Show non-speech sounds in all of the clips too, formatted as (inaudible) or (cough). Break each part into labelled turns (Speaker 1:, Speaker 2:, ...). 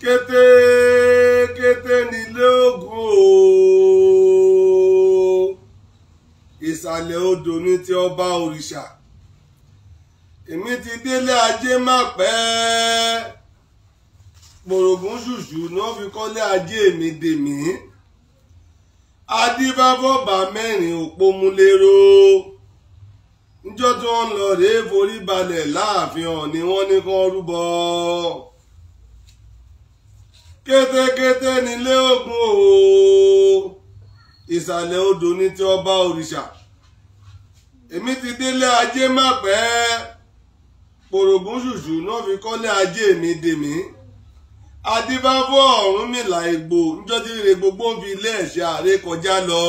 Speaker 1: kété kété nílé ògùn ooo ìsàlẹ̀ odò ní ti ọba òrìṣà èmi ti délé ajé má pẹ́ gbòrògùn ṣùṣù ni wọ́n fi kọ́lé ajé mi mí. adíbábọ́bà mẹ́rin òpó múlẹ́rọ́ níjọ́ tí wọ́n lọ rèé forí balẹ̀ láàfin ọ̀ ni wọ́n ní kán rúbọ. kétékété nílé ògùn ooo ìsàlẹ̀ odò ní tí ọba òrìṣà èmi ti délé ajé má pẹ́ pòrògùn ṣùṣù náà fi kọ́lé ajé mi dèmí adébáfọ́ ọ̀run mìlà ègbò níjọ́jú rẹ̀ gbogbo ń fi ilé ẹ̀ṣẹ̀ ààrẹ kọjá lọ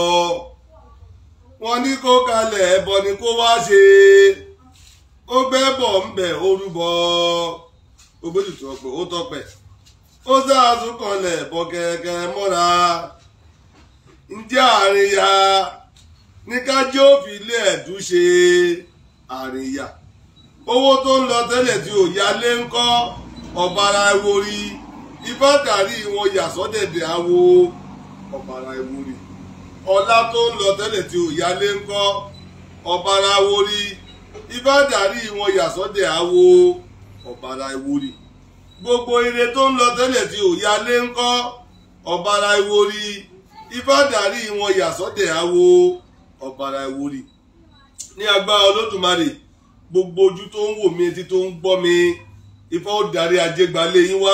Speaker 1: wọ́n ní kó kalẹ̀ ẹbọ ni kó wá ṣe ó gbẹ́ bọ̀ ń bẹ̀ orúbọ ògbójútó ọ̀pẹ̀ ó tọpẹ̀ ó sáàtú kanlẹ̀ bọ̀ kẹ̀kẹ́ mọ́ra ntí àríyá ní kájí ó fi ilé ẹ̀dú ṣe àríyá owó tó ń lọ tẹ́lẹ̀ tí ò yálé ń kọ́ ọ̀bàrà ewo rí ifá kàrí wọn yàsọ́dẹ̀dẹ̀ awo ọ̀bàrà ewo ọlá tó ń lọ tẹ́lẹ̀ tí ò yálé ń kọ́ ọ̀bàrà ewo ifá kàrí wọn yàsọ́dẹ̀ awo ọ̀bàrà ewo gbogbo ire tó ń lọ tẹ́lẹ̀ tí ò yálé ń kọ́ ọ̀bàrà ìwòrì ifá darí wọn yàsọ́dẹ̀ awo ọ̀bàrà ìwòrì ní agbára olódùmarè gbogbo ojú tó ń wò mí etí tó ń gbọ́ mi ifá darí ajé yín wá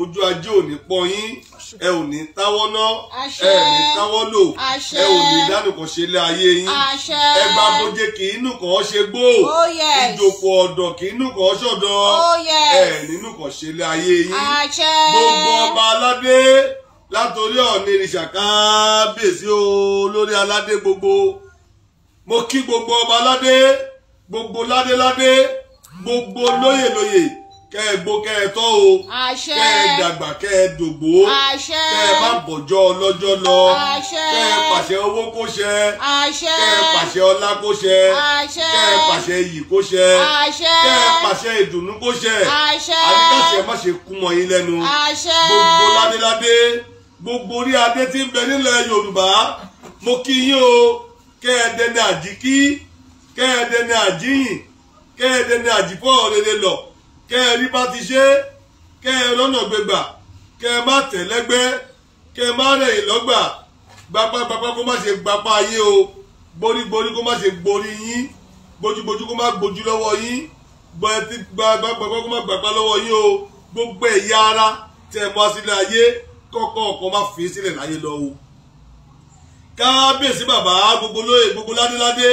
Speaker 1: ojú ajé ò pọ́ yín ẹ ò ní táwọ́ ná ẹ ò ní táwọ́ lò ẹ ò ní dánùkàn ṣe lé ayé yín ẹ gba bójé kì í nùkàn ṣe gbó oh, ìjòkó ọ̀dọ̀ kì í nùkàn ṣọ̀dọ̀ oh, ẹ nínúkàn ṣe lé ayé yín gbogbo ọba aládé látòrí ọ̀nì ìṣàká bèsì olórí aládé gbogbo mo kí gbogbo ọba aládé gbogbo ládéládé gbogbo lóyèlóyè kẹ ẹ gbó kẹ ẹ tọ́ o àṣẹ kẹ ẹ dàgbà kẹ ẹ dògbó àṣẹ kẹ ẹ má bọ̀jọ́ ọlọ́jọ́ lọ àṣẹ kẹ ẹ pàṣẹ owó kó ṣẹ àṣẹ kẹ ẹ pàṣẹ ọlá kó ṣẹ àṣẹ kẹ ẹ pàṣẹ iyì kó ṣẹ àṣẹ kẹ ẹ pàṣẹ ìdùnnú kó ṣẹ àṣẹ àdìkàṣẹ má ṣe kú mọ́ yín lẹ́nu gbogbo ládéládé gbogbo orí adé tí ń bẹ nílẹ̀ Yorùbá mo kí yín o kẹ ẹ dẹni àjíkí kẹ ẹ dẹni àjíyìn kẹ ẹ dẹni àjífọ́ ọ̀rẹ́rẹ́ lọ kẹ́ ẹ rí bá ti ṣe é kẹ́ ẹ lọ́nà gbégbà kẹ́ ẹ má tẹ̀lẹ́gbẹ́ kẹ́ ẹ má rẹ̀yìn lọ́gbà gbapagbapá kó má ṣe gbapá ayé o gborígborí kó má ṣe gborí yín gbojúgbojú kó má gbojú lọ́wọ́ yín gbapagbapá kó má gbapá lọ́wọ́ yín o gbogbo ẹ̀yà ara tẹ̀ mọ́ sílẹ̀ ayé kọ́kọ́ ọ̀kan má fi sílẹ̀ láyé lọ o kábíyèsí bàbá gbogbo lóye gbogbo ládéládé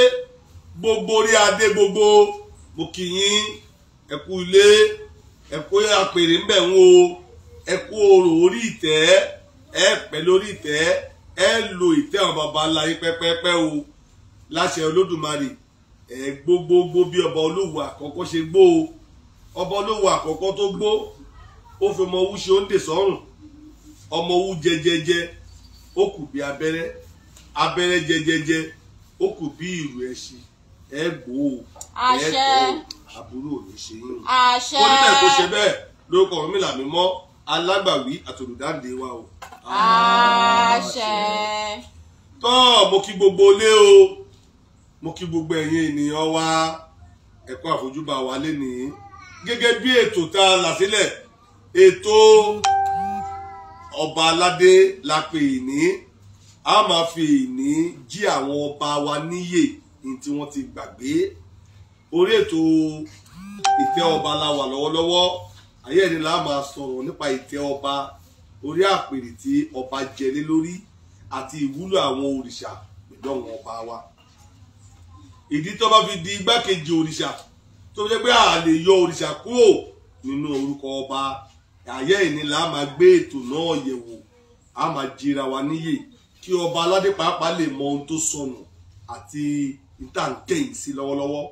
Speaker 1: gbogbo orí adé gbogbo mo kì yín. ẹkú ilé ẹkú àpèrè ńbẹ̀ ń wo ẹkú orò orí ìtẹ́ ẹ pẹ lórí ìtẹ́ ẹ lo ìtẹ́ àwọn baba ńlá yín o láṣẹ olódùmarè ẹ gbogbogbò bí ọba olówó àkọ́kọ́ ṣe gbó o ọba olówó àkọ́kọ́ tó gbó ó fi ọmọ owó ṣe ọmọ owó jẹjẹjẹ ó kù bí jẹjẹjẹ o ẹ aburú ò ní ṣe yín. àṣẹ kó nílẹ̀ kó ṣe bẹ́ẹ̀ lórúkọ mi là mí mọ́ alágbàwí àtòlùdáǹdè wa o. àṣẹ. tọ́ mo kí gbogbo lé o mo kí gbogbo ẹ̀yin ènìyàn wa ẹ̀kọ́ àfojúbà wa lénìí gẹ́gẹ́ bí ètò tá a là sílẹ̀ ètò ọba aládé la pè ní a máa fi ìní jí àwọn ọba wa níyè ní tí wọ́n ti gbàgbé orí ètò ìtẹ́ ọba la wà lọ́wọ́lọ́wọ́ ayé ẹni là á máa sọ̀rọ̀ nípa ìtẹ́ ọba orí àpèrè tí ọba jẹ lé lórí àti ìwúlò àwọn òrìṣà pẹ̀lú àwọn ọba wa ìdí tó bá fi di igbákejì òrìṣà tó fi jẹ́ pé a lè yọ òrìṣà kúrò nínú orúkọ ọba ayé ẹni là á máa gbé ètò náà yẹ̀wò a máa jira wa níyè kí ọba aládé pàápàá lè mọ ohun tó sọnù àti ìtàǹkẹ́yìn sí lọ́wọ́lọ́wọ́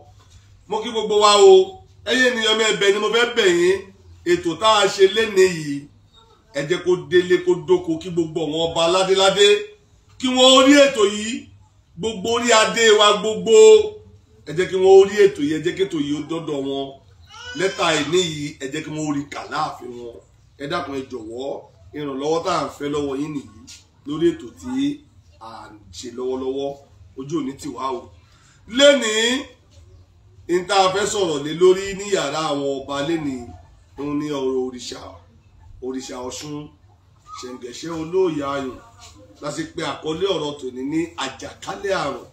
Speaker 1: mo kí gbogbo wa o ẹ̀yin ènìyàn mi ẹ̀bẹ̀ ni mo fẹ́ bẹ̀ yín ètò tá a ṣe lénìí yìí ẹ jẹ́ kó délé kó dóko kí gbogbo àwọn ọba ládéládé kí wọ́n ó rí ètò yìí gbogbo orí adé wa gbogbo ẹ jẹ́ kí wọ́n ó rí ètò yìí ẹ jẹ́ kí ètò yìí ó dọ́dọ̀ wọn lẹ́tà ìní yìí ẹ jẹ́ kí wọ́n ó rí kà láàfin wọn ẹ dákun ẹ jọ̀wọ́ ìrànlọ́wọ́ tá à ń fẹ́ lọ́wọ́ yín nìyí lórí ètò tí à ń ṣe lọ́wọ́lọ́wọ́ ojú òní tiwa o lénìí n tá a fẹ́ sọ̀rọ̀ lé lórí ní yàrá àwọn ọba lẹ́ni òun ni ọ̀rọ̀ òrìṣà òrìṣà ọ̀ṣun ṣẹ̀ǹgẹ̀ṣẹ́ olóòyà ayùn láti pe àkọlé ọ̀rọ̀ tòní ní àjàkálẹ̀ àrùn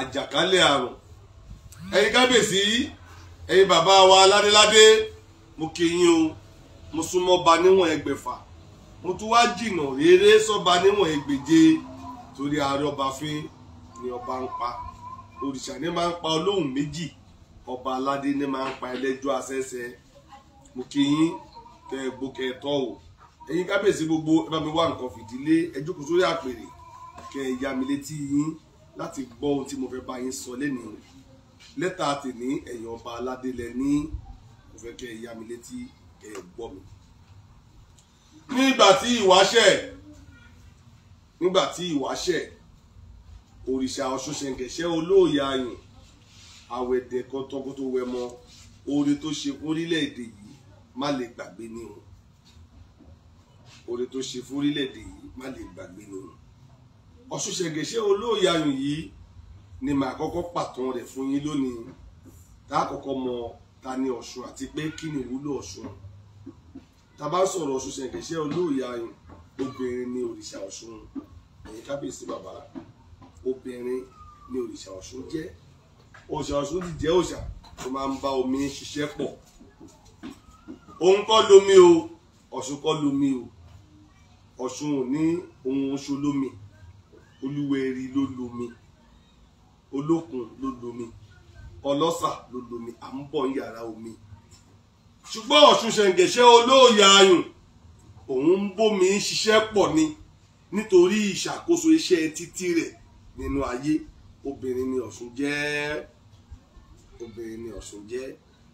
Speaker 1: àjàkálẹ̀ àrùn ẹ̀yin kábíyèsí ẹ̀yin bàbá wa ládéládé mo kí yín o mo súnmọ́ ba níwọ̀n ẹgbẹ̀fà mo tún wá jìnnà réré sọ́ba níwọ̀n ẹgbẹ̀je torí ààrẹ ọba fín ni ọba ń pa òrìṣà ní máa ń pa olóhùn méjì ọba aládé ní máa ń pa ẹlẹ́jọ́ asẹ́sẹ́ mo kí yín tẹ gbókè o ẹ̀yin kábíyèsí gbogbo ẹ bá mi wá nǹkan fìdílé ẹ jókòó sórí àpèrè kẹ ẹ yá mi létí yín láti gbọ́ ohun tí mo fẹ́ bá yín sọ lẹ́nu lẹ́tà tèmi ẹ̀yin ọba aládé lẹ ní mo fẹ́ kẹ ẹ yá mi létí kẹ ẹ gbọ́ mi. nígbà tí ìwáṣẹ̀ nígbà tí ìwáṣẹ̀ òrìṣà ọ̀ṣun ṣẹ̀ǹgẹ̀ṣẹ́ olóòyà ayùn àwẹ̀dẹ̀ kan tọ́kọ́ tó wẹ mọ́ oore tó ṣe fún orílẹ̀-èdè yìí má lè gbàgbé ní o oore tó ṣe fún orílẹ̀-èdè yìí má lè gbàgbé ní o ọ̀ṣun ṣẹ̀ǹgẹ̀ṣẹ́ olóòyà ayùn yìí ni màá kọ́kọ́ pàtàn rẹ̀ fún yín lónìí tá a kọ́kọ́ mọ ta ni ọ̀ṣun àti pé kí ni ìwúlò ọ̀ṣun tá bá sọ̀rọ̀ ọ̀ṣun ṣẹ̀ǹgẹ̀ṣẹ́ olóòyà ayùn obìnrin ni òrìṣà ọ̀ṣun ẹ̀yin kábíyèsí bàbá obìnrin ni òrìṣà ọ̀ṣun jẹ́ òrìṣà ọ̀ṣun ti jẹ́ òrìṣà tó máa ń bá omi ṣiṣẹ́ pọ̀ òun kọ́ lomi o ọ̀ṣun kọ́ lomi o ọ̀ṣun ò ní ohun oṣù lómi olúwẹ̀rí ló lomi olókun ló lomi ọlọ́sà ló lomi à ń bọ̀ ń yàrá omi ṣùgbọ́n ọ̀ṣun ṣẹ̀ǹgẹ̀ṣẹ́ olóòyà ayùn òun ń bómi ṣiṣẹ́ pọ̀ ni nítorí ìṣàkóso iṣẹ́ títí rẹ̀ nínú ayé obìnrin ni Ọ̀ṣun jẹ́ obìnrin ni Ọ̀ṣun jẹ́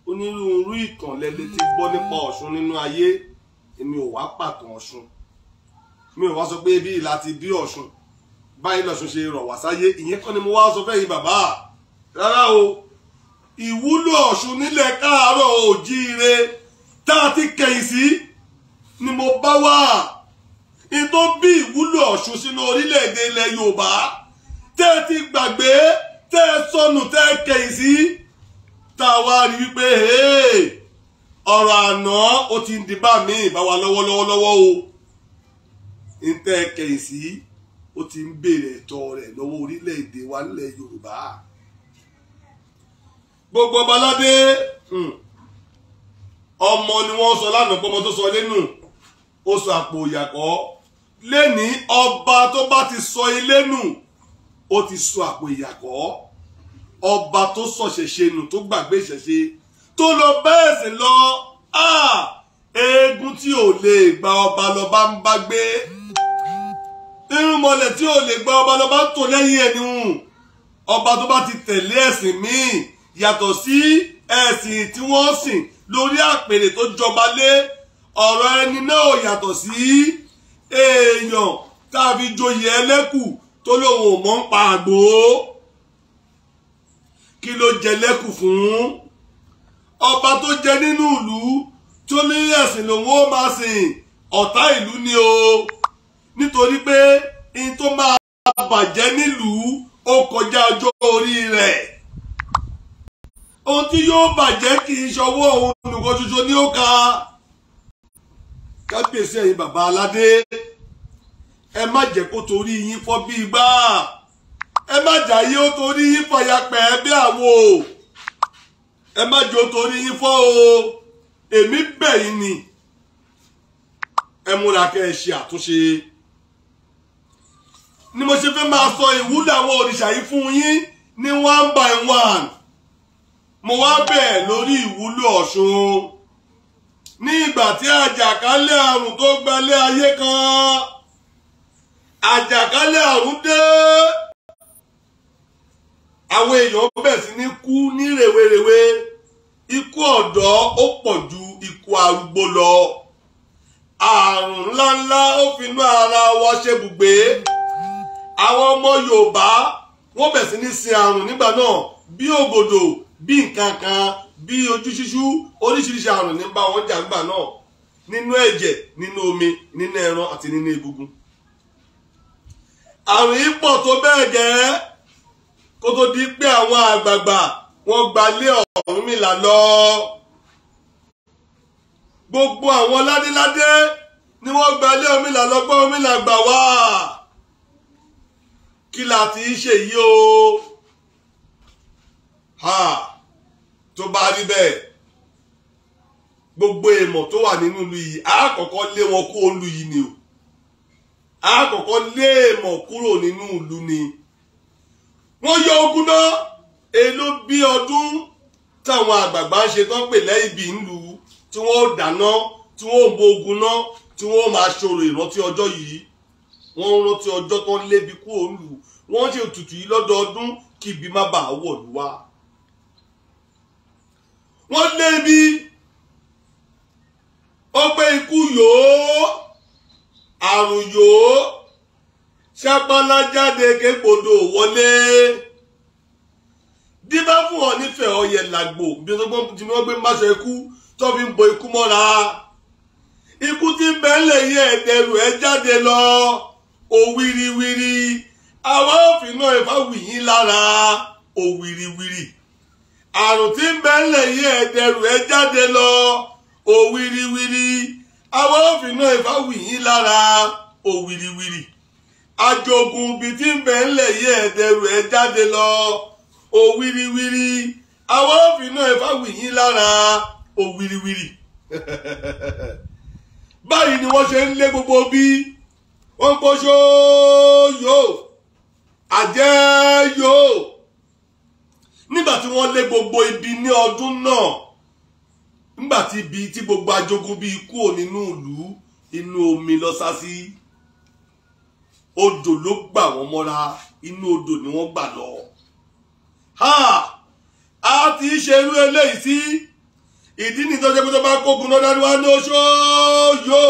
Speaker 1: onírúurú ìtàn lẹ́lẹ́ ti gbọ́ nípa Ọ̀ṣun nínú ayé èmi ò wá pàtàn Ọ̀ṣun mi ò wá sọ pé bí láti bí Ọ̀ṣun báyìí lọ́ṣun ṣe rọ̀ wá sáyé ìyẹn kọ́ ni mo wá sọ fẹ́ yìí bàbá rárá o ìwúlò Ọ̀ṣun nílẹ̀ káàárọ̀ òjíire tá a ti kẹ̀yìn sí ni mo bá wà ní tó bí ìwúlò Ọ̀ṣun sínú orílẹ̀-èdè ilẹ̀ Yorùbá tẹ́ ẹ ti gbàgbé tẹ́ ẹ sọnù tẹ́ ẹ kẹ̀yìn sí tá wípé ọ̀rọ̀ àná ó ti ń di bá mi bá wa lọ́wọ́lọ́wọ́ o ń tẹ́ ẹ kẹ̀yìn sí ó ti ń béèrè ẹ̀tọ́ rẹ̀ lọ́wọ́ orílẹ̀-èdè wa nílẹ̀ Yorùbá gbogbo ọbaládé hmm, ọmọ ni wọ́n sọ lánàá pọ́mọ tó sọ lẹ́nu ó sọ àpò ìyàkọ́ lẹ́ni ọba tó bá ti sọ ilé nù ó ti sọ àpò ìyàkọ́ ọba tó sọ̀ṣẹ̀ṣe nù tó gbàgbé ìṣẹ̀ṣe tó lọ bẹ́ẹ̀ sì lọ ah! eégún tí ò lè gba ọba lọ́ba ń bá gbé irúnmọlẹ̀ tí ò lè gba ọba lọ́ba ń tò lẹ́yìn ẹni hùn ọba tó bá ti tẹ̀lé ẹ̀sìn míì yàtọ̀ sí ẹ̀sìn tí wọ́n sìn lórí àpèrè tó jọba lé ọ̀rọ̀ ẹni náà yàtọ̀ sí èèyàn tá joyè ẹlẹ́kùú tó lóun ò mọ̀ ń pa àgbò kí ló jẹ lẹ́kù fún ọba tó jẹ nínú ìlú tó ní ẹ̀sìn lòun ó máa sìn ọ̀tá ìlú ni o nítorí pé in tó máa bàjẹ́ nílùú ó kọjá ọjọ́ orí rẹ̀ ohun tí yóò bàjẹ́ kì í ṣọwọ́ òun nìkan ṣoṣo ni ó ka kábíyèsí ẹ̀yin bàbá aládé ẹ má jẹ́ kó torí yín fọ́ bí igbá ẹ má jàyé ó torí yín fọyà pẹ́ bí àwo ẹ má jẹ́ ó torí yín fọ́ o èmi bẹ̀ ni ẹ múra kẹ́ ẹ ṣe àtúnṣe ni mo ṣe fẹ́ máa sọ ìwúlò àwọn òrìṣà yìí fún yín ní one by one mo wá bẹ̀ lórí ìwúlò Ọ̀ṣun ní ìgbà tí àjàkálẹ̀ àrùn tó gbalẹ̀ ayé kan àjàkálẹ̀ àrùn dé àwọn èèyàn bẹ̀ sí ní kú ní rèwerèwe ikú ọ̀dọ́ ó pọ̀ ju ikú arúgbó lọ àrùn ńláńlá ó finú ara wa ṣe bùgbé àwọn ọmọ Yorùbá wọ́n bẹ̀ sí ní sin àrùn nígbà náà bí ògòdò bí nǹkan kan bí ojú ṣíṣú oríṣiríṣi àrùn ní bá wọn jà nígbà náà nínú ẹ̀jẹ̀ nínú omi nínú ẹran àti nínú egungun àrùn yìí pọ̀ tó bẹ́ẹ̀ gẹ́ kó tó di pé àwọn àgbààgbà wọ́n gbalé Ọ̀rúnmìlà lọ gbogbo àwọn ládéládé ni wọ́n gbalé Ọ̀rúnmìlà lọ gbọ́ Ọ̀rúnmìlà gbà wá kí la ti ṣe yìí o ha tó bá rí bẹ́ẹ̀ gbogbo èèmọ̀ tó wà nínú ìlú yìí àkọ́kọ́ lé wọn kó olú yìí ni o a kọ́kọ́ léèmọ̀ kúrò nínú ìlú ni wọ́n yọ ogun náà èló bí ọdún táwọn àgbààgbà ń ṣe tán pè lẹ́yìn bí ńlù tí wọ́n dáná tí wọ́n bo ogun náà tí wọ́n máa ṣòro ìrántí ọjọ́ yìí wọ́n ń rántí ọjọ́ tán lébi kú òǹlù wọ́n ṣe ètùtù yìí lọ́dọọdún kí ibi má bàa wọ̀lú wá. wọ́n lébi ọgbẹ́ ikú yòó àrùyó ṣẹ́pọ́nlá jáde képodò wọlé díbá fún ọ nífẹ̀ẹ́ ọyẹ làgbò bí wọ́n gbé máṣe ikú tó fi ń bo ikú mọ́ra ikú tí ń bẹ lè yẹ ẹ̀dẹ̀rù ẹ jáde lọ òwìrìwìrì àwọn òfin náà ẹ̀fà wìyín lára òwìrìwìrì àrùn tí ń bẹ yẹ ẹ̀dẹ̀rù ẹ jáde lọ òwìrìwìrì àwọn òfin náà ìfá wì yín lára òwìrìwìrì àjogún ibi tí ń bẹ ńlẹ̀ yí ẹ̀dẹ̀rù ẹ̀ jáde lọ òwìrìwìrì àwọn òfin náà ìfá wì yín lára òwìrìwìrì (laughs) báyìí ni wọ́n ṣe ń lé gbogbo bí wọ́n ń pọ́ṣó yóò àjẹ́ yóò nígbà tí wọ́n lé gbogbo ibi ní ọdún náà ńgbà bi tí gbogbo ajogun bíi kúrò nínú ìlú inú omi lọ sá sí odò ló gbà wọ́n mọ́ra inú odò ni wọ́n gbà lọ. a ti ṣe irú eléyìí sí ìdí nìyí tó jẹ́ pé tó bá kógun náà dání wá ní oṣó yóò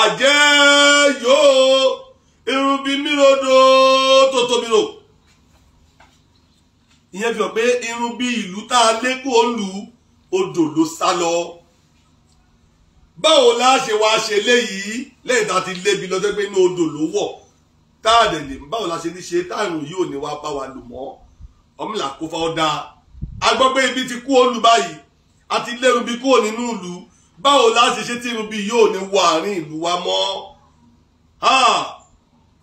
Speaker 1: àjẹ́ yóò irun bíi mírodo tó tóbi rò ìyẹn fi hàn pé irun bíi ìlú tá a lé kó lù ú odò ló sá lọ báwo la ṣe wá ṣe léyìí lẹ́yìn tá a ti lébi lọ́jọ́ pé inú odò ló wọ̀ táàdì lè báwo la ṣe ní ṣe táàrùn yìí ò ní wá bá wa lò mọ́ ọmọlà kó fa ọ́ dáa a gbọ́ pé ibi ti kú olú báyìí a ti lérun bí kúrò nínú ìlú báwo la ṣe ṣe tí bí yóò ní wọ àárín ìlú wa mọ́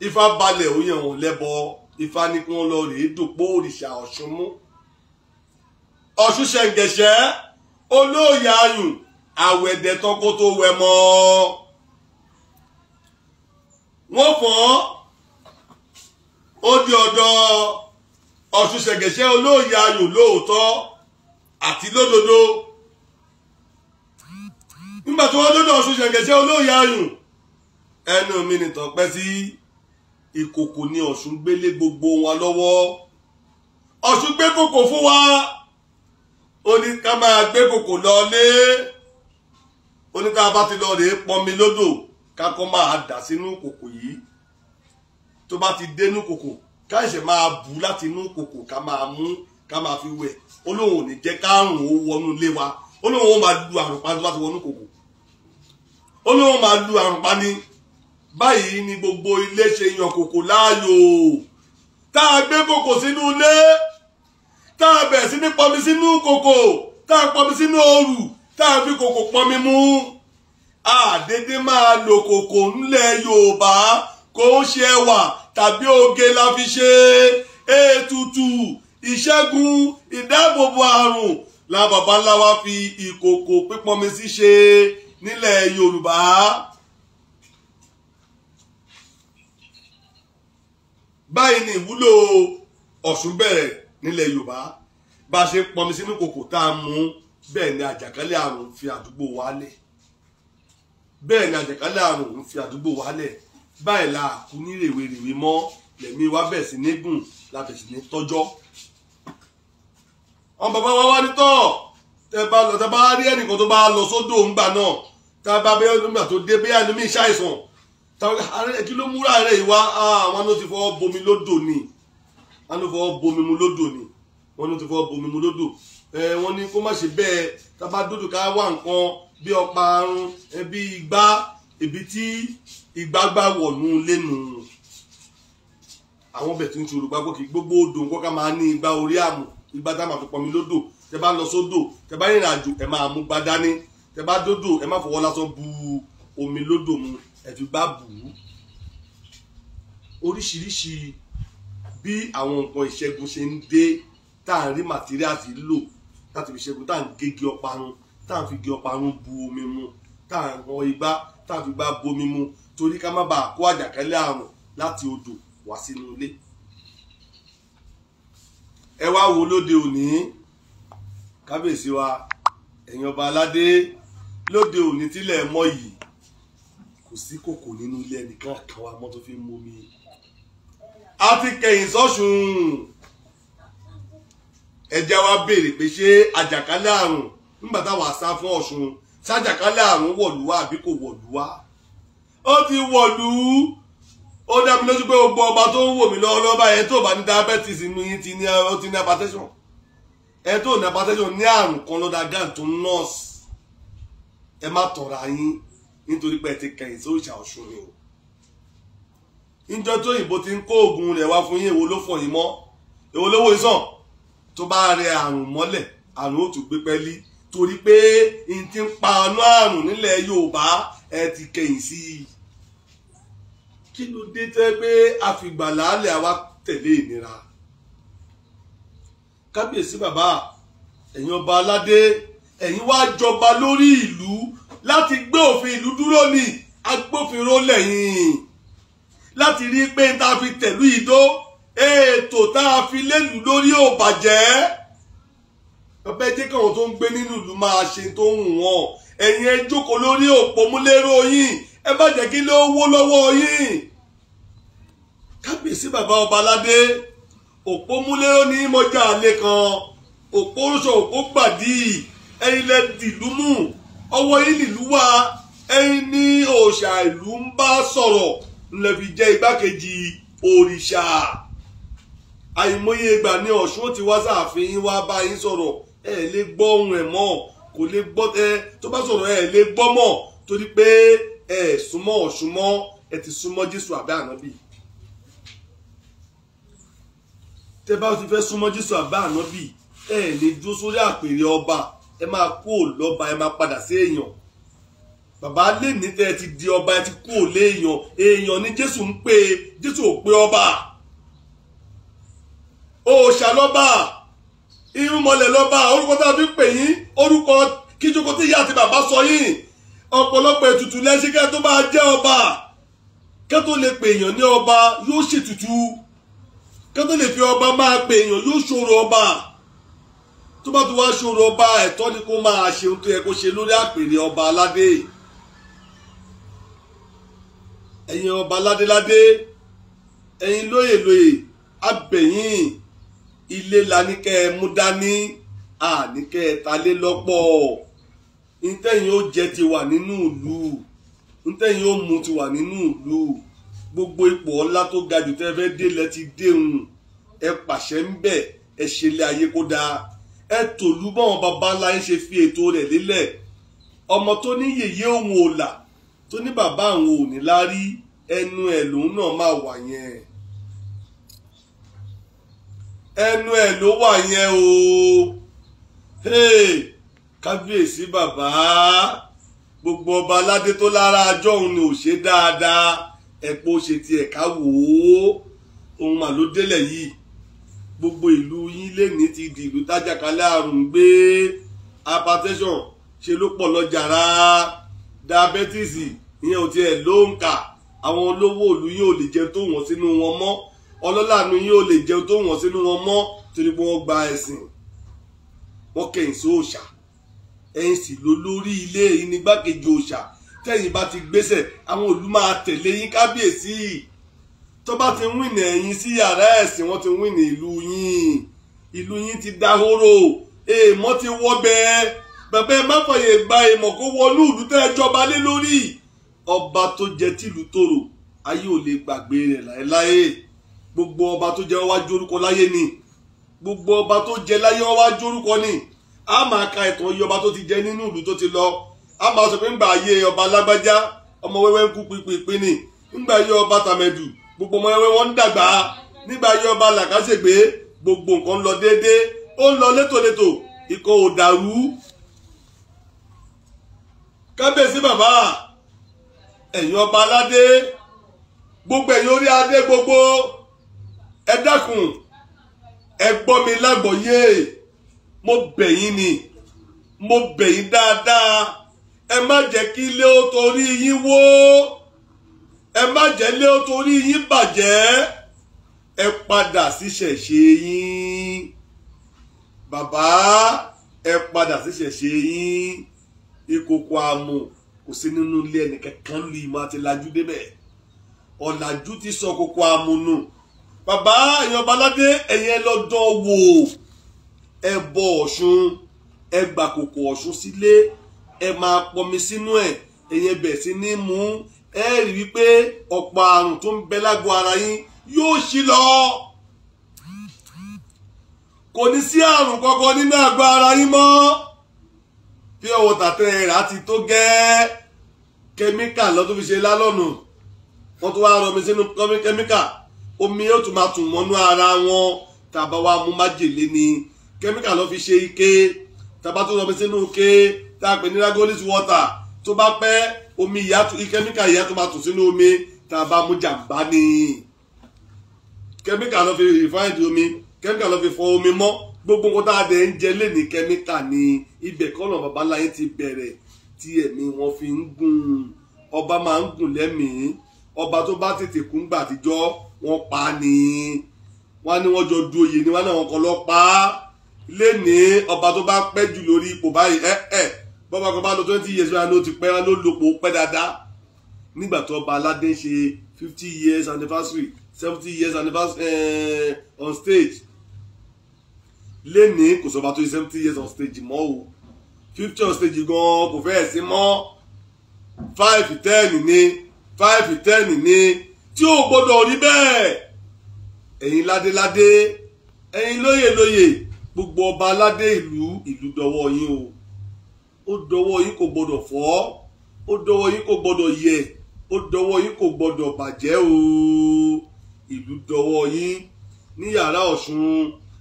Speaker 1: ifá balẹ̀ òye òun lẹ́bọ ifá ní kí wọ́n lọ rèé dòpó òrìṣà ọ̀ṣun mú ọ̀ṣun ṣẹ̀ǹgẹ̀ṣẹ́ olóòyà ayùn àwẹ̀dẹ̀ tán kó tó wẹ mọ́ wọ́n fọ́n ó di ọ̀dọ̀ ọ̀ṣun ṣẹ̀gẹ̀ṣẹ́ olóòyà ayùn lóòótọ́ àti lódodo nígbà tí wọ́n dọ́dọ̀ ọ̀ṣun ṣẹ̀gẹ̀ṣẹ́ olóòyà ayùn ẹnu mi nìtàn pẹ́ sí ìkòkò ni ọ̀ṣun gbélé gbogbo wa lọ́wọ́ ọ̀ṣun gbé kòkò fún wa ó ní ká máa gbé kòkò lọlé ó ká bá ti lọ rèé pọnmi lódò ká kọ́ máa dà sínú kòkò yìí tó bá ti dénú kòkò ká ṣẹ̀ṣẹ̀ máa bù láti inú kòkò ká máa mú ká máa fi wẹ̀ olóhùn ò ní jẹ́ kárùn ó wọnú ilé wa olóhùn ó máa lu àrùnpa tó bá ti wọnú kòkò olóhùn máa lu àrùnpa ni báyìí ni gbogbo ilé ṣe yan kòkò láàyò tá a gbé kòkò sínú ilé tá a bẹ̀rẹ̀ sí ní pọnmi sínú kòkò tá a pọnmi sínú òrù tá a fi kòkò pọnmi mú àdédé máa lo kòkò ńlẹ̀ Yorùbá kò ń ṣe ẹwà tàbí oge la fi ṣe ètùtù ìṣẹ́gun ìdáàbòbò àrùn la bàbá ńlá wa fi ìkòkò pípọnmi sí ṣe nílẹ̀ Yorùbá. báyìí ni ìwúlò Ọ̀ṣun bẹ̀rẹ̀ nílẹ̀ yorùbá bá a ṣe pọnmi sínú kòkò tá a mú bẹ́ẹ̀ ni àjàkálẹ̀ àrùn fi àdúgbò wálẹ̀ bẹ́ẹ̀ ni àjàkálẹ̀ àrùn fi àdúgbò wálẹ̀ báyìí la kú ní rèwerèwe mọ́ lẹ́mí wa bẹ̀ sí nígùn la bẹ̀ sí ní tọ́jọ́ àwọn bàbá wa wá ní tọ́ tẹ bá lọ tẹ bá rí ẹnìkan tó bá lọ sódò ńgbà náà tá a bá bẹ́ẹ̀ nígbà tó dé bẹ́ẹ̀ ni mí ṣàìsàn kí ló múra rẹ̀ yìí wá ah, àwọn ló ti fọwọ́ bomi lódò ni wọn ló fọwọ́ bomi mu lódò ni wọn ló ti fọwọ́ bomi mu lódò ẹ wọn ní kó má ṣe bẹ́ẹ̀ tábà dódò ká wà nǹkan bí ọ̀pá arun ẹbí igbá ibi tí igbá gbà wọ̀nú lẹ́nu àwọn bẹ̀ tí ń ṣòro gbàgbọ́ kí gbogbo odò nǹkan ká máa ní igbá orí àmù igbá tá a máa fi pọnmi lódò tẹ bá lọ sódò tẹ bá rìnrìn àjò ẹ máa mú gbadá ní tẹ bá dódò ẹ má fọwọ́ lásán bu omi lódò mu ẹ fi gbá bù ú oríṣiríṣi bí àwọn nǹkan ìṣẹ́gun ṣe ń dé tá à ń rí materials lò láti fi ṣẹ́gun tá à ń gégi ọparun tá à ń fi gé ọparun bu omi mu tá à ń wọn igbá tá à ń fi gbá bomi mu torí ká má bàa kó àjàkálẹ̀ àrùn láti odò wá sínú ilé. ẹ wá wo lóde òní kábíyèsí wa ẹ̀yin ọba aládé lóde òní tílẹ̀ mọ́ yìí kò sí kòkò nínú ilé ẹnìkan àkàwà mọ́ tó fi ń mú mi a ti kẹ̀yìn sọ́sùn ẹ̀jẹ̀ wa béèrè pé ṣé àjàkálẹ̀ àrùn nígbà táwa sá fún ọ̀ṣun ṣàjàkálẹ̀ àrùn wọ̀lú wa àbí kò wọ̀lú wa ó ti wọ̀lú ó dá mi lójú pé gbogbo ọba tó ń wò mí lọ́wọ́ lọ́ba ẹ̀ tó bá ní diabetes inú yín ti ní ọ ti ní hypertension ẹ̀ tó ní hypertension ní àrùn kan lọ́dà gan tó nọ́ọ̀sì ẹ má tọ̀ra yín nítorí pé ẹ ti kẹ̀yìn sóòṣà ọ̀ṣun ni o níjọ́ tó òyìnbó ti ń kó oògùn rẹ̀ wá fún yín èwo ló fọ̀ yín mọ́ èwo lówó ìsàn tó bá rẹ àrùn mọ́lẹ̀ àrùn ó tún gbé pẹ́lí torí pé n ti ń pa ọ̀nà àrùn nílẹ̀ Yorùbá ẹ ti kẹ̀yìn sí i kí ló dé tẹ́ pé àfìgbà làálẹ̀ àwa tẹ̀lé ìnira kábíyèsí bàbá ẹ̀yin ọba aládé ẹ̀yin wá jọba lórí ìlú láti gbé òfin ìlú dúró ní agbófinró lẹ́yìn láti rí pé tá a fi tẹ̀lú ìdó ètò tá a fi lélùú lórí ò bàjẹ́ ọbẹ̀ jẹ́ káwọn tó ń gbé nínú ìlú máa ṣe tó ń wù wọ́n ẹ̀yin ẹ jókòó lórí òpó múlẹ́rọ yín ẹ bá jẹ́ kí ló wó lọ́wọ́ yín kábíyèsí bàbá ọba aládé òpó múlẹ́rọ ní mọ́jà àlẹ́ kan òpó rúṣọ òpó gbàdí ẹ̀yin lẹ dìlú mú ọwọ́ yín nìlú wa ẹ̀yin ní òòṣà ìlú ń bá sọ̀rọ̀ lè fi jẹ́ igbákejì òrìṣà àìmọye ìgbà ní ọ̀ṣun ti wá sáàfin yín wá bá yín sọ̀rọ̀ ẹ lè gbọ́ ohun ẹ̀ mọ́ kò lè gbọ́ ẹ tó bá sọ̀rọ̀ ẹ lè gbọ́ mọ́ torí pé ẹ súnmọ́ ọ̀ṣun mọ́ ẹ ti súnmọ́ jésù àbẹ́ ànábì tẹ bá ti fẹ́ súnmọ́ jésù àbẹ́ ànábì ẹ lè dúró sórí àpèrè ọba ẹ máa kó lọ́ba ẹ máa padà sí èèyàn bàbá lè ní tẹ́ ẹ ti di ọba ẹ ti kú òlé èèyàn èèyàn ni jésù ń pè é jésù ò pé ọba òòṣà lọ́ba irúnmọlẹ̀ lọ́ba orúkọ tá a fi ń pè yín orúkọ kíjókòó tí ìyá àti bàbá sọ yín ọ̀pọ̀lọpọ̀ ètùtù lẹ́sìn kẹ́ tó bá jẹ́ ọba kẹ́ lè pè èèyàn ní ọba yóò ṣètùtù kẹ́ lè fi ọba máa pè èèyàn yóò ṣòro ọba tó bá tó wá ṣòro ọba ẹ̀tọ́ ni kó máa ṣe ohun tó yẹ kó ṣe lórí àpèrè ọba aládé yìí ẹ̀yin ọba ládéládé ẹ̀yin lóyèlóyè abẹ̀yìn ilé la ní kẹ́ ẹ mú dání àní kẹ́ ẹ talé lọ́pọ̀ ntẹ́yìn ó jẹ ti wà nínú ìlú ntẹ́yìn ó mu ti wà nínú ìlú gbogbo ipò ọlá tó ga jù tẹ́ fẹ́ dé lẹ ti déhùn ẹ pàṣẹ ń bẹ̀ ẹ ṣẹlẹ̀ ayé kó dáa ẹ tòlú báwọn baba ṣe fi ètò rẹ̀ lélẹ̀ ọmọ tó ní yèyé òun ò là tó ní bàbá àwọn ò ní lárí ẹnu ẹ̀ lòun náà máa wà yẹn ẹnu ẹ̀ ló wà yẹn o hey kábíyèsí bàbá gbogbo ọba aládé tó lára ajọ́ òun ni ò ṣe dáadáa ẹ̀pọ̀ ṣe ti ẹ̀ka wò ó òun mà ló délẹ̀ yìí gbogbo ìlú yín lẹ́ni ti di ìlú tájàkálẹ̀ àrùn gbé apatẹ́sọ̀n ṣe ló pọ̀ lọ́jàrá diabetes ìyẹn ò tiẹ̀ ló ń kà àwọn olówó ìlú yóò lè jẹun tó wọ́n sínú wọn mọ́ ọlọ́lànà yóò lè jẹun tó wọ́n sínú wọn mọ́ torí pé wọ́n gba ẹ̀sìn wọ́n kẹ̀yìn sí òòṣà ẹ̀yìn sì ló lórí ilé yìí nígbàkejì òòṣà tẹ́yìn bá ti gbéṣẹ̀ àwọn òlú máa tẹ̀lé yín kábíyèsí tó bá ti wìnà ẹ̀yìn sí yàrá ẹ̀sìn wọ́n ti wìnà ìlú yín ìlú yín ti dahoro èèmọ́ ti wọ́ bẹ́ẹ̀ bàbá ẹ má fàyè gba ìmọ̀ kó wọnú ìlú tẹ́ ẹ jọba lé lórí ọba tó jẹ tìlú tòrò ayé ò lè gbàgbé rẹ̀ láéláé gbogbo ọba tó jẹ wájú orúkọ láyé ni gbogbo ọba tó jẹ láyé wájú orúkọ ni a máa ka ìtàn iye ọba tó ti jẹ nínú ìlú tó ti lọ a máa sọ pé ńgbà ayé ọba lágbájá ọmọ wẹ́wẹ́ ń kú pínpín ni ńgbà ayé ọba tàmẹ̀dù gbogbo ọmọ wẹ́wẹ́ wọn ń dàgbà nígbà ayé ọba làkàṣègbè gbogbo nǹkan ń lọ déédéé ó ń lọ létòlétò ikọ̀ ò kábíyèsí bàbá ẹ̀yin ọba aládé gbogbo ẹ̀yin orí adé gbogbo ẹ dákun ẹ gbọ́ mi lágbọ̀ọ́yé mo bẹ̀ ni mo bẹ̀ yín dáadáa ẹ má jẹ́ kí ilé ó torí yín wó ẹ má jẹ́ ilé ó torí yín bàjẹ́ ẹ padà sí ṣẹ̀ṣẹ̀ yín bàbá ẹ padà sí ṣẹ̀ṣẹ̀ yín ìkòkò àmù kò sí nínú ilé ẹnìkankan lu ìmọ̀ àti lajú débẹ̀ ọ̀làjú ti sọ kòkò àmù nù bàbá èèyàn baládé ẹ̀yẹ lọ́dọ̀ wò ẹ bọ ọ̀ṣun ẹ gbà kòkò ọ̀ṣun sílé ẹ máa pọnmi sínú ẹ̀ ẹ̀yẹ bẹ̀ sí ní mú ẹ rí wípé ọ̀pọ̀ àrùn tó ń bẹ lágọ̀ọ́ ara yín yóò ṣí lọ kò ní sí àrùn kankan nínú àgọ́ ara yín mọ́ pure water tẹ́ rà ti tó gẹ́ẹ́ kẹ́míkà lọ́tún fi ṣe lálọ́nù wọ́n tún wá rọmi sínú kẹ́míkà omi yóò tún máa tún mọ́nú ara wọn tàbá wa mú májèlé ni kẹ́míkà lọ́ fi ṣe ike tàbá tó rọmi sínú ike tá a pè ní ragolis water tó bá pẹ́ omi ìyá kẹ́míkà ìyá tó máa tún sínú omi tàbá mú jàǹbá ni kẹ́míkà lọ́ fi rìfáìdì omi kẹ́míkà lọ́ fi fọ omi mọ́ gbogbo nǹkan tá a dẹ̀ ń jẹ lẹ́ni kẹ́míkà ni ibẹ̀ kọ́nà babalá ti bẹ̀rẹ̀ tí ẹ̀mí wọn fi ń gùn ọba máa ń gùn lẹ́mìí ọba tó bá tètè kú ńgbà àtijọ́ wọn pa ni wọn ní wọn jọ du oyè ni wọn náà wọn kọ lọ pa á lẹ́ni ọba tó bá pẹ́ jù lórí ipò báyìí ẹ ẹ bọ́ba kan bá lọ twenty years wọn ló ti pẹ́ ló lopò pẹ́ dáadáa nígbà tó ọba aládé ṣe fifty years anniversary seventy years anniversary eh, on stage lénìí kò sọ́ba tó seventy years on stage mọ́ o fifty on stage gan kò fẹ́ sí mọ́ five ten ni five ten ni tí ò gbọ́dọ̀ rí bẹ́ẹ̀ ẹ̀yin ládéládé ẹ̀yin lóyèlóyè gbogbo ọba aládé ìlú ìlú dọwọ́ yín o ó dọwọ́ yín kò gbọ́dọ̀ fọ́ ó dọwọ́ yín kò gbọ́dọ̀ yẹ ó dọwọ́ yín kò gbọ́dọ̀ bàjẹ́ o ìlú dọwọ́ yín ní yàrá ọ̀ṣun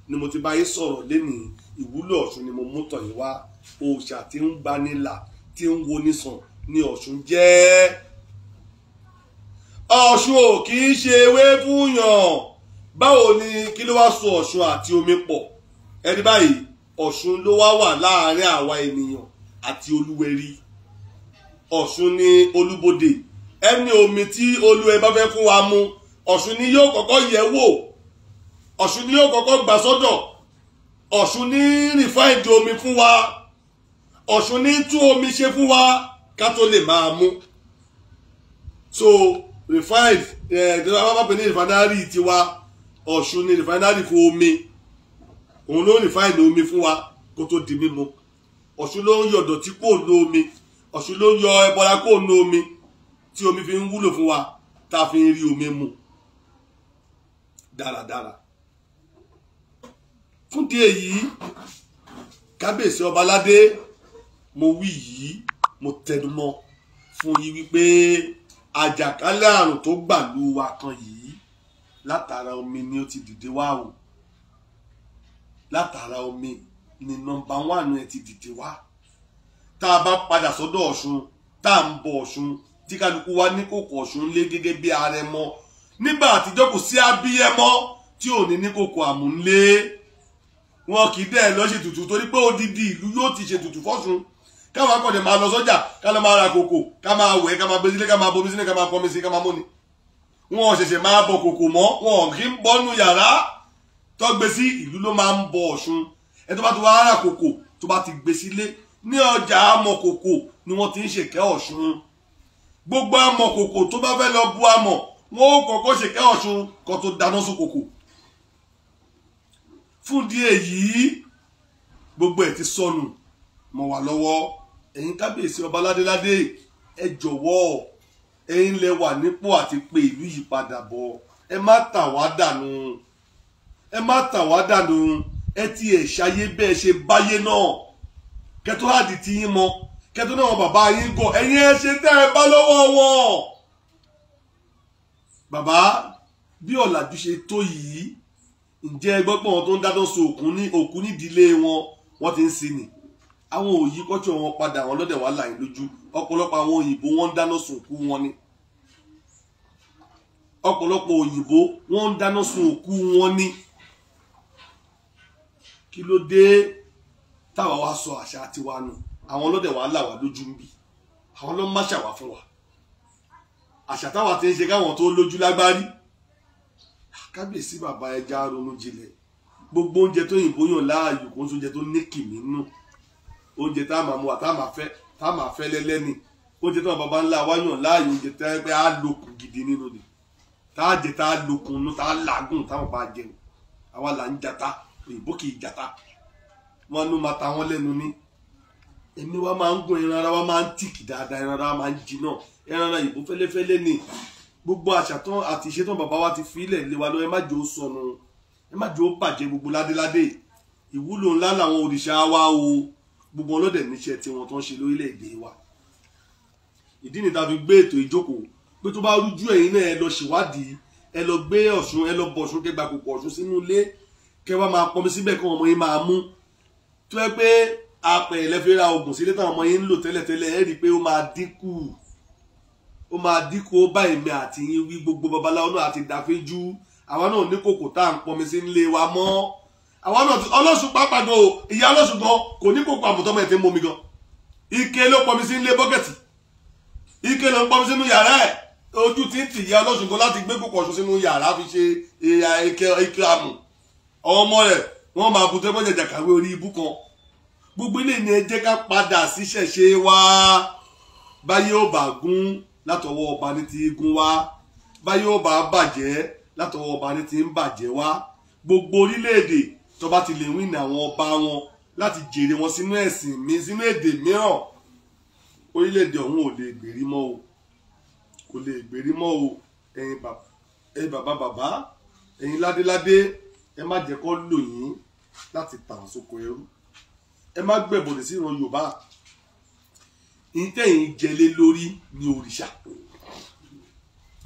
Speaker 1: ni mo ti bá yín sọ̀rọ̀ lénìí ìwúlò ọ̀ṣun ni mo mú tàn yín wá òòṣà tí ń gbanilà tí ń woni sàn ni ọ̀ṣun jẹ́ ọ̀ṣun ò kì í ṣe ewé fúnyàn báwo ni kí ló wá so ọ̀ṣun àti omi pọ̀ ẹni báyìí ọ̀ṣun ló wá wà láàárín àwa ènìyàn àti olúwẹ̀rí ọ̀ṣun ni olúbodè ẹni omi tí olúwẹ̀ bá fẹ́ fún wa mu ọ̀ṣun ni yóò kọ́kọ́ yẹ̀ wò ọ̀ṣun ni yóò kọ́kọ́ gbà sọ́dọ̀ ọ̀ṣun ní rìfáìdì omi fún wa ọ̀ṣun ní tún omi ṣe fún wa ká tó lè máa mú so refined ìjọba bá bá pè ní refinery tiwa ọ̀ṣun ni refinery fún omi òun ló refined omi fún wa kó tó di mímu ọ̀ṣun ló ń yọ ọ̀dọ̀tí kó nu omi ọ̀ṣun ló ń yọ ẹbọra kó nu omi tí omi fi ń wúlò fún wa tá a fi ń rí omi mu dáradára fún di èyí kábíyèsí ọba mo wí yìí mo tẹnumọ́ fún yín wípé àjàkálẹ̀ àrùn tó gbàlú wa kan yìí látara omi ni ó ti dìde wá o látara omi ni nọ́mbà wánú ẹ ti dìde wá tá a bá padà sọ́dọ̀ Ọ̀ṣun tá a ń bọ Ọ̀ṣun tí kálukú wa ní kòkò Ọ̀ṣun lé gẹ́gẹ́ bí àrẹ̀mọ nígbà àtijọ́ kò sí abíyẹmọ tí ò ní ní kòkò àmúlé wọn kì í dẹ̀ lọ ṣe tutù torí pé odidi ìlú yóò ti ṣe tutù fọ́sùn káwọn akọ̀dẹ̀ máa lọ sọ́jà ká lọ máa ra kòkò ká máa wẹ̀ ká máa bẹ́sílẹ̀ ká máa bomi sílẹ̀ ká máa pọnmi sí ká máa múni wọn ò ṣẹ̀ṣẹ̀ máa bọ kòkò mọ́ wọn ò kí ń bọ́nu yàrá tọ́gbé sí ìlú ló máa ń bọ ọ̀ṣun ẹ tó bá ti wá ra kòkò tó bá ti gbé sílé ní ọjà amọ̀kòkò ni wọ́n ti ń ṣèkẹ́ ọ̀ṣun gbogbo amọ̀kòkò tó bá fẹ́ lọ bu amọ̀ wọn ó kọ́kọ́ ṣèkẹ́ ọ̀ṣun kó tó dáná sókòkò fún di èyí gbogbo ẹ̀ ti sọnù mọ́ wà lọ́wọ́ ẹ̀yin kábíyèsí ọba ládéládé ẹ jọ̀wọ́ ẹ̀yin lẹ wà nípò àti pé ìlú yìí padà bọ̀ ẹ má tà wá dànù ẹ má tà wá dànù ẹ ti ẹ̀ ṣayé bẹ́ẹ̀ ṣe báyé náà kẹtọ́ àdì ti yín mọ kẹtọ́ náà wọn bàbá yín gọ ẹ̀yin ẹ ṣe tẹ́ ẹ bá lọ́wọ́ wọn bàbá bí ọ̀làjú ṣe tó yìí ǹjẹ́ ẹ gbọ́ pé àwọn tó ń dáná sun òkú ní òkú nídìílé wọn wọ́n ti ń sin ni àwọn òyì kọ́tù wọn padà wọn lọ́dẹ̀ wàhálà yìí lójú ọ̀pọ̀lọpọ̀ àwọn òyìnbó wọ́n ń dáná sun òkú wọn ni ọ̀pọ̀lọpọ̀ òyìnbó wọ́n ń dáná sun òkú wọn ni kí ló dé táwa wá sọ àṣà tiwa nù àwọn lọ́dẹ̀ wàhálà wà lójú ń bì àwọn lọ́ máṣà wà fún wa àṣà táwa ti ń ṣe káwọn tó lójú lágbárí kábíyèsí bàbá ẹja ronú jinlẹ̀ gbogbo oúnjẹ tó yìnbó yàn láàyò kò ń sóúnjẹ tó ní kìmí nù oúnjẹ tá a máa mu wa tá a máa fẹ́ tá a máa fẹ́ lẹ́lẹ́ni oúnjẹ tó wọn bàbá ńlá wa yàn láàyò oúnjẹ tó yẹ pé á lókun gidi nínú ni tá a jẹ tá a lókun nù tá a làágùn táwọn bá jẹun àwa là ń jata òyìnbó kì í jata wọn nu ma ta wọn lẹ́nu ní èmi wa máa ń gún ẹran ara wa máa ń tìkì dáadáa ẹran ara máa ń jiná ẹran ara ìbò fẹ́lẹ́fẹ́lẹ́ ni gbogbo àṣà tán àti ìṣe tán bàbá wa ti fi ilẹ̀ lé wa lọ ẹ má jò ó sọnù ẹ má jò ó bàjẹ́ gbogbo ládéládé ìwúlò ńlá làwọn òrìṣà wa o gbogbo ọlọ́dẹ̀ níṣẹ́ tiwọn tán ṣe lórílẹ̀‐èdè wa ìdí nìta fi gbé ètò ìjókòó pé tó bá rújú ẹ̀yin náà ẹ lọ ṣèwádìí ẹ lọ gbé ọ̀ṣun ẹ lọ bọ̀ kẹgbà kòkò ọ̀ṣun sínú ilé kẹwà máa pọnmi síbẹ̀ kí ọmọ yín máa mú tó yẹ pé apẹ̀ ẹ̀lẹ́fẹ́ oògùn sílé táwọn ọmọ yín ń lò tẹ́lẹ̀tẹ́lẹ̀ ẹ rí i pé ó máa dínkù ó máa dínkù ó bá èmi àti yín wí gbogbo babaláwo náà àti ìdáfẹ́jú àwa náà ní kòkò tá à ń pọnmi sí nílé wa mọ́ àwa náà ọlọ́sùn pápá gan o ìyá ọlọ́sùn gan kò ní kòkò àmọ̀tọ́mọ̀ ẹ̀ fi ń momi gan ike ló pọnmi sí nílé bọ́kẹ̀tì ike ló pọnmi sínú yàrá ẹ̀ ojú ti ń tì ìyá ọlọ́sùn gan láti gbé kòkò ọ̀ṣun sínú yàrá fi ṣe e, ike amù ọmọ rẹ̀ wọ́n máa bu tẹ́gbọ́n jẹjà kàwé orí ibú kan gbogbo ilé ni ẹ jẹ́ ká padà sí ṣẹ̀ṣe wa báyé ó bàgún látọwọ́ ọba ní ti gún wá báyé ó bá bàjẹ́ látọwọ́ ọba ní ti ń bàjẹ́ wá gbogbo orílẹ̀-èdè tọba ti lè win àwọn ọba wọn láti jèrè wọn sínú ẹ̀sìn mi sínú èdè mìíràn orílẹ̀-èdè ọ̀hún ò lè gbèrí mọ́ o kò lè gbèrí mọ́ o ẹ̀yin bàbá bàbá ẹ̀yin ládéládé ẹ má jẹ́ kó lò yín láti tàn sóko ẹrú ẹ má gbẹ̀bọ̀dẹ̀ sí ìran yorùbá ntẹ̀yìn jẹlé lórí ní òrìṣà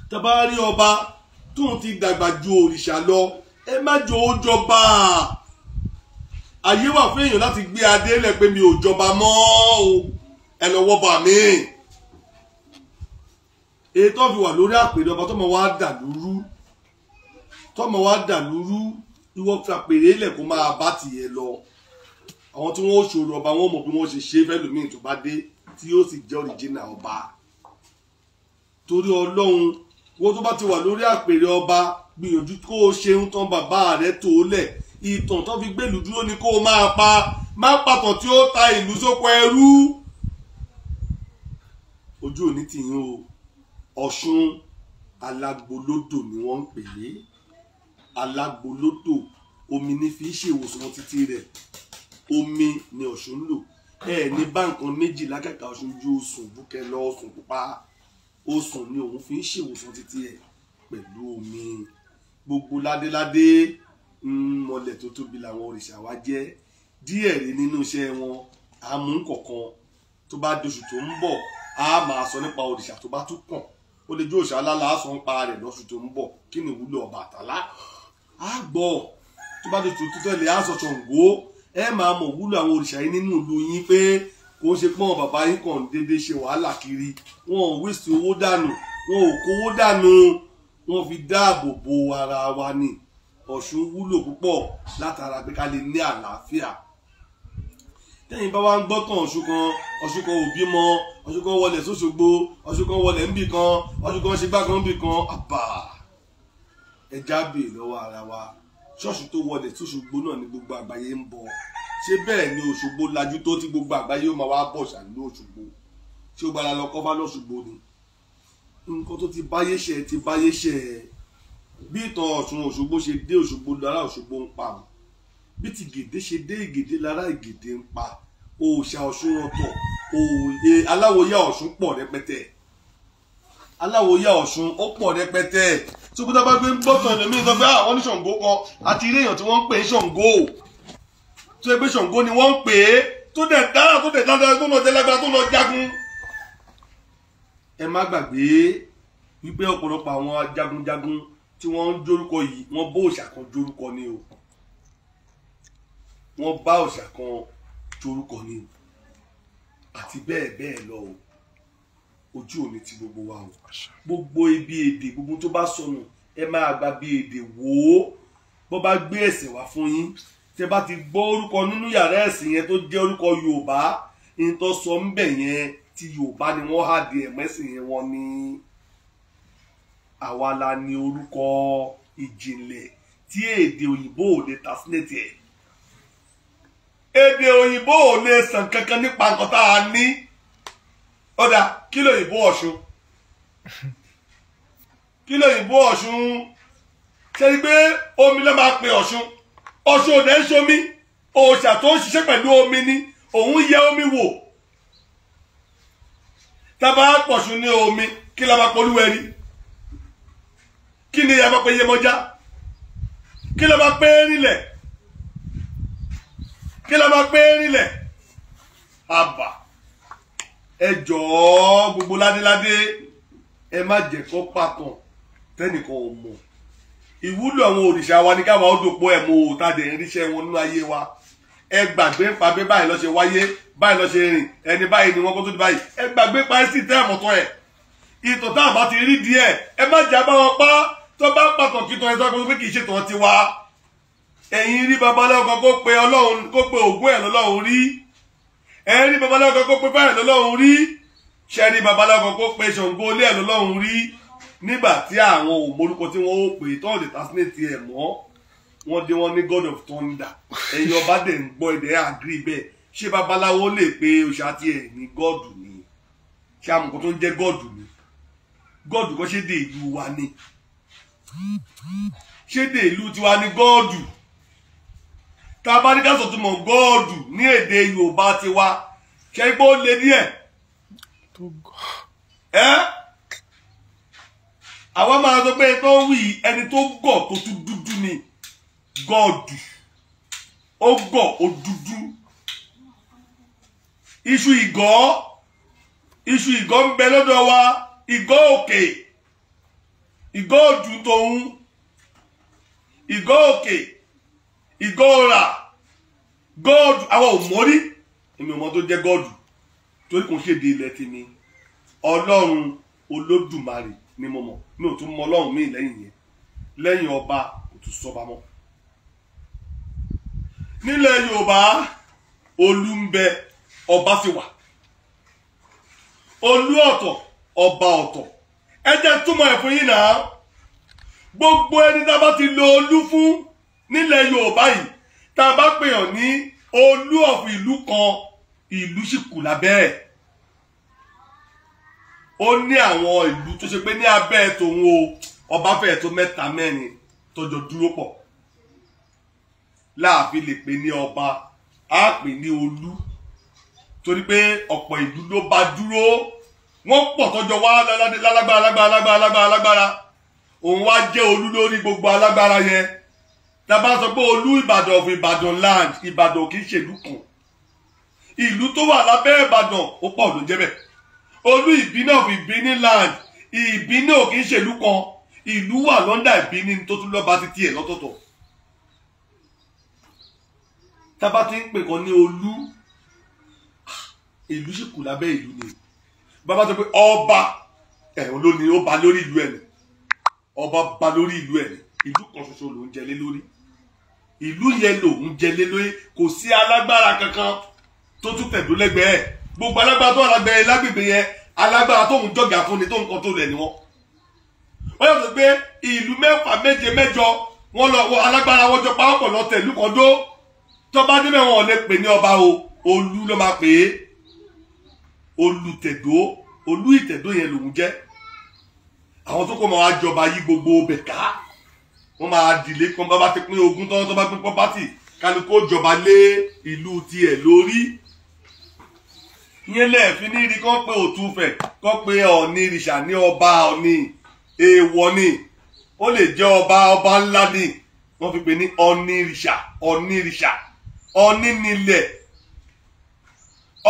Speaker 1: tàbá rí ọba tóun ti dàgbà ju òrìṣà lọ ẹ má jọ ó jọba àyè wà fún èèyàn láti gbé adé lẹ̀ pé mi ò jọba mọ́ o ẹ lọ wọ́ba mi èyí tó fi wà lórí àpèrè ọba tó mọ wá dà lúrú tó mọ wá dà lúrú ìwọ fi àpèrè lẹ̀ kó máa bá tiẹ̀ lọ àwọn tí wọ́n ó ṣòro ọba wọn mọ̀ bí wọ́n ṣe ṣe fẹ́ lómi tó bá dé tí yóò sì jẹ́ òrìjìnà ọba torí ọlọ́run wọ́n tó bá ti wà lórí àpèrè ọba gbìyànjú kó o ṣeun tán bàbá rẹ tó lẹ̀ ìtàn tó fi gbèlú dúró ni kó o máa pa má pàtàn tí ó ta ìlú sóko ẹrú ojú òní ti yín o ọ̀ṣun alágbolódò ni wọ́n ń pè é alágbolódò omi ní fi ṣèwòsàn títí rẹ̀ omi ni ọ̀ṣun lò ẹ ní báǹkan méjì lákàtà ọ̀sùn ju osùn búkẹ́ lọ osùn pupa osùn ni òun fi ń ṣèwòsàn títí ẹ pẹ̀lú omi gbogbo ládéládé hmm, mọlẹ̀ tó tóbi làwọn òrìṣà wa jẹ́ díẹ̀ rí nínú iṣẹ́ wọn àmú kọ̀ọ̀kan tó bá doṣù tó ń bọ̀ á máa sọ nípa òrìṣà tó bá tún kàn ó lè jó òṣà lálàásọ ń pa rẹ̀ lọ́sù tó ń bọ̀ kí ni ìwúlò Ọbàtálá á gbọ́ tó bá doṣù tó tẹ̀lé á sọ Ṣàngó ẹ máa mọ̀ wúlò àwọn òrìṣà yìí nínú ìlú yín pé kò ń ṣe pọ́n bàbá yín kàn déédéé ṣe wàhálà kiri wọn ò wíṣì owó dànù wọn ò kówó dànù wọn fi dáàbò bo ara wa ni ọ̀ṣun wúlò púpọ̀ látara pé ká lè ní àlàáfíà tẹ́yìn bá wá ń gbọ́ tán ọ̀ṣun kan ọ̀ṣun kan ò bímọ ọ̀ṣun kan wọlé sóṣogbo ọ̀ṣun kan wọlé ńbì kan ọ̀ṣun kan ṣe gbá kan ńbì kan àbà ẹja bèè lọ́wọ́ ara wa ṣọ́ọ̀ṣì tó wọlé tí Òṣogbo náà ni gbogbo àgbáyé ń bọ ṣé bẹ́ẹ̀ ni Òṣogbo lajú tó ti gbogbo àgbáyé ó máa wá bọ̀ ṣà ní Òṣogbo ṣé ó gbára lọ kọ́ bá lọ́ṣogbo ni nǹkan tó ti báyé ṣe ti báyé ṣe bí ìtàn Ọ̀ṣun Òṣogbo ṣe dé Òṣogbo lára Òṣogbo ń pa bí ti gèdè ṣe dé ìgèdè lára ìgèdè ń pa òòṣà Ọ̀ṣun ọ̀tọ̀ òòyè eh, aláwòyà Ọ̀ṣun pọ̀ rẹpẹtẹ aláwòyà Ọ̀ṣun ó pọ̀ rẹpẹtẹ sókúta bá gbé gbọ́kàn lèmi sọ pé àwọn ah, oníṣàngó kan àti ilé èèyàn tí wọ́n ń pè é ṣàngó tó ẹgbẹ́ ṣàngó ni wọ́n ń pè é tó dẹ̀ dára tó dẹ̀ dára tó lọ jẹlẹgba tó lọ jagun. ẹ má gbàgbé wípé ọ̀pọ̀lọpọ̀ àwọn jagunjagun tí wọ́n ń jórúkọ yìí wọ́n bá òòṣà kan jórúkọ ni o wọ́n bá òòṣà kan jórúkọ ni o àti bẹ́ẹ̀ bẹ́ẹ̀ lọ o ojú òní ti gbogbo wa o gbogbo ibi èdè gbogbo tó bá sọnù ẹ máa gba bí èdè wò ó bó bá gbé ẹ̀sìn wá fún yín tẹ bá ti gbọ́ orúkọ nínú yàrá ẹ̀sìn yẹn tó jẹ́ orúkọ yorùbá ní tó sọ ń bẹ̀ yẹn ti yorùbá ni wọ́n hà di ẹ̀mẹ́sìn yẹn wọn ni àwa la ni orúkọ ìjìnlẹ̀ tí èdè òyìnbó ò lè translate tiẹ̀ èdè òyìnbó ò lè sàn kankan nípa nǹkan tá a ní ọ̀dà kí lóyìnbó ọ̀ṣun (laughs) kí lóyìnbó ọ̀ṣun ṣe ni pé omi ló máa pe ọ̀ṣun ọ̀ṣun òdẹ ń ṣomi òòṣà tó ń ṣiṣẹ́ pẹ̀lú omi ni òun yẹ omi wò tábà pọ̀ṣun ní omi kí la máa polú ẹ̀rí kí ni a máa pe Yemọja kí la máa pe nílẹ̀ kí la máa pe nílẹ̀ àbà ẹ jọ̀ọ́ gbogbo ládéládé ẹ má jẹ́ kó pàtàn tẹ́nìkan ò mọ̀ ìwúlò àwọn òrìṣà wa ní káwa ó dòpọ̀ ẹ̀ mọ́ òòtà dẹ̀ wọn nínú ayé wa ẹ gbàgbé pa pé báyìí ló ṣe wáyé báyìí ló ṣe rìn ẹni báyìí ni wọ́n kó tó di báyìí ẹ gbàgbé pa ẹ sì tẹ́ àmọ̀tọ́ ẹ̀ ìtọ̀ tá a bá ti rí díẹ̀ ẹ má jà bá wọn pa tó bá pàtàn kí tọ́ ẹ sọ́kọ́ pé kì í ṣètò ọtí wa ẹ̀yin rí babaláwo kan kó pe ọlọ́run kó pe ògùn ẹ̀ lọ́lọ́run rí ẹ rí babaláwo kan kó pe báyìí lọ́lọ́run rí ṣe rí babaláwo kan kó pe ṣòǹgbó ilé ẹ̀ lọ́lọ́run rí nígbà tí àwọn òmorúkọ tí wọ́n ó pè tọ́wọ́n lè tásínẹ́tì ẹ̀ mọ́ wọ́n dé wọ́n ní god of thunder ẹ̀yin ọba dẹ̀ ń gbọ́ ẹ̀dẹ̀ àgírí bẹ́ẹ̀ ṣé babaláwo lè pe òṣà tí ẹ̀ ní gọ́ọ̀dù ni ṣé amọ̀kọ́ tó ń jẹ́ gọ́ọ̀dù ni gọ́ọ̀dù kọ́ ṣé dé ìlú wa ni ṣé dé ìlú tiwa ni gọ́ọ̀dù tá a bá ní ká sọ túmọ̀ góòdù ní èdè yorùbá tiwa ṣe pé ó lé díẹ̀ ẹ àwa máa sọ pé tó ń wí ẹni tó gọ̀ tó tún dúdú ni góòdù ó gọ̀ ó dúdú iṣu ìgọ̀ iṣu ìgọ̀ ń bẹ lọ́dọ̀ wa ìgọ̀ òkè ìgọ̀ òdù tòun ìgọ̀ òkè. Okay ìgọ́ra gọ́ọ̀dù àwa ò mọ́rí èmi ò mọ tó jẹ́ gọ́ọ̀dù torí kò ń ṣèdè ilẹ̀ tèmi ọlọ́run olódùmarè ni mo mọ̀ mi ò tún mọ ọlọ́run mi lẹ́yìn yẹn lẹ́yìn ọba kò tún sọba mọ́ nílẹ̀ yorùbá olú ń bẹ ọba sì wà olú ọ̀tọ̀ ọba ọ̀tọ̀ ẹ jẹ́ túmọ̀ ẹ̀ fún yín náà gbogbo ẹni tá a bá ti lo olú fún nílẹ̀ yorùbá yìí tá a bá pèèyàn ní olú ọ̀fù ìlú kan ìlú sì kù lábẹ́ ẹ̀ ó ní àwọn ìlú tó ṣe pé ní abẹ́ tòun o ọba fẹ́ẹ̀ tó mẹ́ta mẹ́rin tọjọ dúró pọ̀ láàfin lè pè ní ọba á pè ní olú torí pé ọ̀pọ̀ ìlú ló bá dúró wọ́n pọ̀ tọjọ wá lálágbára lágbára lágbára lágbára òun wá jẹ́ olú lórí gbogbo alágbára yẹn tàbá sọ pé olú ìbàdàn of ìbàdàn land ìbàdàn kì í ṣèlú kan ìlú tó wà lábẹ́ ìbàdàn ó pọ̀ ló jẹ́ bẹ́ẹ̀ olú ìbínà of ìbíní land ìbínà kì í ṣèlú kan ìlú wà lọ́ndà ìbíní tó tún lọ́ba títí ẹ̀ lọ́tọ̀ọ̀tọ̀ tàbá ti ń pè kan ní olú ìlú sì kù lábẹ́ ìlú ni bàbá sọ pé ọba ẹ̀ ló ní ó ba lórí ìlú ẹ̀ ọba ba lórí ìlú ẹ̀ ìlú kan ṣoṣo ló ń jẹ lé lórí ìlú yẹn lòun jẹlé lóye kò sí alágbára kankan tó tún tẹ̀dó lẹ́gbẹ̀ẹ́ gbogbo alágbára tó wà lágbẹ̀ẹ́ lágbègbè yẹn alágbára tóun jọ̀gà fún ni tó nǹkan tó lẹ̀ ni wọ́n. wọ́n yàtọ̀ pé ìlú mẹ́fà méje mẹ́jọ wọ́n lọ wọ alágbára wọ́n jọ pàápọ̀ lọ tẹ̀lú kan dó tọ́ba dé mẹ́wọ̀n ò lè pè ní ọba o olú ló máa pè é olùtẹ̀dó olú ìtẹ̀dó yẹn lòun jẹ́ àwọn tó kọ́ máa wá jọba yí gbogbo bẹ̀ ká wọ́n máa dìlé kan bá bá ti pín ogún tọ́wọ́ tó bá pín pọ́pátì kálukú òjọba lé ìlú tiẹ̀ lórí ìyẹn lẹ́ẹ̀fin ní ìdí kan pé òtúfẹ̀ kan pé ọ̀ọ́ni ìrìṣà ní ọba ọ̀ọ́ni èèwọ̀ ni ó lè jẹ́ ọba ọba ńlá ni wọ́n fi pè ní ọ̀ọ́ni ìrìṣà ọ̀ọ́ni ìrìṣà ọ̀ọ́ni nílẹ̀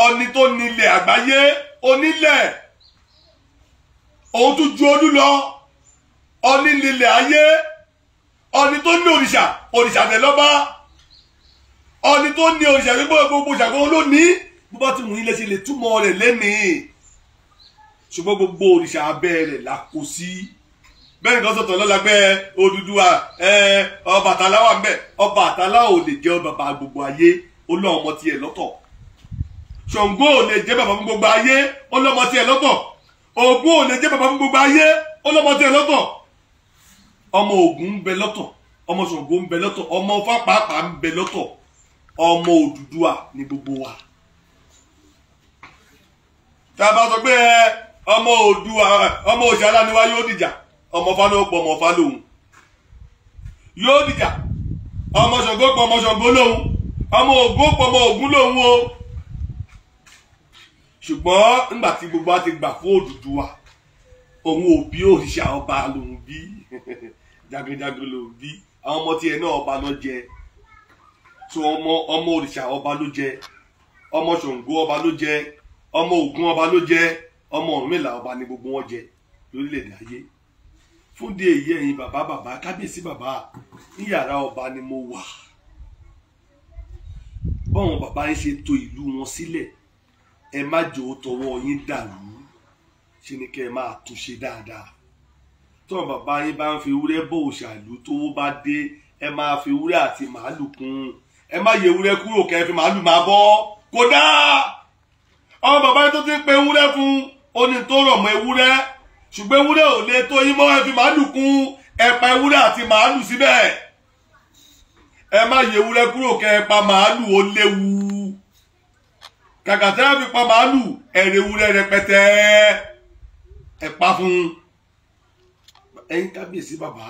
Speaker 1: ọ̀ọ́ni tó nílẹ̀ àgbáyé onílẹ̀ òun tún ju olú lọ ọ̀ọ́ni nílẹ̀ ayé ọ̀ni tó ní òrìṣà òrìṣà tẹ̀ lọ́ba ọ̀ni tó ní òrìṣà gbogbo gbogbo ìṣàkóso ló ní bó bá ti wù yín lẹ́sẹ̀ lè túmọ̀ rẹ̀ lẹ́nìí ṣùgbọ́n gbogbo òrìṣà abẹ́ rẹ̀ la kò sí bẹ́ẹ̀ nìkan sọ̀tọ̀ lọ́lágbẹ́ Odùduwà Ọbàtálá wà ńbẹ̀ Ọbàtálá ò lè jẹ́ bàbá gbogbo ayé olóòmọ tiẹ̀ lọ́tọ̀ Ṣàngó ò lè jẹ́ bàbá fún gbogbo ayé olóòmọ tiẹ̀ lọ́tọ̀ Ògún ò lè jẹ́ bàbá fún gbogbo ayé olóòmọ tiẹ̀ lọ́tọ̀ ọmọ ogun ń bẹ lọ́tọ̀ ọmọ Ṣàngó ń bẹ lọ́tọ̀ ọmọ Ọ̀fà pàápàá ń bẹ lọ́tọ̀ ọmọ Odùduwà ni gbogbo wa. tá a bá sọ pé ọmọ Odùduwà ọmọ Ọ̀ṣàlá ni wá yóò dìjà ọmọ Ọ̀fà náà pọ̀ ọmọ Ọ̀fà lòun yóò dìjà ọmọ Ṣàngó pọ̀ ọmọ Ṣàngó lòun ọmọ Ògún pọ̀ ọmọ Ògún lòun o ṣùgbọ́n nígbà tí gbogbo wa ti gbà fún Odùduwà òun ò òrìṣà ọba lòun bí (laughs) jagunjagun ló bí àwọn ọmọ tiẹ̀ náà ọba ló jẹ so ọmọ ọmọ òrìṣà ọba ló jẹ ọmọ ṣòǹgó ọba ló jẹ ọmọ ògún ọba ló jẹ ọmọ ọ̀rúnmìlà ọba ni gbogbo wọn jẹ lórílẹ̀‐èdè ayé fúndé èyí ẹ̀yin bàbá bàbá kábíyèsí bàbá ní yàrá ọba ni mo wà báwọn bàbá yín ṣe to ìlú wọn sílẹ̀ ẹ má jò ó yín dàrú ṣe ni kẹ́ ẹ máa túnṣe dáadáa tó bàbá yín bá ń fi ewúrẹ́ bò òṣàlù tówó bá dé ẹ máa fi ewúrẹ́ àti màálù kún ẹ má yẹ ewúrẹ́ kúrò kẹ́ ẹ fi màálù máa bọ́ kódà ọmọ bàbá yín tó ti ń pe ewúrẹ́ fún ó ní tó rọ̀ mọ́ ewúrẹ́ ṣùgbọ́n ewúrẹ́ ò lè tó yín mọ́ ẹ fi màálù kún ẹ pa ewúrẹ́ àti màálù síbẹ̀ ẹ má yẹ ewúrẹ́ kúrò kẹ́ ẹ pa màálù ó léwu kàkàtà ẹ fi pa màálù ẹ̀rẹ̀ ewúrẹ́ rẹpẹtẹ ẹ pa fún un ẹ̀yin kábíyèsí bàbá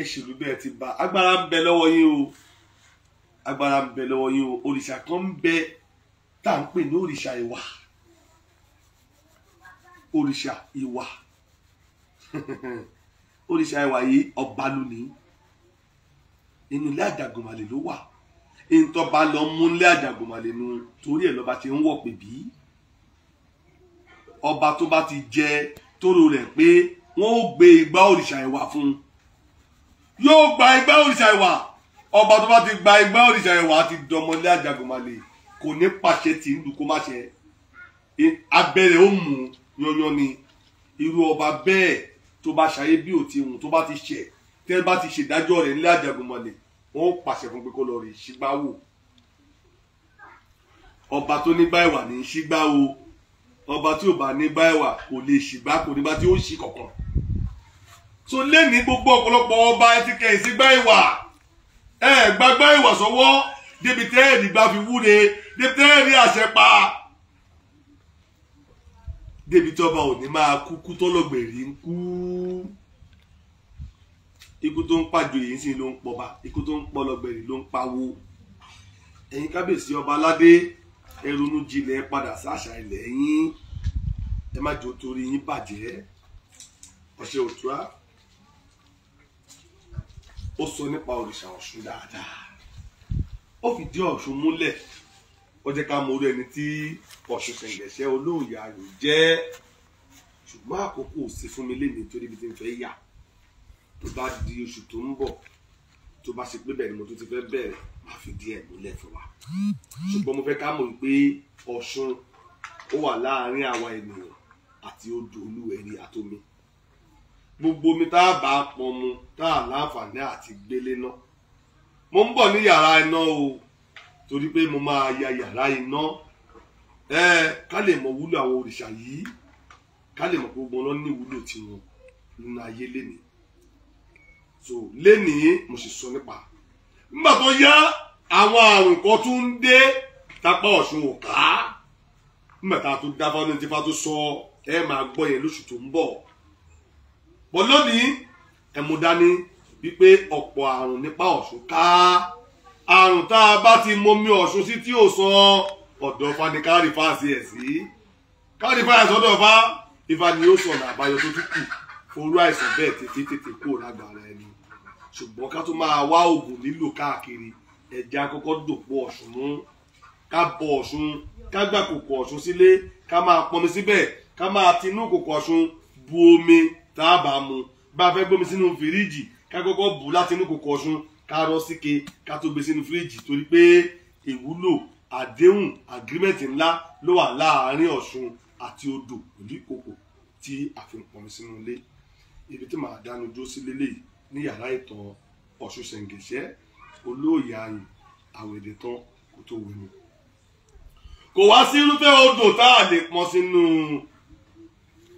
Speaker 1: ẹ ṣèlú bẹ́ẹ̀ ti bá agbára ń bẹ lọ́wọ́ yín o agbára ń bẹ lọ́wọ́ yín o òrìṣà kan ń bẹ tá à ń pè ní òrìṣà ìwà òrìṣà ìwà (laughs) òrìṣà ìwà yìí ọba lónìí inú ilé àjàgùnmalè ló wà ìtọ́ba lọ mú ilé àjàgùnmalè nu torí ẹ̀ lọ́ba ti ń wọ̀ pè bí ọba tó bá ti jẹ tóró rẹ̀ pé wọn ó gbé igbá òrìṣà ìwà fún un yóò gba igbá òrìṣà ìwà ọba tó bá ti gba igbá òrìṣà ìwà ti dọmọlé àjàgùnmalè kò ní pàṣẹ tí ìlú kó má ṣe abẹ́rẹ́ ó mú yanyan ni irú ọba bẹ́ẹ̀ tó bá ṣayé bí òtí òun tó bá ti ṣẹ tẹ́ bá ti ṣèdájọ́ rẹ̀ nílé àjàgùnmalè wọn ó pàṣẹ fún pé kó lọ rí ṣígbá ọba tó nígbà ìwà ní ṣígbá o ọba tí ò bá nígbà ìwà kò lè ṣìgbá kò nígbà tí ó ń ṣí so lẹ́ni gbogbo ọ̀pọ̀lọpọ̀ ọba ẹtì kẹ̀yìn sí gbá ìwà ẹ gbàgbá ìwà sọ́wọ́ débi tẹ́ẹ̀dì gbà fi wúre débi tẹ́ẹ̀dì àṣẹ pa débi tí ọba òní máa kú kú tọ́lọ̀gbẹ̀rì ń kú ikú tó ń pàjọ yìí sí ló ń pọba ikú tó ń pọlọgbẹ̀rì ló ń pawó ẹ̀yin kábíyèsí ọba aládé ẹ ronú jinlẹ̀ padà sáṣà ilẹ̀ yín ẹ má jò torí yín bàjẹ́ ọ̀sẹ̀ òtúrá ó sọ nípa òrìṣà ọ̀ṣun dáadáa ó fìdí ọ̀ṣun múlẹ̀ ó jẹ́ ká mọ orí ẹni tí ọ̀ṣun ṣẹ̀ǹgẹ̀ṣẹ́ olóòyè ayò jẹ́ ṣùgbọ́n àkókò ò sí fún mi lénìí torí ibi tí n fẹ́ yà tó bá di oṣù tó ń bọ̀ tó bá ṣe pé bẹ́ẹ̀ ni mo tún ti fẹ́ bẹ̀rẹ̀ máa fi díẹ̀ múlẹ̀ fún wa ṣùgbọ́n mo fẹ́ ká mọ̀ pé ọ̀ṣun ó wà láàárín àwa ènìyàn àti odò olúwẹ̀rí àtomi gbogbo omi tá a bá pọn mu tá a láǹfààní àti gbélé náà mo ń bọ̀ ní yàrá iná o torí pé mo máa ya yàrá iná ẹ ká lè mọ wúlò àwọn òrìṣà yìí ká lè mọ gbogbo wọn ní ìwúlò tiwọn nínú ayé lénìí so lénìí mo sì sọ nípa
Speaker 2: nígbà tó yá
Speaker 1: àwọn àrùn kan tún ń dé tápá ọ̀ṣun ò ká nígbà tá a tún dáfá ní tipa tó sọ ẹ máa gbọ́ yẹn lóṣù tó ń bọ̀ bọ́ lónìí ẹ̀mú dání wípé ọ̀pọ̀ àrùn nípa ọ̀ṣun ká àrùn tá a bá ti mọmi ọ̀ṣun sí tí ò sọ ọ̀dọ̀ fa ni káàrí fa sí ẹ̀ sí káàrí fa ẹ̀sọ́ ọ̀dọ̀ fa ifá ni ó sọ̀nà àbáyọ tó tún kù forú àìsàn bẹ́ẹ̀ tètè tètè kúrò lágbára ẹni ṣùgbọ́n ká tó máa wá oògùn lílò káàkiri ẹ̀jẹ̀ àkọ́kọ́ dòpò ọ̀ṣun mú ká bọ ọ̀ṣun ká gbà kòkò ọ̀ṣun sílé ká máa pọnmi síbẹ̀ ká máa tinú kòkò ọ̀ṣun bu omi tá a bá mu bá a fẹ́ gbómi sínú fíríjì ká kọ́kọ́ bù láti inú kòkò ọ̀ṣun ká rọ síke ká tó gbé sínú fíríjì torí pé ìwúlò àdéhùn àgírímẹ̀ntì ńlá ló wà láàárín ọ̀ṣun àti odò pẹ̀lú ìkòkò tí a fi ń pọnmi sínú ilé ibi tí màá dánu dúró sí lélẹ́yìí ní yàrá ìtàn ọ̀ṣun ṣẹ̀ǹgẹ̀ṣẹ́ olóòyè ayùn àwẹ̀dẹ̀ tán kò tó wẹ̀ ni kò wá sí irúfẹ́ odò tá a lè pọn sínú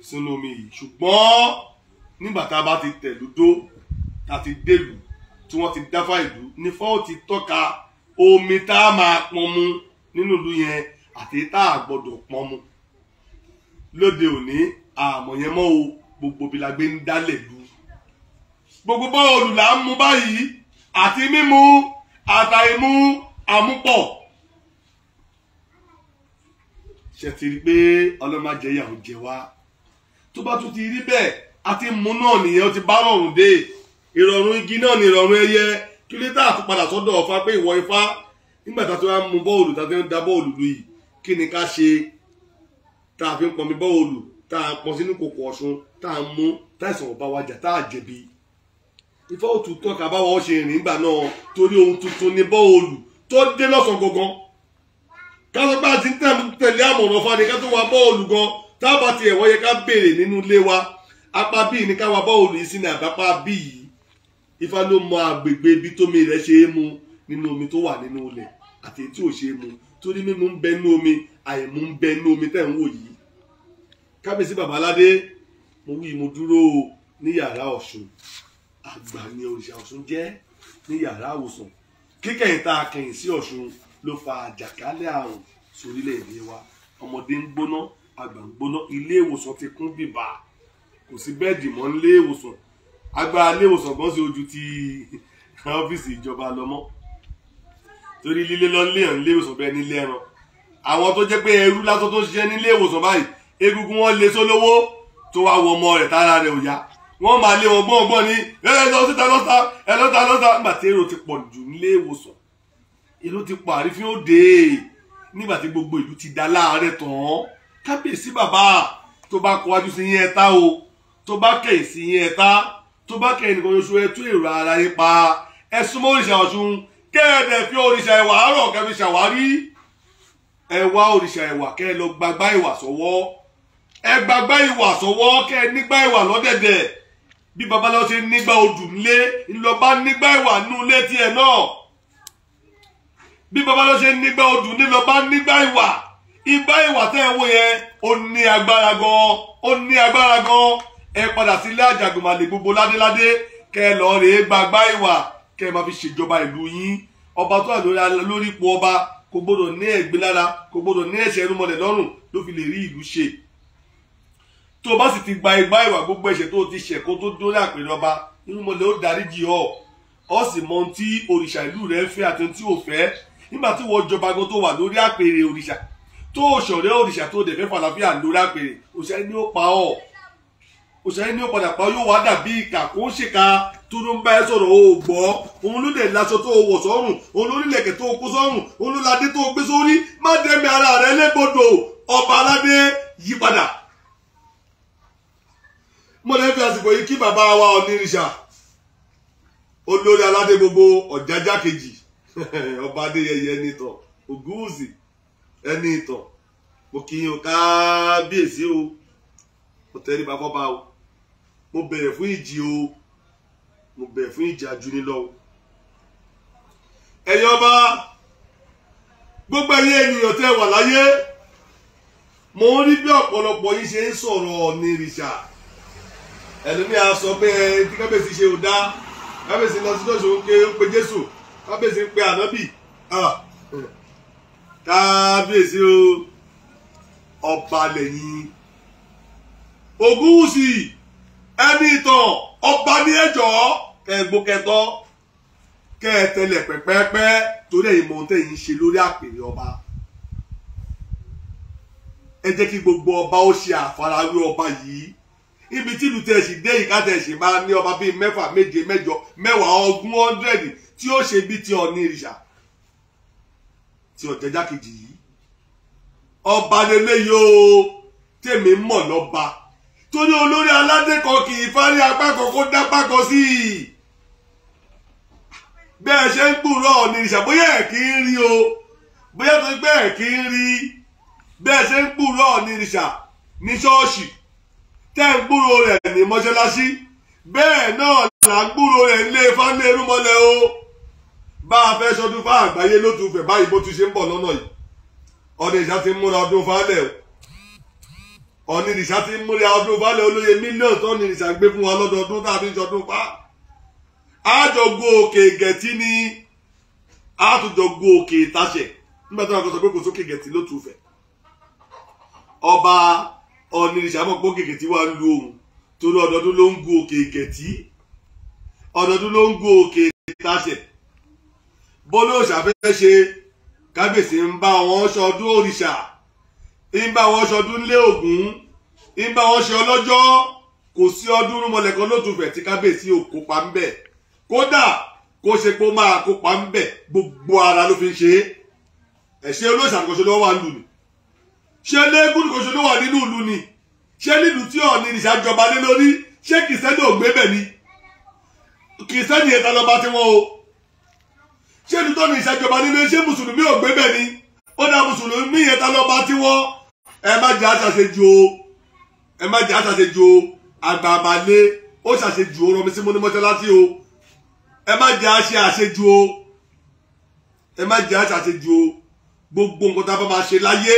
Speaker 1: sínú omi yìí ṣùgbọ́n nígbà tá a bá ti tẹ̀lú dó tá a ti délù tí wọ́n ti dáfá ìlú ní fọ́ọ̀ ti tọ́ka omi tá a máa pọn mu nínú ìlú yẹn àti tá a gbọ́dọ̀ pọn mu lóde òní àmọ̀ yẹn mọ́ o gbogbo bí la gbé ń dálẹ̀ lu gbogbo bá olùlà ń mu báyìí àti mímu àtàìmú àmúpọ̀ ṣe pé ọlọ́mọ ajẹ́yà jẹ wá tó bá tún ti rí bẹ́ẹ̀ àti mú náà nìyẹn ó ti bá rọrùn dé ìrọ̀rùn igi náà ni ìrọ̀rùn ẹyẹ kí ló dá àtúpadà sọ́dọ̀ ọ̀fà pé ìwọ ifá nígbà tá a ti wá mú bọ́ọ̀lù tá a ti ń da bọ́ọ̀lù lu yìí kí ni ká ṣe tá a fi ń pọnmi bọ́ọ̀lù tá a pọn sínú kòkò ọ̀ṣun tá a mú táìsàn ọba wa jà tá a jẹ̀bi ifá ò tún tán kábàáwá ó ṣe rìn ìgbà náà torí ohun tuntun ni bọ́ọ̀lù tó dé lọ́sàn gangan ká sọ pé àti tẹ̀lé àmọ̀ràn fani ká tó wa bọ́ọ̀lù gan tábà ti ẹ̀wọ́ yẹ ká béèrè nínú ilé wa apá bíi ní káwa bá olùyìísí ní àbápá bíi ifá ló mọ àgbègbè ibi tómi rẹ̀ ṣe é mu nínú omi tó wà nínú ilẹ̀ àti èyí tí ò ṣe é mu torí mímu ń bẹ nínú omi àìmú ń bẹ nínú omi tẹ̀ ń wò yìí kábíyèsí babaládé mo wí mo dúró ní yàrá ọ̀ṣun àgbà ni òrìṣà ọ̀ṣun jẹ́ ní yàrá àwòsàn kíkẹ́yìn tá a kẹ̀yìn sí ọ̀ṣun ló fa àjàkálẹ̀ àrùn sórílẹ̀-èdè wa ọmọdé ń gbóná àgbàgbóná ilé ìwòsàn ti kún bíbá kò sí bẹ́ẹ̀dì mọ́ nílé ìwòsàn agbára ilé ìwòsàn gan sí ojú ti (laughs) ọ́fíìsì ìjọba lọ́mọ́ torí lílé lọ nílé hàn nílé ìwòsàn bẹ́ẹ̀ nílé ẹran àwọn tó jẹ́ pé ẹrú lásán tó ń ṣiṣẹ́ nílé ìwòsàn báyìí egungun wọn lé sólówó tó wá wọ ọmọ rẹ̀ tára rẹ̀ ò yá wọ́n máa lé wọn gbọ́ngbọ́n ní ẹ lọ síta lọ́ta ẹ lọ́ta lọ́ta nígbà tí èrò ti pọ̀ jù nílé ìwòsàn èrò ti pọ̀ àrífín òde nígbà tí gbogbo ìlú ti da láàárẹ̀ tán kábíyèsí bàbá tó bá kọ wájú sí yín ẹ ta o tó bá kẹ̀yìn sí yín ẹ ta tó bá kẹ̀yìn nìkan oṣù ẹ tú èrò ara yín pa ẹ súnmọ́ òrìṣà ọ̀ṣun kẹ́ẹ̀dẹ̀ fi òrìṣà ẹ̀wà àárọ̀ kẹ́ fi ṣàwárí ẹ wá òrìṣà ẹ̀wà kẹ́ ẹ lọ gbagbá ìwà sọ́wọ́ ẹ gbagbá ìwà sọ́wọ́ kẹ́ ẹ nígbà ìwà lọ́dẹ̀dẹ̀ bí babaláwo ṣe nígbà odù nílé ńlọba nígbà ìwà nú ilé tiẹ̀ náà bí babaláwo ṣe nígbà odù nílọba nígbà ìwà ibà ìwà tẹ́ ẹ wò yẹn ó ní agbára gan-an ó ní agbára gan-an ẹ padà sílé àjàgùnmàlè gbogbo ládéládé kẹ ẹ lọ rèé gbàgbá ìwà kẹ ẹ máa fi ṣèjọba ìlú yín ọba tó wà lórí ipò ọba kò gbọdọ̀ ní ẹ̀gbin lára kò gbọdọ̀ ní ẹ̀ṣẹ̀ ẹnu mọ́lẹ̀ lọ́rùn ló fi lè rí ìlú ṣe tó o bá sì ti gba ìgbà ìwà gbogbo ẹ̀ṣẹ̀ tó o ti ṣẹ̀ kó tó dórí àpèrè ọba inú mọ́lẹ̀ ó dáríjì ọ ọ sì mọ ohun tí òrìṣà ìlú rẹ ń fẹ́ àti ohun tí ò fẹ́ nígbà tí wọ́n jọba gan tó wà lórí àpèrè òrìṣà tó ṣọ̀rẹ́ òrìṣà tó dẹ̀ fẹ́ falafíà ń lórí àpèrè òṣèré ni ó pa ọ́ òṣèré ni ó padà pa yóò wá dàbí ìkà kó ń ṣèkà tó ló ń bá ẹ sọ̀rọ̀ o gbọ́ òun ló dẹ̀ láṣọ tó wọ̀ sọ́rùn òun ló nílẹ̀kẹ̀ tó kó sọ́rùn òun ló ladé tó gbé sórí má dẹ́mi ara rẹ lẹ́gbọ̀dọ̀ ọba aládé yípadà. mo lè fi àsìkò yìí kí bàbá wa onírìṣà olórí aládé gbogbo ọ̀jájá kejì (laughs) ọba adéyẹyẹ nítọ̀ ògúnwùsì ẹni ìtàn mo kì í kábíyèsí o mo tẹríba fọ́ba o mo bẹ̀rẹ̀ fún ìjì o mo bẹ̀rẹ̀ fún ìjì ajúnilọ́ o ẹ̀yin ọba gbogbo ẹ̀yin ènìyàn tẹ́ wà láyé mo ń rí bí ọ̀pọ̀lọpọ̀ yín ṣe ń sọ̀rọ̀ ní ìrìṣà ẹlòmíì á sọ pé tí kábíyèsí ṣe ò dá kábíyèsí lọ sí lọ́sọ̀ọ́ ń pe Jésù kábíyèsí ń pe ànábì ah, kábíyèsí o ọba lẹ́yìn Ògúnwùsì ẹni ìtàn ọba ní ẹjọ́ kẹgbókẹtọ kẹtẹlẹ pẹpẹpẹ torí ẹ̀yin mọ ohun tẹ̀yin ń ṣe lórí àpèrè ọba ẹ jẹ́ kí gbogbo ọba ó ṣe àfarawé ọba yìí ibi tí ìlú tẹ̀ dé ìka tẹ̀ sí máa ní ọba bíi mẹ́fà méje mẹ́jọ mẹ́wàá ogún hundred tí ó ṣe bíi ti Ọ̀ọ̀ni ìrìṣà tí ọ̀jẹ̀já kejì yìí ọba lélẹ́yìí o tèmi mọ̀ lọ́ba torí olórí aládé kan kì í fárí apá kan kó dá pákan sí i bẹ́ẹ̀ ṣe ń gbúrò ọ̀nì ìṣàbóyá ẹ̀ kì í rí o bóyá tó gbẹ́ ẹ̀ kì í rí bẹ́ẹ̀ ṣe ń gbúrò ọ̀nì ìṣà ní ṣọ́ọ̀ṣì tẹ́ ń gbúrò rẹ̀ ní mọ́ṣáláṣí bẹ́ẹ̀ náà là ń gbúrò rẹ̀ ń lé fánlé rúmọlẹ̀ o bá a fẹ́ sọdún fún àgbáyé ló tún fẹ̀ báyìí bó ti ṣe ń bọ̀ lọ́nà yìí ọ̀nà ìṣá ti múra ọdún fálẹ̀ o ọ̀nà ìṣá ti múra ọdún fálẹ̀ olóye mílíọ̀nù tó ní ìṣá gbé fún wa lọ́dọọdún tá a fi sọdún pa àjọgbó òkè gẹ̀tì ni àtúnjọgbó òkè ìtàṣẹ̀ nígbà tó wà kó sọ pé kò sókè gẹ̀tì ló tún fẹ̀ ọba ọ̀nà ìṣá mọ̀ pé òkè gẹ̀tì wà ń lu òun torí ọdọọdún ló ń gun òkè gẹ̀tì ọdọọdún ló ń gun òkè ìtàṣẹ̀ bólú òṣàfẹ́ ṣe kábíyèsí ń bá wọn ṣọdún òrìṣà ń bá wọn ṣọdún lé ògún ń bá wọn ṣe ọlọ́jọ́ kò sí ọdún rúmọlẹ̀ kan lótùfẹ̀ tí kábíyèsí ò kópa ń bẹ̀ kódà kó ṣe kó máa kópa ń bẹ̀ gbogbo ara ló fi ń ṣe é ẹ̀ṣẹ́ olóòṣà kò ṣe ló wà nílùú ni ṣé léegun kò ṣe ló nínú ìlú ni ṣé nílùú tí ọ̀ọ́ni ìṣàjọba lé lórí ṣé kìsẹ́ni ò ṣé ìlú tó ní ìṣèjọba nínú ṣé mùsùlùmí ò gbé bẹ́ẹ̀ ni ó dá mùsùlùmí yẹn ta lọ́ba tí wọ́n ẹ má jẹ́ àṣàṣejù o ẹ má jẹ́ àṣàṣejù o àgbààbàlé ó ṣàṣejù o rọmi sí mo ní mọ́ṣáláṣí o ẹ má jẹ́ àṣe àṣejù o ẹ má jẹ́ àṣàṣejù o gbogbo nǹkan tá a bá máa ṣe láyé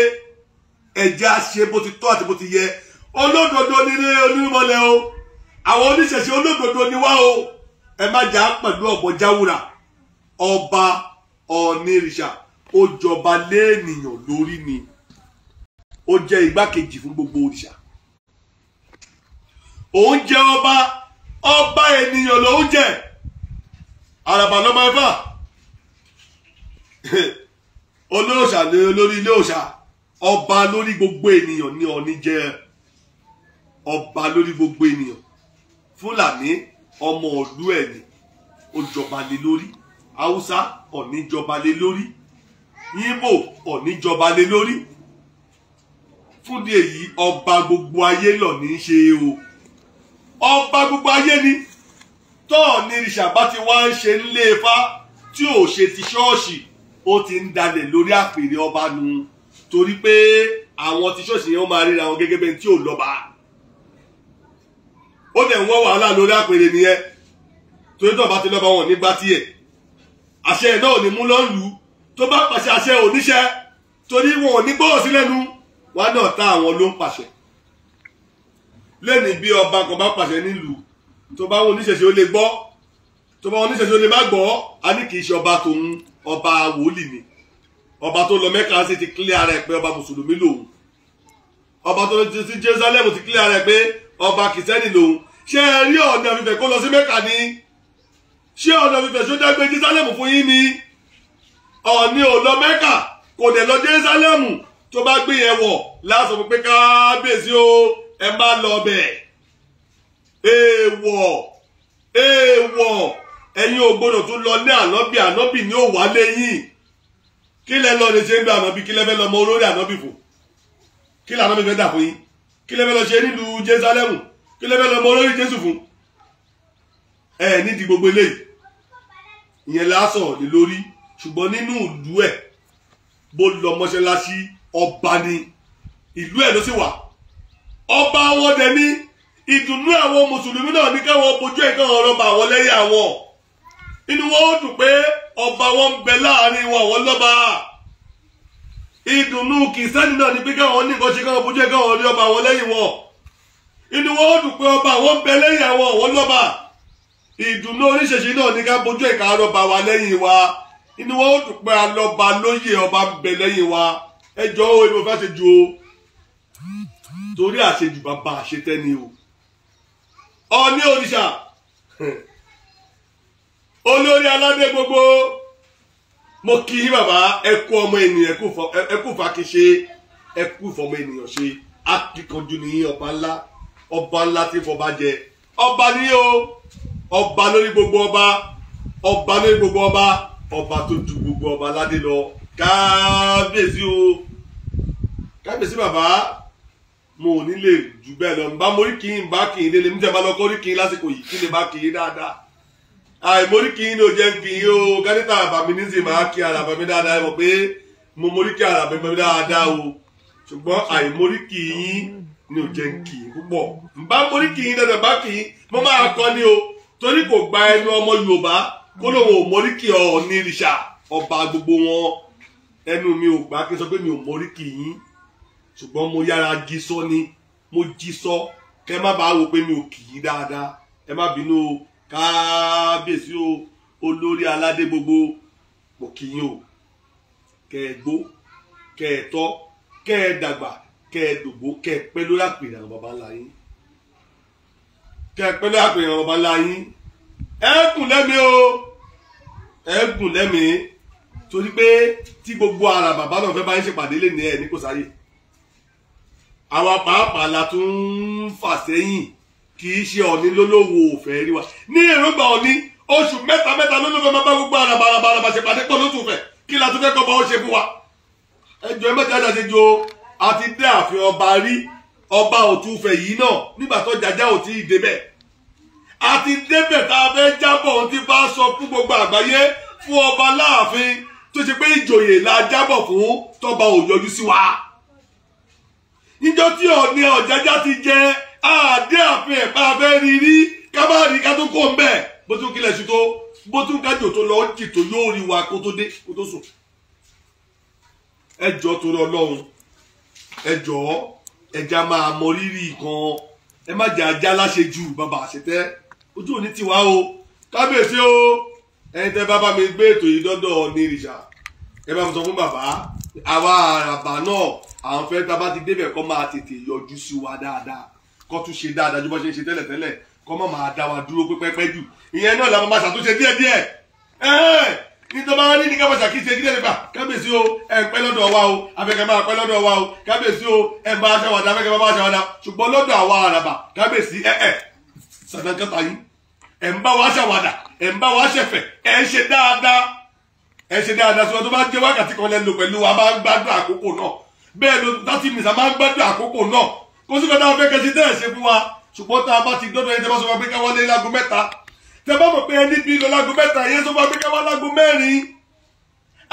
Speaker 1: ẹ jẹ́ àṣe bó ti tọ́ àti bó ti yẹ olódodo nílé onímọ̀lẹ́ o àwọn oníṣẹ̀ṣe olódodo ni wá o ẹ má jẹ́ àpẹ̀lú ọ̀bọ̀ jáwúra ọba ọ̀nìrìṣà ó jọba léènìyàn lórí ni ó jẹ́ igbákejì fún gbogbo òrìṣà òun jẹ́ ọba ọba ènìyàn lòun jẹ́ àràbà lọ́mọ ẹ̀fà (laughs) olóòṣà ni olórí ilé òòṣà ọba lórí gbogbo ènìyàn ni Ọ̀ọ̀ni jẹ́ ọba lórí gbogbo ènìyàn Fúlàní ọmọ ọ̀lú ẹ̀ ni ó jọba lé lórí haúsá ọ̀níjọba lé lórí yíbò ọ̀níjọba lé lórí fúndì èyí ọba gbogbo ayé lọ ní í ṣe o ọba gbogbo ayé ni tọ́ọ̀ ní ìṣàbá ti wá ń ṣe nílé ifá tí ò ṣe ti ṣọ́ọ̀ṣì ó ti ń dalẹ̀ lórí àpèrè ọba nu torí pé àwọn ti ṣọ́ọ̀ṣì yẹn ó máa ríra wọn gẹ́gẹ́ bẹ́ẹ̀ tí ò lọ́ba ó dẹ̀ ń wọ́ wàhálà lórí àpèrè nìyẹn torí tó bá ti lọ́ba wọn nígbà tiẹ̀ àṣẹ iná ò ní mú lọ́lù tó bá pàṣẹ àṣẹ oníṣẹ́ torí wọn ò ní gbọ́wọ́ sí lẹ́nu wọn náà ta àwọn ló ń pàṣẹ lẹ́ni bí ọba kan bá pàṣẹ nílùú tó bá wọn oníṣẹ̀ṣe ó lè gbọ́ tó bá wọn oníṣẹ̀ṣe ó lè má gbọ́ a ní kì í ṣe ọba tòun ọba wòlíì ni ọba tó lọ Mẹ́kà sí ti kílẹ̀ ara ẹ̀ pé ọba mùsùlùmí lòun ọba tó lọ sí Jerusalem ti kílẹ̀ ara ẹ̀ pé ọba kìsẹ́nì lòun ṣé ẹ rí ọ̀nà fífẹ́ kó lọ sí Mẹ́kà ni ṣé ọ̀nà fífẹ̀ sódà gbé jerusalem fún yín ni ọ̀ọ́ni ò lọ mẹ́kà kò dẹ̀ lọ jerusalem tó bá gbé yẹn wọ̀ láti sọ pé kábíyèsí o ẹ má lọ bẹ̀ èèwọ̀ èèwọ̀ ẹ̀yin ò gbọdọ̀ tún lọ ní ànọ́bì ànọ́bì ni ó wà lẹ́yìn kí lẹ lọ lè ṣe ń gba ànọ́bì kí lẹ fẹ́ lọ mọ olórí ànọ́bì fò kí lẹ ànọ́bì fẹ́ dà fún yín kí lẹ fẹ́ lọ ṣe nílùú jerusalem kí lẹ fẹ́ lọ mọ olórí jésù fún ẹ nídìí gbogbo eléyìí ìyẹn lásán lè lórí ṣùgbọ́n nínú ìlú ẹ̀ bó lọ mọ́ṣáláṣí ọba ni ìlú ẹ̀ ló sì wà ọba wọn dẹ̀ ní ìdùnnú àwọn mùsùlùmí náà ní káwọn bojú ẹ̀ káwọn ọ̀rọ̀ bá wọn lẹ́yìn àwọn inú wọn ó dùn pé ọba wọn ń bẹ láàrin wọn àwọn lọ́ba ìdùnnú kìsẹ́nì náà ní pé káwọn ní nǹkan ṣe káwọn bojú ẹ̀ káwọn ọ̀rọ̀ bá wọn lẹ́yìn wọn inú wọn ó dùn pé ọba wọn ń bẹ lẹ́yìn àwọn àwọn lọ́ba ìdùnnú oníṣẹ̀ṣe náà ní ká bójú ẹ̀ka arọ́ba wa lẹ́yìn wa inú wọn ó dùn pé alọ́ba lóyè ọba ń bẹ lẹ́yìn wa ẹjọ́ o èmi ò fẹ́ ṣe ju o torí àṣejù bàbá àṣetẹ́ni o ọní òrìṣà (laughs) olórí aládé gbogbo mo kí yín bàbá ẹ kú ọmọ ènìyàn ẹ kú fàkíṣe ẹ kú ìfọmọ ènìyàn ṣe akíkanjú ní ọba ńlá ọba ńlá tí fọba jẹ ọba ní o ọba lórí gbogbo ọba ọba lórí gbogbo ọba ọba tó ju gbogbo ọba ládé lọ kábíyèsí o kábíyèsí bàbá mo ò ní lè jù bẹ́ẹ̀ lọ nbá mo rí kí n bá kì í délé mi tẹ́ bá lọ kọ́ rí kì í lásìkò yìí kí n lè bá kì í dáadáa àìmórí kì í ní o jẹ́ kì í o káníta àbàmì ní sì máa kí ara àbàmì dáadáa mọ̀ pé mo mórí kí ara àbàmì dáadáa o ṣùgbọ́n àìmórí kì í ní o jẹ́ kì í púpọ̀ nbá mórí kì í dandan bá kì í mo máa kọ́ ni o torí kò gba ẹnu ọmọ yorùbá kó lóun ò mọríkì ọ̀ọ́ni ìrìṣà ọba gbogbo wọn ẹnu mi ò gbà kí n sọ pé mi ò mọríkì yín ṣùgbọ́n mo yára jí sọ ni mo jí sọ kẹ má bàa wò pé mi ò kì í dáadáa ẹ má bínú o káábíyèsí o olórí aládé gbogbo mo kì í o kẹ ẹ gbó kẹ ẹ tọ́ kẹ ẹ dàgbà kẹ ẹ dògbó kẹ ẹ pẹ́ lórí àpèrè àwọn baba ńlá yín kẹpẹlẹ àpèyàn ọba láyín ẹkùn lẹ́mìí o ẹkùn lẹ́mìí torí pé tí gbogbo ara bàbá náà fẹ́ bá ń ṣèpàdé lé ní ẹ ní kò sáyé àwa pàápàá la tún ń fà sẹ́yìn kì í ṣe ọ̀ní lólówó òfẹ́ rí wa ní èròǹgbà ọ̀ní oṣù mẹ́ta mẹ́ta lólówó máa bá gbogbo ara bàràbàrà ṣèpàdé pọ̀ lóṣù fẹ́ kí la tún fẹ́ kọ́ bá ó ṣe fún wa ẹjọ́ mẹ́ta ẹ̀dá ṣe jo àti dé àfihàn ọba rí ọba òtúfẹ̀ yìí náà nígbà tó jàjà ò tí ì débẹ̀ àti débẹ̀ tá a fẹ́ jábọ̀ ohun tí bá sọ fún gbogbo àgbáyé fún ọba láàfin tó ṣe pé ìjòyè la jábọ̀ fún tọba ò yọjú sí wa níjọ́ tí ọ̀ni ọ̀jájá ti jẹ àdé àfin ẹ̀pá fẹ́ rí rí kábàárì ká tó kó ń bẹ̀ bó tún kílẹ̀ sí tó bó tún kájò tó lọ jì tó yóò rí wa kó tó dé kó tó sùn ẹ jọ torí Ọlọ́run ẹ jọ̀ọ́ ẹja máa mọ rírì kan ẹ má jẹ ajá láṣẹ ju bàbá àṣetẹ ojú òní ti wá o kábíyèsí o ẹ̀yin tẹ́ bá bá mi gbé ètò yìí dọdọ ní ìrìṣà ẹ bá mi sọ fún bàbá àwa àràbà náà àwọn fẹ́ tá a bá ti débẹ̀ kó máa tètè yọjú sí wa dáadáa kó tún ṣe dáadáa ju bó ṣe ń ṣe tẹ́lẹ̀tẹ́lẹ̀ kó má máa dá wa dúró pẹ́pẹ́pẹ́ jù ìyẹn náà làwọn máa ṣàtúnṣe díẹ̀díẹ̀ kí tó bá wá ní ní ká pàṣà kí ṣe kílẹ̀ nípa kábíyèsí o ẹ pẹ́ lọ́dọ̀ wa o afẹ́kẹ́ máa pẹ́ lọ́dọ̀ wa o kábíyèsí o ẹ bá aṣọ wàdà afẹ́kẹ́ bá aṣọ wàdà ṣùgbọ́n lọ́dọ̀ àwa àràbà kábíyèsí ẹ ẹ sàdánkátà yín ẹ ń bá wa ṣàwàdà ẹ ń bá wa ṣẹ̀fẹ̀ ẹ ń ṣe dáadáa ẹ ṣe dáadáa sọ tó bá jẹ wákàtí kan lẹ́nu pẹ̀lú wa máa ń gbádùn àkókò náà bẹ́ẹ̀ ló láti mìsà máa ń gbádùn àkókò náà kó sì kọ́ dáwọn fẹ́ kẹ́sí tẹ́ ẹ̀ ṣe fún wa ṣùgbọ́n tá a bá ti dọ́dọ̀ ẹ̀ tẹ́ bá sọ fún wa pé káwọn lé lágo mẹ́ta tẹ bá mọ̀ pé ẹni bí lọ lágo mẹ́ta yẹn tó bá gbé ká wá lágo mẹ́rin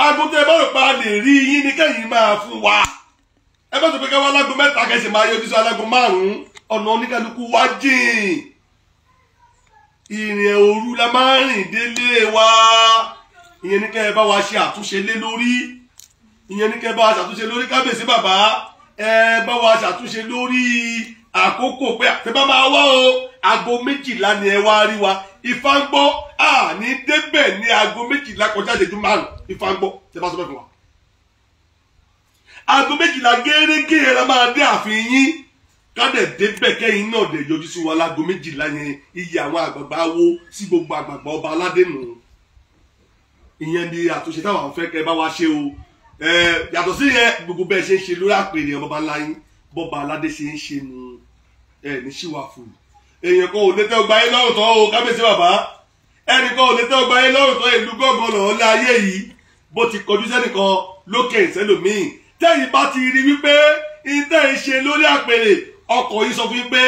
Speaker 1: aago tẹ bá rò pa lè rí yín ní kẹ́yìn máa fún wa ẹ bá tó pé ká wá lágo mẹ́ta kẹsì máa yọjú sí alágo márùn-ún ọ̀nà oníkálukú wá jìn ìrìn òru la máa ń rìn délé wa ìyẹn ní kẹ́ ẹ bá wa ṣe àtúnṣe lé lórí ìyẹn ní kẹ́ bá wa ṣàtúnṣe lórí kábíyèsí bàbá ẹ bá wa ṣàtúnṣe lórí àkókò pé àtẹ́bá máa wá o aago méjìlá ni ẹ wá rí wa ìfangbọ́ àní débẹ̀ ní aago méjìlá kọjá ìṣẹ́jú márùn ìfangbọ́ tẹ bá sọ bẹ́ẹ̀ fún wa. aago méjìlá gẹ́gẹ́ la máa dé ààfin yín kádẹ̀ débẹ̀ kẹ́yìn náà dẹ̀ yọjú sí wa láago méjìlá yẹn iye àwọn àgbààgbà wo sí gbogbo àgbààgbà ọba aládé nù. ìyẹn ni àtúnṣe táwọn fẹ́ kẹ́ bá wa ṣe o yàtọ̀ sí yẹn gbogbo bẹ́ẹ̀ ṣe ń ṣe lórí àpèrè ọba aládé ṣe ń ṣe nù ẹ̀ ní ṣíwáfù yìí èèyàn kan ò lè tẹ́ ọgbà yín lọ́rùn tán o kábíyèsí bàbá ẹnì kan ò lè tẹ́ ọgbà yín lọ́rùn tán ìlú gángan lọ́ọ́ lé ayé yìí bó ti kọjú sẹ́nìkan lókè ìsẹ́lòmíì tẹ́yìn bá ti rí wípé ìtẹ́ ẹ̀ lórí àpèrè ọkọ̀ yìí sọ fún yín pé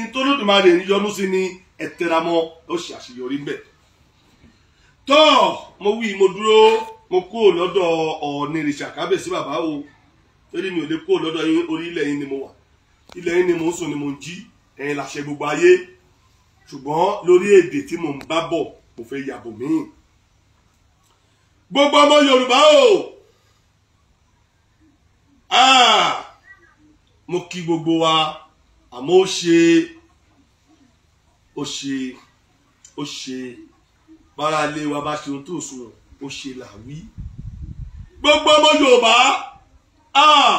Speaker 1: ìtọ́lódùmarè ń yọnu sí ni ẹ̀ tẹramọ́ ó ṣe àṣeyọrí ń bẹ̀. tọ́ mo wí mo dúró mo kúrò lọ́dọ̀ ọ̀nìrìṣà kábíyèsí bàbá o torí mi ò lè kúrò lọ́dọ̀ orí yín ni mo wà ilẹ̀ yín ni mo ń sùn ni mo ń jí ẹ̀yin làṣẹ gbogbo ayé ṣùgbọ́n lórí èdè tí mò ń bá bọ̀ mo fẹ́ yàbò míì gbogbo ọmọ Yorùbá o ah! mo kí gbogbo wa àmọ́ ó ṣe ó ṣe ó ṣe bára ilé wa bá ṣe ohun tó sùn ó ṣe là wí gbogbo ọmọ Yorùbá ah!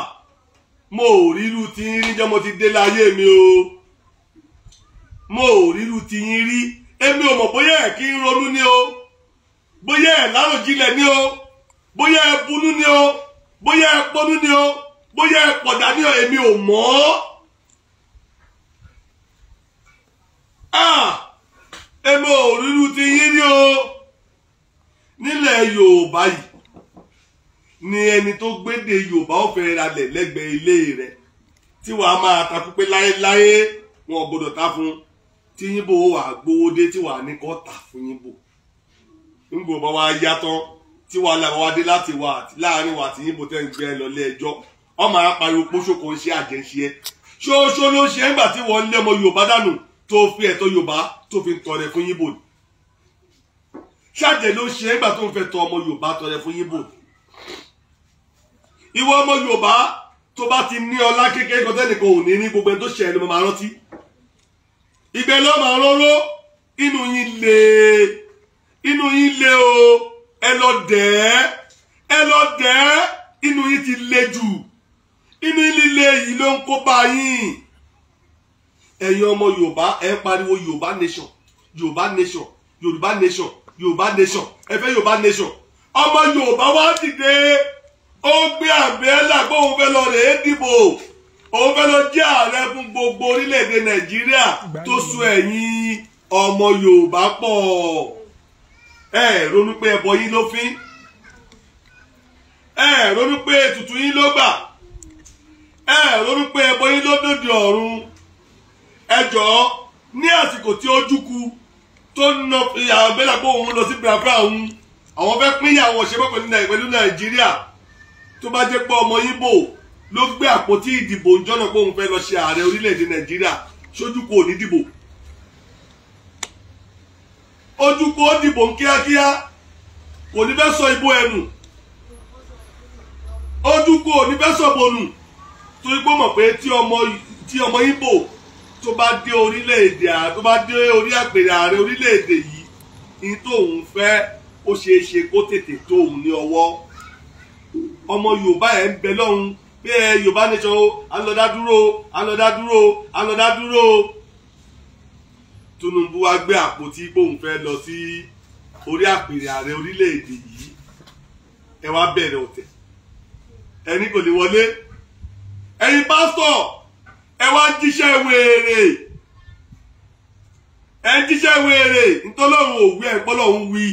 Speaker 1: mo ò rí irú tí ń rí jẹ́ mo ti dé láyé mi o mo ò ríru tiyín rí èmi ò mọ̀ bóyá ẹ̀ kí n ronú ni o bóyá ẹ̀ láròjinlẹ̀ ni o bóyá ẹ̀ bunú ni o bóyá ẹ̀ pọnú ni o bóyá ẹ̀ pọ̀dà ni o èmi ò mọ̀ ọ́ ah! èmi ò ríru tiyín rí o nílẹ̀ Yorùbá yìí ni ẹni tó gbédè Yorùbá ó fẹ́ ralẹ̀ lẹ́gbẹ̀ẹ́ ilé rẹ̀ tí wàá máa takú pé láéláé wọn ò gbọdọ̀ ta fún un tí yínbó wà gbowó dé tí wà ní kọ́ tà fún yínbó nígbò bá wa yá tán tí wà láwọn wá dé láti wà láàrin wà tí yínbó tẹ́ ń gbé ẹ lọ lẹ́ẹjọ́ ọmọ ara pariwo pósókò ń ṣe àjẹṣe ẹ ṣóṣó ló ṣe ńgbà tí wọ́n lé ọmọ Yorùbá dànù tó fi ẹ̀tọ́ Yorùbá tó fi tọrẹ fún yínbó ṣáàjẹ ló ṣe ńgbà tó ń fẹ́ tọ ọmọ Yorùbá tọrẹ fún yínbó ìwọ ọmọ Yorùbá tó bá ti ní ọlá kékeré kan ibẹ̀ ló máa róró inú yín le inú yín le o ẹ lọ dẹ̀ ẹ lọ dẹ̀ inú yín ti le jù inú yín líle yìí ló ń kó bá yín ẹ̀yin ọmọ yorùbá ẹ pariwo yorùbá nation yorùbá nation yorùbá nation yorùbá nation ẹ fẹ́ yorùbá nation ọmọ yorùbá wá dìde ó gbé àbẹ́là gbóhùn fẹ́ lọ rèé dìbò òun fẹ́ lọ jẹ́ ààrẹ fún gbogbo orílẹ̀-èdè nàìjíríà tó so ẹ̀yin ọmọ yorùbá pọ̀ ẹ ronú pé ẹbọ yín ló fín ẹ ronú pé ètùtù yín ló gbà ẹ ronú pé ẹbọ yín ló dòde ọ̀run ẹ jọ̀ọ́ ní àsìkò tí ó jùkú tó ń nà ìyàwó bẹ́lá pé òun lọ sí biafra òun àwọn fẹ́ pín ìyàwó ṣe pẹ̀lú nàìjíríà tó bá jẹ́ pé ọmọ yín bò ló gbé àpótí ìdìbò ìjọ́nà pé òun fẹ́ lọ ṣe ààrẹ orílẹ̀-èdè nàìjíríà sójú kò ní dìbò ojú kò ó dìbò ń kíákíá kò ní fẹ́ sọ ìbò ẹnu ojú kò ní fẹ́ sọ bònú torí pé mọ̀ pé tí ọmọ tí ibo tó bá dé orílẹ̀-èdè tó bá dé orí àpèrè ààrẹ orílẹ̀-èdè yìí ní tóun fẹ́ ó ṣeé ṣe kó tètè tóun ní ọwọ́ ọmọ yorùbá ẹ̀ ń bẹ lọ́hùn pé ẹ yorùbá nation o alọ́dá dúró o alọ́dá dúró o alọ́dá dúró o Tinubu wá gbé àpótí bóun fẹ́ lọ sí orí àpèrè ààrẹ orílẹ̀-èdè yìí ẹ wá bẹ̀rẹ̀ ọ̀tẹ̀ ẹni kò lè wọlé ẹ̀yin pásítọ̀ ẹ wá ń jíṣẹ́ wèrè ẹ ń jíṣẹ́ wèrè ntọ́lọ́hún òwú ẹ̀ pọ́lọ́hún wí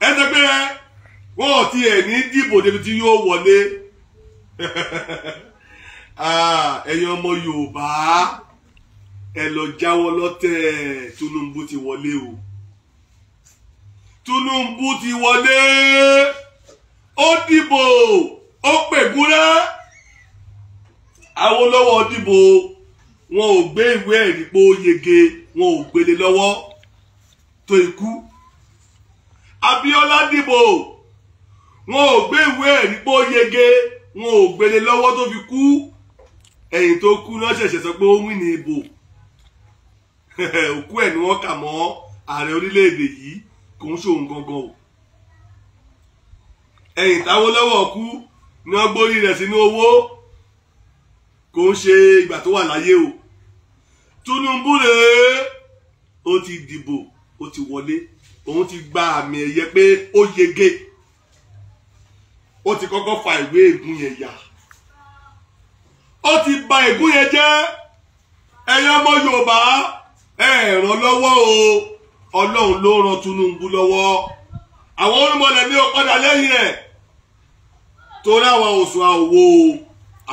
Speaker 1: ẹ sọ pé wọn ò tiẹ̀ ní dìbò débi tí yóò wọlé. (laughs) Ah, ẹ̀yin ọmọ Yorùbá ẹ lọ jáwọ́ lọ́tẹ̀ Tinubu ti wọlé o Tinubu ti wọlé ó dìbò ó pègúrẹ́ Awólọ́wọ̀ dìbò wọn ò gbé ìwé ẹ̀rí pé ó yege wọn ò gbélé lọ́wọ́ tó ikú Abíọ́lá dìbò wọn ò gbé ìwé ẹ̀rí pé ó yege wọn ò gbélé lọ́wọ́ tó fi kú ẹ̀yìn tó kú náà ṣẹ̀ṣẹ̀ sọ pé ó wí ní ìbò (laughs) òkú ẹ̀ ni wọ́n kà mọ́ ààrẹ orílẹ̀-èdè yìí kò ń ṣòun gangan o ẹ̀yìn táwọn lọ́wọ́ kú ni wọ́n gbórí rẹ̀ sínú owó kò ń ṣe ìgbà tó wà láyé o Tinubu rèé ó ti dìbò ó ti wọlé òun ti gba àmì ẹ̀yẹ pé ó yege ó ti kọ́kọ́ fa ìwé ègún yẹn yà ó ti bà ègún yẹn jẹ́ ẹ̀yin ọmọ Yorùbá ẹ ràn lọ́wọ́ o Ọlọ́run ló ran Tinubu lọ́wọ́ àwọn onímọ̀lẹ̀ mi ò padà lẹ́yìn ẹ̀ torí àwọn oṣù àwò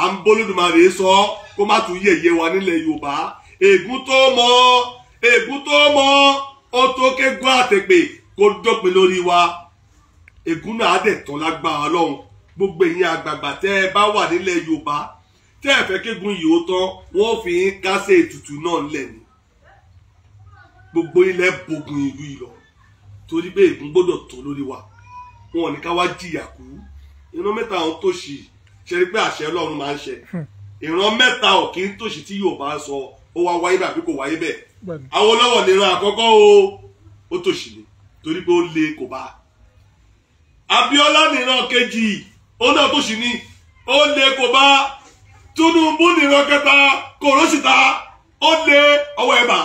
Speaker 1: à ń bólúdùmarè sọ kó má tún yẹ̀yẹ́ wa nílẹ̀ Yorùbá ègún tó mọ ègún tó mọ ó tó ké gbọ́ kó dópin lórí wa ègún náà á dẹ̀ tán lágbára lọ́hùn gbogbo ìyẹn àgbààgbà tẹ́ ẹ bá wà nílẹ̀ yorùbá tẹ́ ẹ fẹ́ kégun yìí ó tán wọ́n fi ń kásẹ̀ ètùtù náà ńlẹ̀ ni gbogbo ilẹ̀ bògùn ìlú ìlọ torí pé ègún gbọ́dọ̀ tó lórí wa wọn ò ní ká wá jìyà kú ìran mẹ́ta àwọn tó ṣì ṣe pé àṣẹ ọlọ́run máa ń ṣe ìran mẹ́ta ò kí ń tòṣì tí yorùbá sọ ó wá wáyé bẹ́ẹ̀ àbí kò wáyé bẹ́ẹ̀ Awólọ́wọ̀ níran àkọ́kọ́ o ó tòṣì ni torí pé ó le kò bá a. Abiola nìran kejì òun náà tó sì ní ó lè kó bá Tinubu nìran kẹta kòrósìta ó lé ọwọ́ ẹ̀bà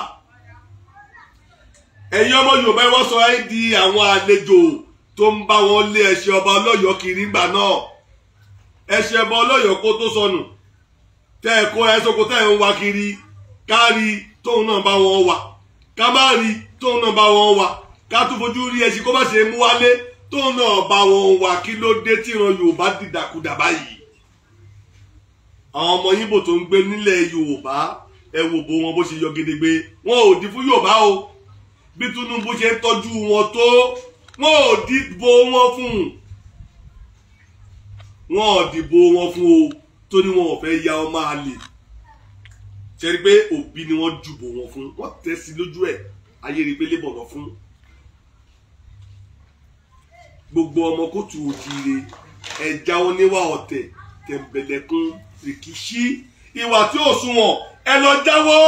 Speaker 1: ẹ̀yin ọmọ Yorùbá ẹ wọ́n sọ ẹ́ di àwọn àlejò tó ń bá wọn lé ẹ̀ṣẹ̀ ọba ọlọ́yọ̀ọ́ kiri ńgbà náà ẹ̀ṣẹ̀ ọba ọlọ́yọ̀ọ́ kó tó sọnù tẹ́ ẹ̀ kó ẹ̀ sọ́kò tẹ́ ẹ̀ ń wá kiri kárí tóun náà bá wọn wà ká má rí tóun náà bá wọn wà ká tún fojú rí ẹṣin kó má ṣe mú wálé tóun náà bá wọn wà kí ló dé tíran yorùbá dìdàkudà báyìí àwọn ọmọ yíbo tó ń gbé nílẹ̀ yorùbá ẹ wò bó wọn bó ṣe yọ gedegbe wọn ò dí fún yorùbá o bí tinubu ṣe tọ́jú wọn tó wọn ò dìbò wọn fún wọn ò dìbò wọn fún o tó ní wọn ò fẹ́ ya ọmọ àlè ṣe rí pé òbí ni wọ́n jùbò wọn fún wọ́n tẹ́ sí lójú ẹ̀ ayé rí pé lébọ̀ lọ fún gbogbo ọmọ kóòtù òjìire ẹja oníwà ọ̀tẹ̀ tẹ̀m̀bẹ̀lẹ̀kun rìkíṣí ìwà tí ò sunwọ̀n ẹ lọ jáwọ́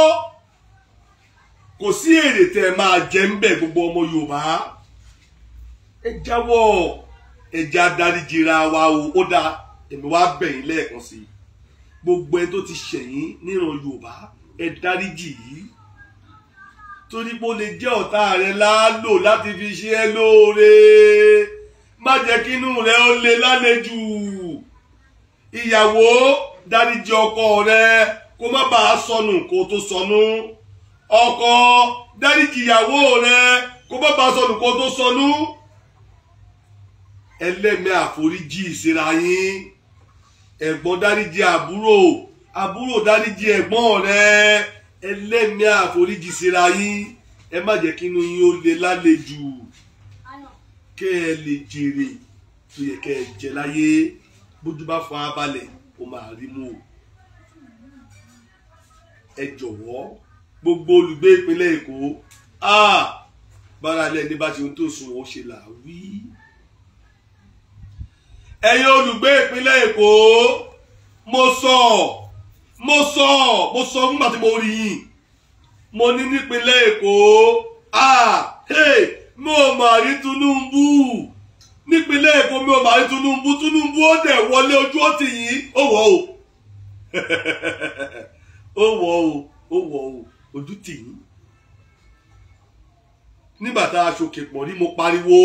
Speaker 1: kò sí èrè tẹ̀ máa jẹ ń bẹ̀ gbogbo ọmọ Yorùbá ẹ jáwọ́ ẹja dáríjìra wa o ó dáa èmi wá bẹ̀ yín sí i gbogbo ẹ tó ti ṣẹ̀yìn níran Yorùbá ẹ dáríjì yìí torí pé ó lè jẹ́ ọ̀tá rẹ̀ láálò láti fi ṣe ẹ́ lóore má jẹ́ kí inú rẹ ó le lálejò ìyàwó dáríjì ọkọ rẹ kó má bàa sọnù kó tó sọnù ọkọ dáríjì ìyàwó rẹ kó má bàa sọnù kó tó sọnù ẹlẹ́mẹ̀ àforíjì ìsera yín ẹ̀gbọ́n dáríjì àbúrò àbúrò dáríjì ẹ̀gbọ́n rẹ ẹlẹ́mẹ̀ àforíjì ìsera yín ẹ má jẹ́ kí inú yín ó le lálejò kẹ́ ẹ lè jèrè tó yẹ kẹ́ ẹ jẹ láyé bójú bá fọ abalẹ̀ ó máa rí mú o ẹ jọ̀wọ́ gbogbo olùgbé ìpínlẹ̀ Èkó bára ilé ẹni bá ti ohun tó sùn wọn ṣe là wí. ẹ̀yin olùgbé ìpínlẹ̀ Èkó mo sọ mo sọ mo sọ fún bàtí mo rí yín mo ní nípínlẹ̀ Èkó ah hey mo mà rí Tinubu nípínlẹ̀ Èkó mi ò mà rí Tinubu Tinubu ó dẹ̀ wọlé ojú ó ti yìn ó wọ̀ o (laughs) ó wọ̀ o ó wọ̀ o ojú ti yìn nígbà tá a ṣòkè pọ̀ rí mo pariwo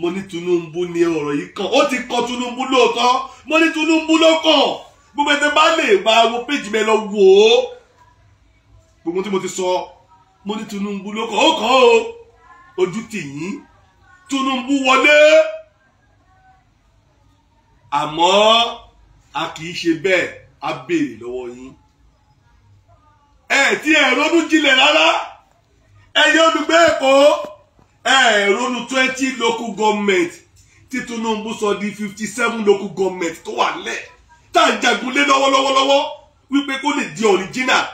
Speaker 1: mo ní Tinubu ni ọ̀rọ̀ yìí kàn ó ti kọ Tinubu lóòótọ́ mo ní Tinubu ló kàn gbogbo ẹ̀tẹ́ bá lè bá wo péjì mi lọ wò ó gbogbo tí mo ti sọ mo ní Tinubu ló kàn ó kàn ó ojú tì yín Tinubu wọlé àmọ́ a kì í ṣe bẹ́ẹ̀ á béèrè lọ́wọ́ yín ẹ tí ẹ ronú jinlẹ̀ rárá ẹ̀yin olùgbé Èkó ẹ ronú twenty local government tí Tinubu sọ di fifty seven local government tó wà lẹ̀ tá à ń jagun lé lọ́wọ́lọ́wọ́lọ́wọ́ wípé kó lè di original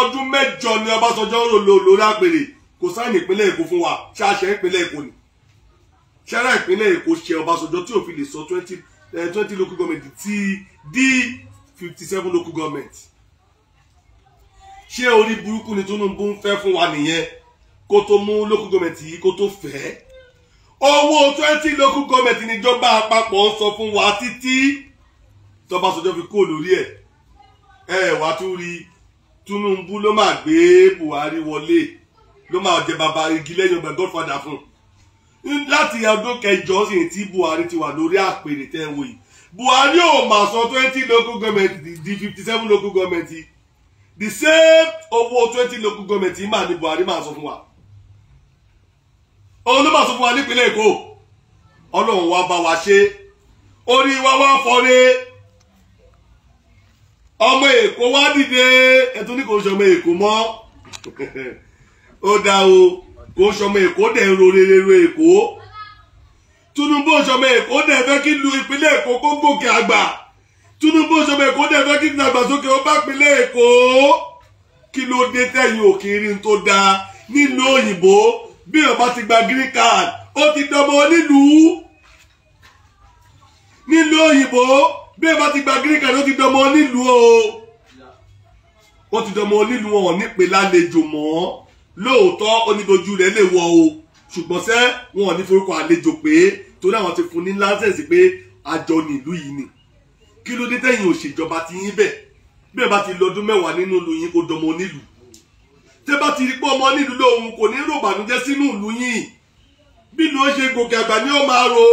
Speaker 1: ọdún mẹ́jọ ni Ọbásanjọ́ rò lò lórí àpèrè kò sáìnì ìpínlẹ̀ èkó fún wa ṣé a ṣe ìpínlẹ̀ èkó ni ṣẹ́ra ìpínlẹ̀ èkó ṣe ọbaṣọjọ tí òfin lè sọ twenty twenty local government ti d fifty seven local government ṣé orí burúkú ni Tinubu ń fẹ́ fún wa nìyẹn kó tó mú local government yìí kó tó fẹ́ owó twenty local government níjọba àpapọ̀ ń sọ fún wa títí tọ́baṣọjọ fi kó lórí ẹ̀ ẹ̀ wá tún rí Tinubu ló máa gbé Buhari wọlé ló máa jẹ bàbá igi lẹ́yìn ọgbà godfather fún láti ọdún kẹjọ sì tí Buhari ti wà lórí àpèrè tẹ́ ẹ wò yìí Buhari ò mà sọ twenty local government di fifty seven local government the same owó twenty local government yìí mà ní Buhari máa sọ fún wa òun ló máa sọ fún wa nípínlẹ̀ Èkó Ọlọ́run wa bá wa ṣe orí wa wá fọ́re ọmọ Èkó wá dìde ẹtún ní kò ń ṣe ọmọ Èkó mọ́. (laughs) ó dá o kò sọmọ èkó dẹ̀ ń ro rere èkó Tinubu sọmọ èkó dẹ̀ fẹ́ kí lu ìpínlẹ̀ èkó kó gòkè àgbà Tinubu sọmọ èkó dẹ̀ fẹ́ kí ìdàgbàsókè ó bá ìpínlẹ̀ èkó kí ló dé tẹ̀yìn òkèèrè tó dáa nílùú òyìnbó bí ọba ti gba green card ó ti dọmọ nílùú nílùú òyìnbó bí ọba ti gba green card ó ti dọmọ nílùú o ó ti dọmọ nílùú wọn nípe lálejò mọ́ lóòótọ́ onídojú rẹ̀ lè wọ̀ o ṣùgbọ́n sẹ́ wọn ò ní forúkọ àlejò pé torí àwọn ti fún ní láńsẹ̀sì pé àjọ nílùú yìí ni kí ló dé tẹ̀yìn òṣèjọba ti yín bẹ̀ bí ẹ bá ti lọ́dún mẹ́wàá nínú ìlú yín kó dọmọ nílùú tẹ́ bá ti rí pé ọmọ nílùú lòun kò ní rò bànújẹ́ sínú ìlú yín bí ló ṣe gòkè àgbà ni ó máa ro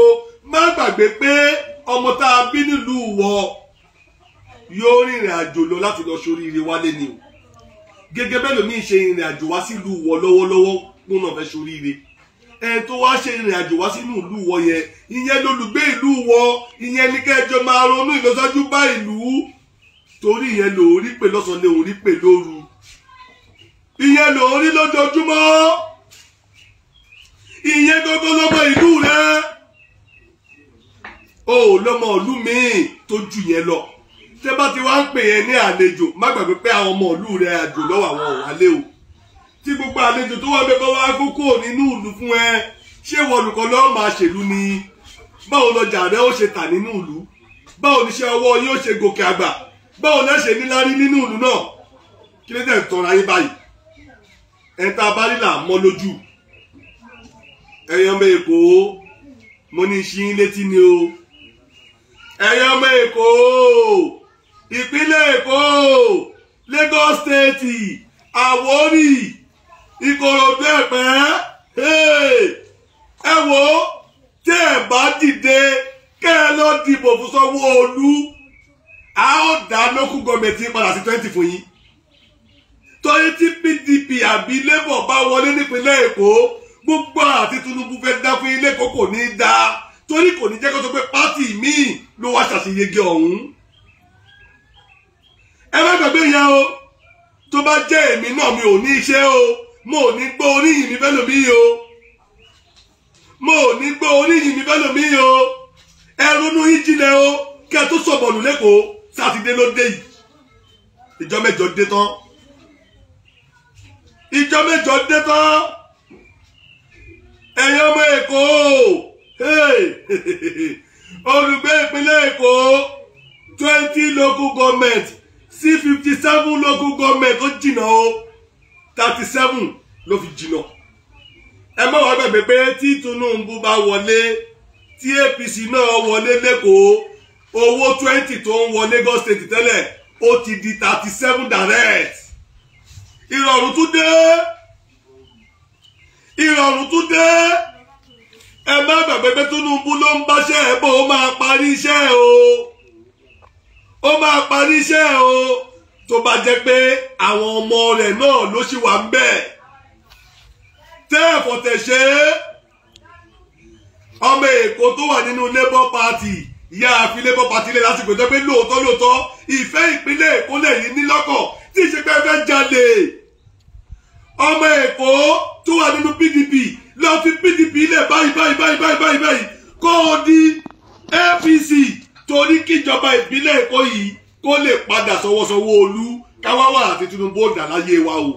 Speaker 1: má gbàgbé pé ọmọ tá a bí nílùú wọ yóò rìnrìn àjò lọ láti lọ sórí ire wálé ni o gẹ́gẹ́ bẹ́ẹ̀ lómi ṣe ìrìn àjò wá sílùú wọ lọ́wọ́lọ́wọ́ pọ́n náà fẹ́ soríire ẹ tó wá ṣe ìrìn àjò wá sínú ìlú wọ yẹn ìyẹn lolùgbé ìlú wọ ìyẹn ní kẹjọ máa ronú ìlọsọjú bá ìlú torí ìyẹn lòun rí pè lọ́sàn-án lòun rí pè lóru ìyẹn lòun rí lójoojúmọ́ ìyẹn gbogbo lọ́mọ ìlú rẹ o lọ́mọ ìlú mi tó ju yẹn lọ tẹ́ bá ti wá ń pè é ní àlejò má gbàgbé pé àwọn ọmọ ìlú rẹ àjò lọ́wọ́ àwọn òwálé o tí gbogbo àlejò tó wá bẹ wá kókó nínú ìlú fún ẹ ṣé ìwọ nìkan máa ṣèlú ni báwo lọjà rẹ ó ṣe tà nínú ìlú báwo níṣẹ́ ọwọ́ yóò ṣe gòkè àgbà báwo lẹ ṣe níláárí nínú ìlú náà kí ló dé tọrọ ayé báyìí ẹ tá a bá rí là mọ́ lójú ẹ̀yàn ọmọ èkó mo ní ṣí létí ni o ẹ̀yàn èkó ìpínlẹ̀ èkó Lagos state Àwórì Ìkòròdú Ẹ̀pẹ́ ẹ wo tẹ́ ẹ bá dìde kẹ́ ẹ lọ dìbò fún Sanwó-Olú a ó dá lókù gọọmenti padà sí twenty fún yín torí tí PDP àbí labour bá wọlé nípínlẹ̀ èkó gbogbo àti Tinubu fẹ́ dá fún ilé kókò ní í dá torí kò ní jẹ́ kó sọ pé pátì míì ló wá ṣàṣeyege ọ̀hún ẹ má gbàgbé yẹn o tó bá jẹ́ èmi náà mi ò ní iṣẹ́ o mo ò ní gbọ́ oríyìn mi fẹ́lò mí o mo ò ní gbọ́ oríyìn mi fẹ́lò mí o ẹ ronú yín o kí ẹ tó sọ̀bọ̀lù lẹ́kọ̀ọ́ sátidé ló dé yìí ìjọ mẹ́jọ dé tán ìjọ mẹ́jọ dé tán ẹ̀yin ọmọ Èkó (laughs) olùgbé ìpínlẹ̀ Èkó twenty local government sí fifty seven local government ó jìnnà o thirty seven ló fi jìnnà ẹ má wàá gbàgbé pé tí Tinubu bá wọlé tí APC náà wọlé lẹ́kọ̀ọ́ owó twenty tó ń wọ Lagos State tẹ́lẹ̀ ó ti di thirty seven direct ìrọ̀rùn tún dé ìrọ̀rùn tún dé ẹ má gbàgbé pé Tinubu ló ń báṣẹ́ ẹ̀ bó máa parí iṣẹ́ o ó máa parí iṣẹ́ o tó bá jẹ́ pé àwọn ọmọ rẹ̀ náà ló ṣì wà ń bẹ̀ tẹ́ ẹ̀fọ́ tẹ̀ ṣe é ọmọ èkó tó wà nínú labour party ìyá àfi labour party lé lásìkò tó pé lóòótọ́ lóòótọ́ ìfẹ́ ìpínlẹ̀ èkó lẹ́yìn nílọ́kàn tí ìṣe pé fẹ́ jalè ọmọ èkó tó wà nínú pdp lọ fi pdp lẹ̀ báyìí báyìí báyìí báyìí báyìí kó o di apc torí kíjọba ìbílẹ̀ èkó yìí kó lè padà sọwọ́sọwọ́ olú káwáwá àti Tinubu ó dà láyé wa o.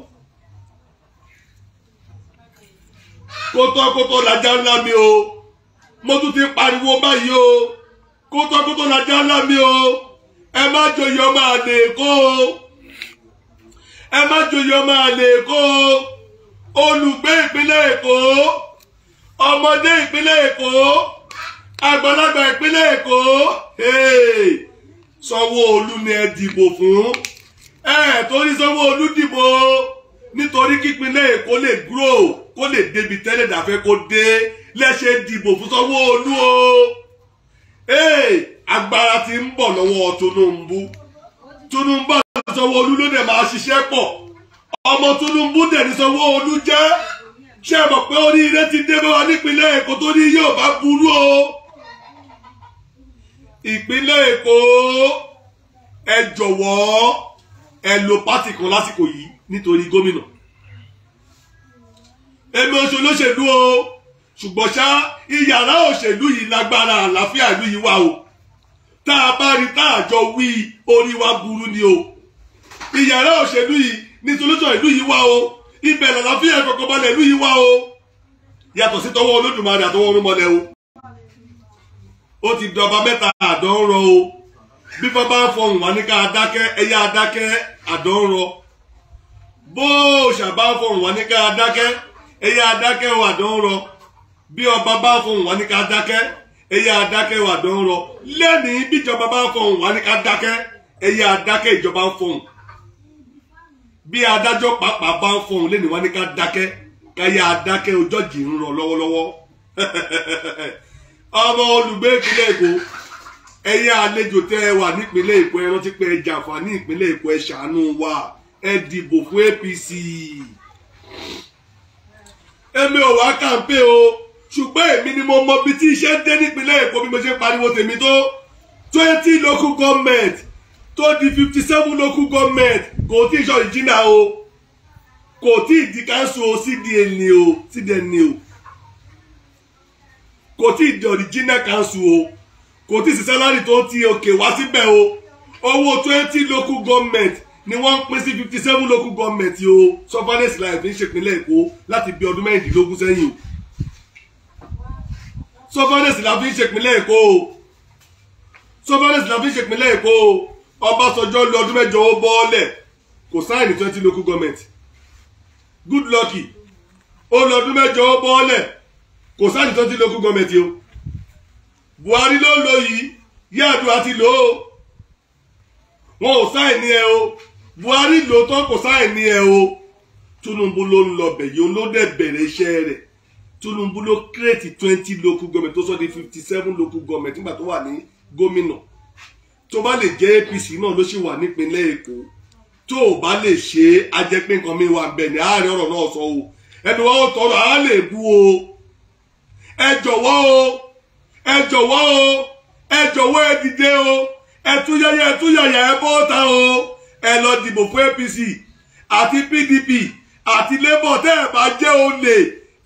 Speaker 1: kótókótó lajá ńlá mi o mo tún ti pariwo báyìí o kótókótó lajá ńlá mi o ẹ má joyè ọmọ àlè kó o ẹ má joyè ọmọ àlè kó o olùgbé ìpínlẹ̀ èkó ọmọdé ìpínlẹ̀ èkó àgbàlagbà ìpínlẹ̀ èkó sanwó-olu ni ẹ dìbò fún ẹ torí sanwó-olu dìbò nítorí kípínlẹ̀ èkó lè grow kó lè débi tẹ́lẹ̀ dàfẹ́ kó dé lẹ́sẹ̀ dìbò fún sanwó-olu o agbára ti ń bọ̀ lọ́wọ́ tinubu tinubu sanwó-olu ló dẹ̀ máa ṣiṣẹ́ pọ̀ ọmọ tinubu dẹ̀ ní sanwó-olu jẹ́ ṣé ẹ mọ̀ pé oríire ti dé bá wa nípínlẹ̀ èkó tó ní yóò bá burú o ìpínlẹ̀ èkó ẹ jọ̀wọ́ ẹ lo pátì kan lásìkò yìí nítorí gómìnà èmi oṣù olóṣèlú o ṣùgbọ́n ṣá ìyàrá òṣèlú yìí lágbára àlàáfíà ìlú yìí wà o tá a bá rí tá a jọ wí orí wa burú ni o ìyàrá òṣèlú yìí ní solúsọ ìlú yìí wá o ibẹ̀ làlàáfíà ìfọkànbalẹ̀ ìlú yìí wá o yàtọ̀ sí tọwọ́ olódùmarè àtọwọ́ orímọlẹ̀ ó ti dọba mẹ́ta àdán ń rọ o bí bá bá ń fọhùn wá ní ká adákẹ́ ẹyá adákẹ́ àdán ń rọ bó òòṣà fọhùn wá ní ká adákẹ́ ẹyá adákẹ́ o àdán ń rọ bí ọba bá ń fọhùn wá ní ká adákẹ́ ẹyá adákẹ́ o àdán ń rọ lẹ́nìí bíjọba bá ń fọhùn wá ní ká adákẹ́ ẹyá adákẹ́ ìjọba ń fọhùn bí adájọ́ pàápàá bá fọhùn lẹ́nìí wá ní ká adákẹ́ káyà adákẹ́ o ń rọ lọ́wọ́lọ́wọ́ (laughs) ọmọ olùgbé ìpínlẹ̀ èkó ẹ̀yin àlejò tẹ́ ẹ wà nípínlẹ̀ èkó ẹ rántí pé ẹ jàǹfààní ìpínlẹ̀ èkó ẹ ṣàánú wa ẹ dìbò fún APC èmi ò wá kàǹpé o ṣùgbọ́n èmi ni mo mọ bí tí iṣẹ́ dé nípínlẹ̀ èkó bí mo ṣe pariwo tèmi tó twenty local government tó di fifty seven local government kò tí ì ṣe original o kò tí ì di o cdn ni o cdn ni o kò tí ì original council o kò tí ì sí sálárì tó ti òkè wá síbẹ̀ o owó twenty local government ni wọ́n pín sí fifty seven local government o sovereignty life ń ṣèpínlẹ̀ èkó láti bí ọdún mẹ́rìndínlógún sẹ́yìn o sovereignty life ń ṣèpínlẹ̀ èkó o sovereignty life ń ṣèpínlẹ̀ èkó o ọbásanjọ́ lu ọdún mẹ́jọ ó bọ́ọ̀lẹ̀ kò sáìnì twenty local government good lucky ó lu ọdún mẹ́jọ ó bọ́ọ̀lẹ̀ kò sáàjì tó ti lókù gọ́ọ̀mẹ̀tì o Buhari ló lò yìí Yar'Adua ti lò ó wọn ò sáìní ẹ o Buhari lò tán kò sáìní ẹ o Tinubu ló ń lọ bẹ̀ yìí ló dẹ̀ bẹ̀rẹ̀ iṣẹ́ rẹ̀ Tinubu ló kírètì twenty local government tó sọ di fifty seven local government nígbà tó wà ní gómìnà tó bá lè jẹ́ APC náà ló sì wà nípínlẹ̀ Èkó tó o bá lè ṣe é mi wà bẹ̀ ní àárẹ̀ ọ̀rọ̀ náà sọ o ẹnu wa ó tọrọ àá lè bú o ẹ jọ̀wọ́ o ẹ jọ̀wọ́ o ẹ jọ̀wọ́ ẹ dìde o ẹ tún ẹ tún ẹ bọ́ ta o ẹ lọ dìbò fún APC àti PDP àti Labour tẹ́ ẹ bá jẹ́ olè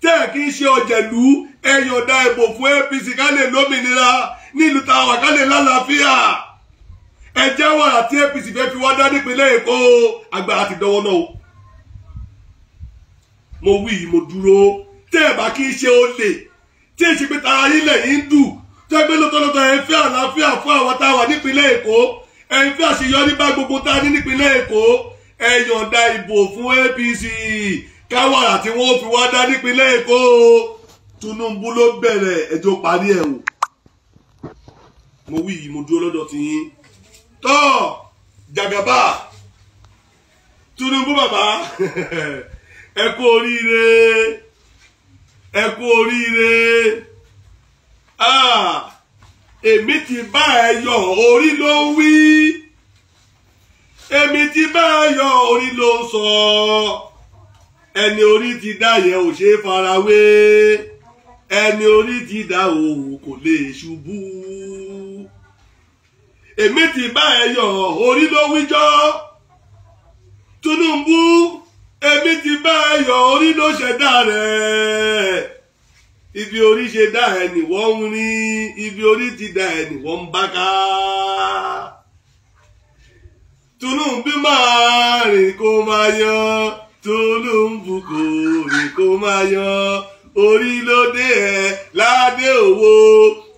Speaker 1: tẹ́ ẹ kì í ṣe ọ̀jẹ̀lú ẹ yọ̀ǹda ìbò fún APC ká lè lómìnira nílùú tàwa ká lè lálàáfíà ẹ jẹ́ wàrà tí APC fẹ́ fi wá dá nípínlẹ̀ Èkó agbára ti dọwọ́ náà mo wí mo dúró tẹ́ ẹ bá kì í ṣe olè tí èsì pé tara yín lẹ́yìn ń dù tó ẹgbẹ́ lọ́tọ́lọ́tọ́ ẹ̀ ń fẹ́ àlàáfíà fún àwọn tá a wà nípínlẹ̀ Èkó ẹ̀ ń fẹ́ àṣeyọrí bá gbogbo tá a ní nípínlẹ̀ Èkó ẹ̀ yọ̀ǹda ìbò fún APC káwàrà tí wọ́n fi wá dá nípínlẹ̀ Èkó Tinubu ló bẹ̀rẹ̀ ẹjọ́ parí ẹ̀ wò mo wí yìí mo dúró lọ́dọ̀ ti yín tọ́ Jagaba Tinubu bàbá (laughs) ẹ kú oríire ẹ kú oríire ah, èmi ti bá ẹ yọ̀ orí ló wí èmi ti bá ẹ yọ̀ orí ló sọ ẹni orí ti dá yẹn ò ṣe é farawé ẹni orí ti dá òun kò lè ṣubú èmi ti bá ẹ yọ̀ orí ló wíjọ́ Tinubu èmi ti bá ẹ yọ̀ orí ló ṣẹ̀dá rẹ̀ ibi orí ṣe dá ẹnì wọ́n ń rí ibi orí ti dá ẹnì wọ́n ń bá ká. Tinubu máa rìn kó máa yan Tinubu kò rìn kó máa yan orí ló dé ẹ ládé òwò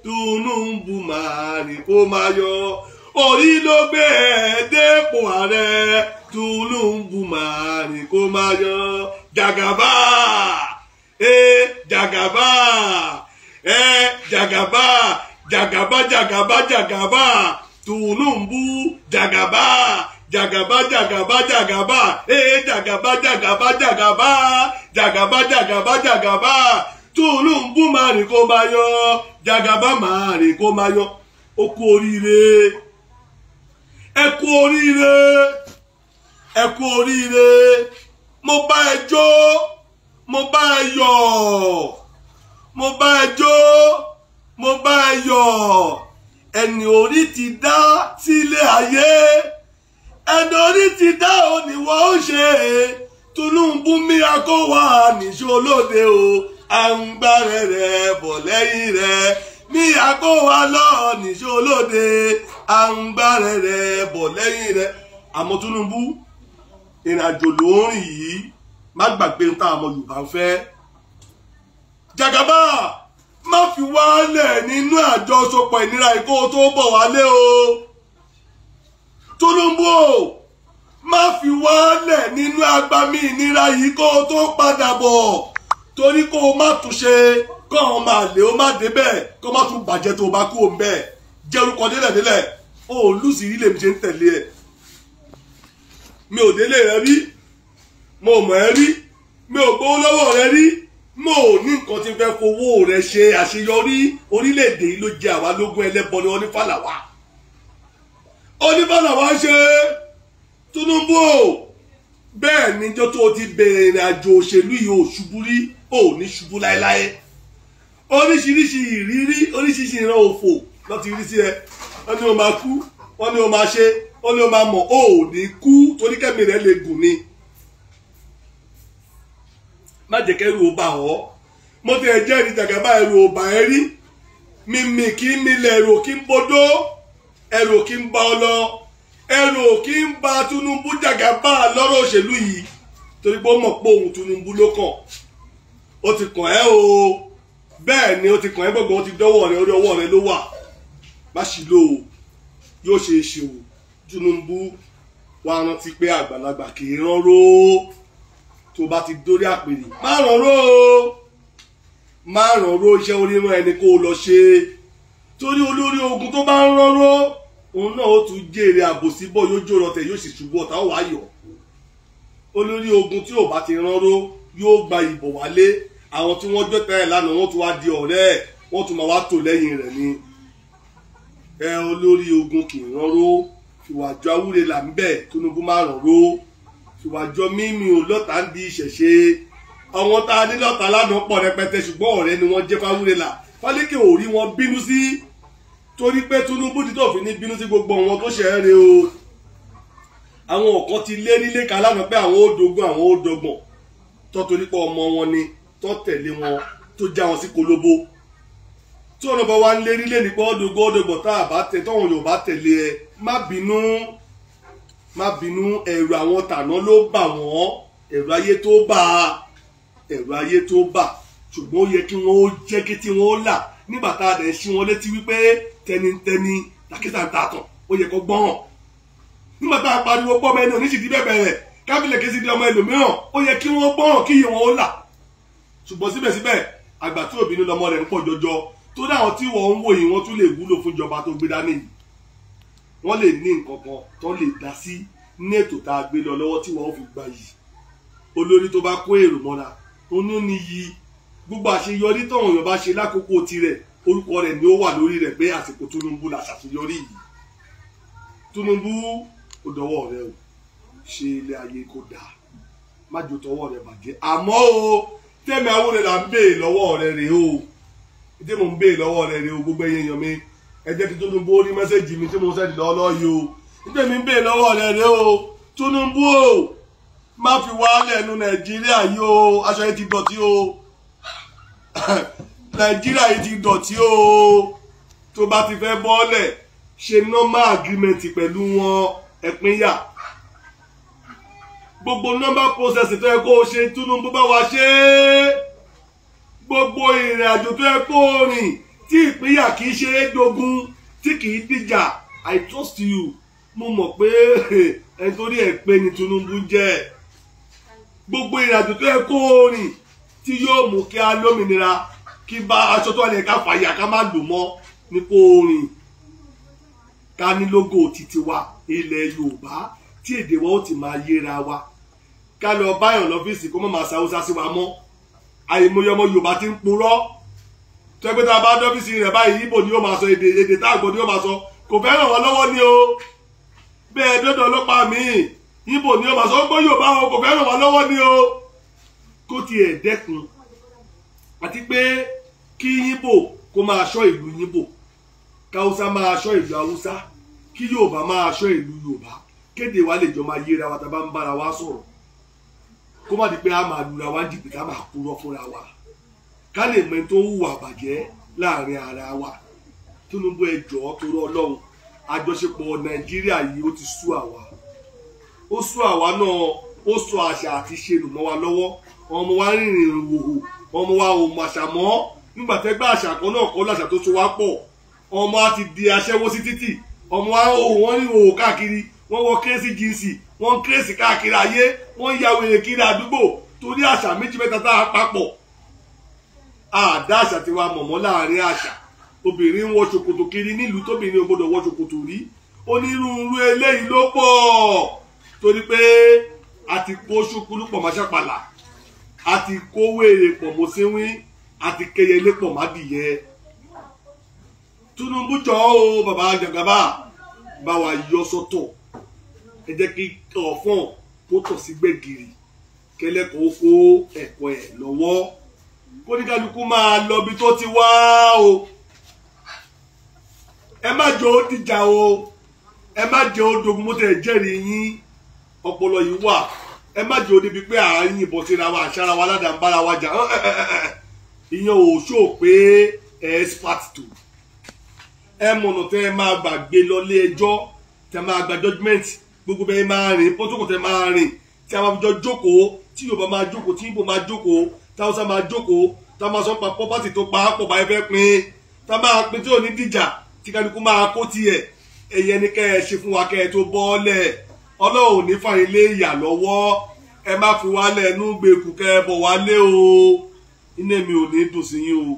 Speaker 1: Tinubu máa rìn kó máa yan orí ló gbé ẹ dépò ààrẹ Tinubu máa rìn kó máa yan jàgàbá. ee jagaba ee jagaba jagaba jagaba jagaba tulumbu jagaba jagaba jagaba jagaba ee jagaba jagaba jagaba jagaba jagaba jagaba tulumbu marikomayo jagaba marikomayo ó Oku orire, eku orire, eku orire kú oríire mo bá ẹ mo bá ẹ yọ̀ mo bá ẹ jó mo bá ẹ yọ̀ ẹni orí ti dá sílé ayé ẹni orí ti dá òní ó ṣe Tinubu mi akọ́wà nìṣó lóde o àǹgbàrẹ̀ rẹ̀ bọ̀ lẹ́yìn rẹ̀ mi akọ́wà lọ nìṣó lóde àǹgbàrẹ̀ rẹ̀ bọ̀ lẹ́yìn rẹ̀ àmọ́ Tinubu ìrìnàjò ló ń rìn yìí má gbàgbé ń táwọn ọmọ Yorùbá ń fẹ́ Jagaba má fi wálẹ̀ nínú àjọṣepọ̀ ìnira ìkó tó bọ̀ wálé o Tinubu o má fi wálẹ̀ nínú agbami ìnira yìí kó tó padà bọ̀ torí kó o má túnṣe kó àwọn ọmọ àlè ó má débẹ̀ kó má tún bàjẹ́ tó o bá kú òun bẹ́ẹ̀ jẹ́rúkọ délẹ̀ délẹ̀ o ò lùsì ilé mi ṣe ń tẹ̀lé ẹ̀ mi ò délé rẹ rí mo mọ̀ ẹ́ rí mi ò gbowó lọ́wọ́ rẹ rí mo ò ní nǹkan tí n fẹ́ fowó rẹ ṣe àṣeyọrí orílẹ̀-èdè yìí ló jẹ àwa lógún ẹlẹ́bọ ni onífàlàwà onífàlàwà ṣe Tinubu bẹ́ẹ̀ níjọ́ tó ti bẹ̀rẹ̀ ìrìn àjò òṣèlú yìí ò ṣubú rí ò ní ṣubú láéláé oríṣiríṣi ìrírí oríṣiríṣi ìran òfò lọ́ ti rí sí ẹ wọ́n ní o máa kú wọ́n ní o máa ṣe wọ́n ní o máa mọ̀ ò ní kú torí kẹ́mi rẹ̀ lè gùn ni má jẹ́ kẹ́rù ó bà ọ́ mo ti ẹ̀ jẹ́rìí jàgàbá ẹ̀rù ò bà ẹ́ rí mímì kí ń milẹ̀ ẹ̀rù kí ń bodó ẹ̀rù kí ń ba ọ lọ ẹ̀rù kí ń ba Tinubu jàgàbá lọ́rọ̀ òṣèlú yìí torí pé ó mọ̀ pé òun Tinubu ló kàn ó ti kàn ẹ́ o bẹ́ẹ̀ ni ó ti kàn ẹ́ gbọ̀ngàn ó ti dọ́wọ́ rẹ orí ọwọ́ rẹ ló wà má sì lò ó yóò ṣe é ṣe o Tinubu wàá rántí pé àgbàlagbà kì í rán róó tó bá ti dórí àpèrè má rọ̀rọ̀ o má rọ̀rọ̀ iṣẹ́ oríran ẹni kó o lọ ṣe torí olórí ogun tó bá ń rọ̀rọ̀ òun náà ó tún jèrè àbòsí bọ́ yóò jòrò tẹ̀ yóò sì ṣubú ọ̀tá ó wá yọ̀ olórí ogun tí ò bá ti rọ̀rọ̀ yóò gba ìbò wálé àwọn tí wọ́n jọ́tẹ̀ ẹ̀ lánàá wọ́n tún wá di ọ̀rẹ́ ẹ̀ wọ́n tún máa wá tò lẹ́yìn rẹ̀ ni ẹ olórí ogun kì í rọ̀rọ̀ ìwà àjọ là ń bẹ̀ tónúbù má rọ̀rọ̀ ìwàjọ mímu lọ́tà ń di ìṣẹ̀ṣe àwọn tá a ní lọ́tà lánàá pọ̀ rẹpẹtẹ ṣùgbọ́n ọ̀rẹ́ ni wọ́n jẹ́ fáwúrẹ́là fálékè ò rí wọn bínú sí torí pé Tinubu ti tó fi ní bínú sí gbogbo wọn tó ṣẹ̀ rẹ̀ o àwọn ọ̀kan ti lé nílé ka lánàá pé àwọn ó dogun àwọn ó dọgbọ̀n tó torí pé ọmọ wọn ni tó tẹ̀lé wọn tó já wọn sí kolobo tí ọ̀nà bá wá ń lé nílé nípa ọ̀dọ̀gbọ̀n ọ̀dọ̀gbọ̀n tá a bá tẹ tọ́wọn yóò bá má bínú ẹ̀rù àwọn tàná ló bà wọ́n ẹ̀rù ayé tó bà ẹ̀rù ayé tó bà ṣùgbọ́n ó yẹ kí wọ́n ó jẹ́ kí tí wọ́n ó là nígbà tá a dẹ̀ ṣí wọn létí wípé tẹnitẹni làkìtà ń tààtàn ó yẹ kó gbọ́n nígbà tá a pariwo pọ́ mẹ́ni oníṣìdí bẹ̀bẹ̀ rẹ̀ kábílẹ̀ kí sì di ọmọ ẹlòmíràn ó yẹ kí wọ́n gbọ́n kí iye wọn ó là ṣùgbọ́n síbẹ̀síbẹ̀ àgbà tí òbí ní lọmọ rẹ̀ ń pọ̀ jọjọ tó dáhùn tí wọ́n ń wò wọ́n tún lè wúlò fún ìjọba tó gbé dání yìí wọ́n lè ní nǹkan kan tó lè dá sí ní ètò tá a gbé lọ lọ́wọ́ tí wọ́n fi gba yìí olórí tó bá kó èrò mọ́ra onú ni yìí gbogbo àṣeyọrí tọ̀hún èèyàn bá ṣe lákòókò tirẹ̀ orúkọ rẹ̀ ni ó wà lórí rẹ̀ pé àsìkò Tinubu la ṣàṣeyọrí yìí Tinubu kò dọwọ́ rẹ o ṣe ilé ayé kò dáa má jò tọwọ́ rẹ bàjẹ́ àmọ́ o tẹ́mi awúrẹ́ là ń béè lọ́wọ́ rẹ rèé o tẹ́mi ń béè lọ́wọ́ rẹ rèé o gbogbo ẹ̀yẹ èèyàn mi ẹ jẹ́ kí Tinubu ó rí mẹ́sẹ̀gì mi tí mo sẹ́ni lọ́lọ́ yìí o nítorí mi bèè lọ́wọ́ rẹ̀ rẹ o Tinubu o má fi wálẹ̀ nu Nàìjíríà yìí o aṣọ yìí ti dọ̀tí o (coughs) Nàìjíríà yìí ti dọ̀tí o tó bá ti fẹ́ bọ́ọ̀lẹ̀ ṣe normal agreement pẹ̀lú wọn ẹ̀pínyà gbogbo number process tó yẹ kó o ṣe Tinubu bá wa ṣe gbogbo ìrìn àjò tó yẹ kó o rìn tí ìpínyà kì í ṣeré dogun tí kì í dìjà i trust you mo mọ̀ pé (laughs) ẹ torí ẹ pé ni Tinubu jẹ́ gbogbo ìrìnàjò tó yẹ kó o rìn tí yóò mú kí a lómìnira kí bá aṣọ tó lè ká fàyà ká má lò mọ́ ní kó o rìn ká ní lógo títí wa ilẹ̀ Yorùbá tí èdè wa ó ti máa yéra wa ká lọ báyọ̀ lọ́fíìsì kó má máa sa sí wa mọ́ àìmọye ọmọ Yorùbá ti ń purọ́ tó ẹgbẹ́ tá a bá dọ́fíìsì rẹ̀ báyìí ibo ni ó máa sọ èdè èdè tá àgbọ̀ ni ó máa sọ kò fẹ́ ràn wọ́n lọ́wọ́ ni o bẹ́ẹ̀ dọ́dọ̀ ọlọ́pàá mi ibo ni ó máa sọ gbọ́ yóò bá wọn kò fẹ́ ràn wọ́n lọ́wọ́ ni o kó tiẹ̀ dẹ́kun àti pé kí yíbo kó máa ṣọ́ ìlú yíbo káwúsá máa ṣọ́ ìlú haúsá kí yorùbá máa ṣọ́ ìlú yorùbá kéde wa lè jọ máa yéra wa tá a bá ń bára wa sọ̀rọ̀ kó má di pé a máa lura wa ń jìbìtì a máa kúrò fúnra wa ká lè mọ ẹni tó ń hùwà bàjẹ́ láàrin ara wa Tinubu ẹ jọ̀ọ́ torí Ọlọ́run àjọṣepọ̀ Nàìjíríà yìí ó ti sú àwa ó sú àwa náà ó sọ àṣà àti ṣe lù mọ́ wa lọ́wọ́ ọmọ wa rìnrìn ìwòhò ọmọ wa ò mọ àṣà mọ́ nígbà tẹ́ gbá àṣà kan náà kọ́ láṣà tó so wá pọ̀ ọmọ a ti di aṣẹ́wó sí títì ọmọ wa ò wọ́n rí òwò káàkiri wọ́n wọ kérésì jíǹsì wọ́n kérésì káàkiri ayé wọ́n ya wèrè kiri àdúgbò torí àṣà méjì mẹ́ta tá a papọ̀ àdá ah, àṣà ti wa mọ̀mọ́ láàrin àṣà obìnrin ń wọ ṣòkòtò kiri nílùú tóbìnrin ò gbọdọ̀ wọ ṣòkòtò rí onírúurú eléyìí ló pọ̀ torí pé a ti kó ṣúkúrú pọ̀ máa ṣàpàlà a ti kó wèrè pọ̀ mọ́ síwín a ti kẹyẹlé pọ̀ má dìyẹ Tinubu jọ o bàbá jàgàbà bá wa yọ sọ́tọ̀ ẹ jẹ́ kí ọ̀fọ̀n kó tọ̀ sí gbẹ̀gìrì kẹlẹ́kọ̀ọ́ kó ẹ̀kọ́ ẹ̀ lọ́wọ́ kó ní kálukú máa lọ ibi tó ti wá o ẹ má jẹ́ ó dìjà o ẹ má jẹ́ ó dogun mọ́tò ẹ̀jẹ̀rìí yín ọpọlọ yìí wà ẹ má jẹ́ ó débi pé à ń yìnbọn síra wa àṣàrà wa ládàá ń bára wa jà ìyẹn ò ṣó pé ẹ expert tó ẹ mọ̀nà tẹ́ ẹ máa gbàgbé lọlé ẹjọ́ tẹ́ máa gba judgement gbogbo bẹ́ẹ̀ máa rìn pọ́tòkò tẹ́ máa rìn tí a máa fi jọ jókòó tí Yorùbá máa jókòó tí Ìgbò máa jókòó táwọn sábà jókòó tá a máa sọ pa pọ́pátì tó pa á báyìí fẹ́ pín tá máa pín tí ò ní dìjà tí kálukú máa kó tiẹ̀ ẹ̀yẹ ni kẹ́ ẹ ṣe fún wa kẹ́ ẹ tó bọ́ọ̀lẹ̀ ọlọ́run ò ní fàyín lé ìyà lọ́wọ́ ẹ má fi wá lẹ́nu gbèkú kẹ́ ẹ bọ̀ wálé o iná mi ò ní dùn sí yín o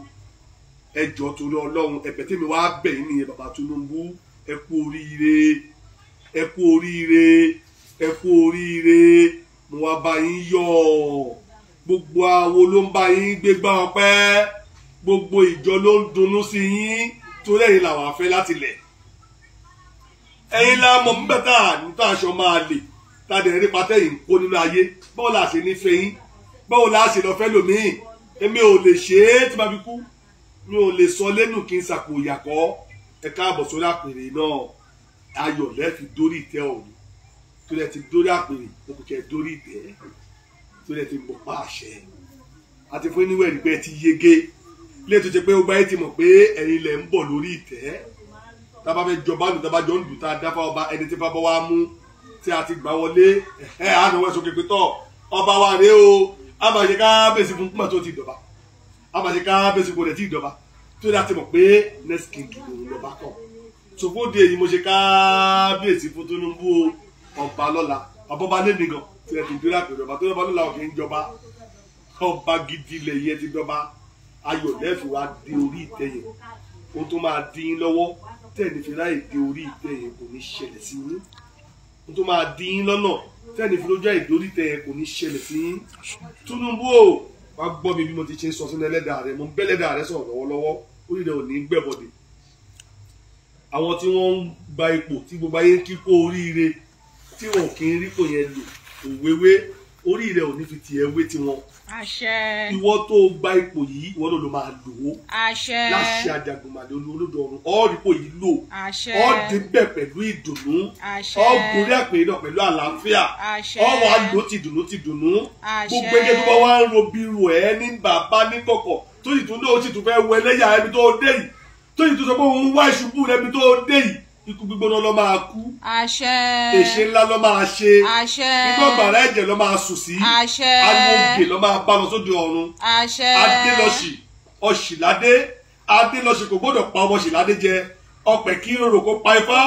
Speaker 1: ẹ jọ torí ọlọ́run ẹ̀bẹ̀ tèmi wá bẹ̀ yín nìyẹn bàbá Tinubu ẹ kú oríire ẹ kú oríire ẹ kú oríire mo wá bá yín yọ̀ ọ́ gbogbo awo ló ń bá yín gbégbá ọpẹ́ gbogbo ìjọ ló ń dunnú sí yín torí ẹ̀yin làwọn afẹ́ láti lẹ̀ ẹ̀yin la mọ̀ nígbàtà níta aṣọ máa lè tàdé rí patẹ́yìn kó nínú ayé báwo la ṣe ní fẹ́ yín báwo la ṣe lọ lòmíì èmi ò lè ṣe é tí ma fi kú mi ò lè sọ lẹ́nu kí n sàpò ìyàkọ́ ẹ káàbọ̀ sórí àpèrè náà ayọ̀ lẹ́ẹ̀fi dórí ìtẹ́ ọ̀run tó lẹ́ẹ̀ ti dórí àpèrè òkùnkẹ́ dórí ìtẹ́ lórí ẹ ti bọ̀ pa àṣẹ àti fún níwẹ̀ rí pé ẹ ti yege ilé tó ṣe pé ó gbáyé ti mọ̀ pé ẹ̀yin lẹ̀ ń bọ̀ lórí ìtẹ́ tábà fẹ́ jọba lù tábà jọ ń dùn tá a dáfà ọba ẹni tí fábọ́ wa mú tí a ti gbà wọlé ẹ̀ á nà wọ́n sókè pé tọ̀ ọba wa rèé o a máa ṣe káábèsì fún kúmọ̀ tó ti dọ̀ba a máa ṣe káábèsì fún kò ti dọ̀ba tó dáa ti mọ̀ pé next king lòun lọ́ba kọ̀ ṣòfò de èyí mo ṣe káábèsì fún Tinubu ọba lọ́la ọbọba lẹ́nìí gan tí ẹ ti dúró àpèrè ọba tó lọ́ba ló la òkè ń jọba ọba gidi ilẹ̀ yẹn ti dọ́ba ayọ̀ lẹ́fù wa di orí ìtẹ́yẹ o tó máa di yín lọ́wọ́ tẹ́ẹ̀ni fi di orí ìtẹ́yẹ kò ní ṣẹlẹ̀ sí yín o tó máa di yín lọ́nà tẹ́ẹ̀ni fi lójú àìdórí ìtẹ́yẹ kò ní ṣẹlẹ̀ sí yín Tinubu o wàá gbọ́ mi bí mo ti ṣe sọ sínú ẹlẹ́dàá rẹ mo ń bẹ́lẹ́dàá rẹ sọ̀rọ̀ lọ́wọ́lọ́wọ́ orí rẹ ò ní gbẹ̀bọ̀dẹ̀ àwọn tí wọ́n ń gba ipò tí gbogbo ayé ń kíkó oríire tí wọn kì í rípò yẹn lò òwéwé orí rẹ ò ní fi tiẹ̀ wé tiwọn. àṣẹ. ìwọ tó gba ipò yìí ìwọ ló ló máa lò ó. àṣẹ. láṣẹ àjàgùnmàdé olódò ọ̀run ọ̀rìpọ̀ yìí lò. àṣẹ. ọ̀dìbẹ̀ pẹ̀lú ìdùnnú. àṣẹ. ọ̀gùnrí àpèrè náà pẹ̀lú àlàáfíà. àṣẹ. ọ̀wà lò ti dùnnú ti dùnnú. àṣẹ. gbogbo ẹgbẹ́ tó bá wá ń ro bírò ẹ̀ ní bàbá ní kọ̀kọ̀ tó sì tún lóò sì tún fẹ́ wẹlẹ́yà ẹni tó dé yìí tó sì tún sọ pé òun wá ìṣubú ẹni tó dé yìí ikú gbígbóná ló máa kú. àṣẹ. èṣe ńlá ló máa ṣe. àṣẹ. iná gbàrà ẹ̀jẹ̀ ló máa sùn sí. àṣẹ. ariwo òkè máa bá lọ sóde ọ̀run. àṣẹ. adélọ́sì ọ̀ṣìládé adélọ́sì kò gbọ́dọ̀ pa ọmọ ṣìládé jẹ ọ̀pẹ̀ kì í rorò pa ifá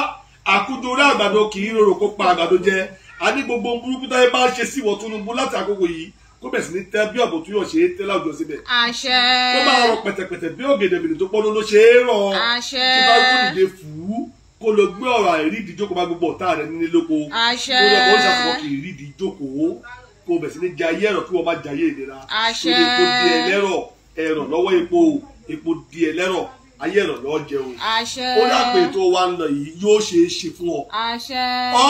Speaker 1: àkújọrí àgbàdo kì í rorò pa àgbàdo jẹ àní gbogbo burúkú táyé bá ṣe sí ìwọ̀ Tinubu láti àkókò yìí kó bẹ̀ ní tẹ́ bí ọ̀bùn tó yàn ṣe é tẹ́ láwùjọ síbẹ̀. àṣẹ. kó máa rọ pẹ̀tẹ̀pẹ̀tẹ̀ bí ògèdè mìíràn tó pọ́n ló ṣe é rọ. àṣẹ. tí bá kú fùú kó lọ gbé ọ̀rọ̀ àìrídìí jókòó bá gbogbo ọ̀tá rẹ nílé lóko àṣẹ kó lọ kó ṣàfihàn kì jókòó kó bẹ̀ sí ní jayé ẹ̀rọ kí wọ́n má jayé ìnira àṣẹ kó epo di ẹlẹ́rọ ẹ̀rọ lọ́wọ́ epo epo di ẹlẹ́rọ ayé ẹ̀rọ lọ́ọ́ jẹun àṣẹ ó ní àpè tó wà ń lọ yìí yóò ṣe é ṣe fún ọ àṣẹ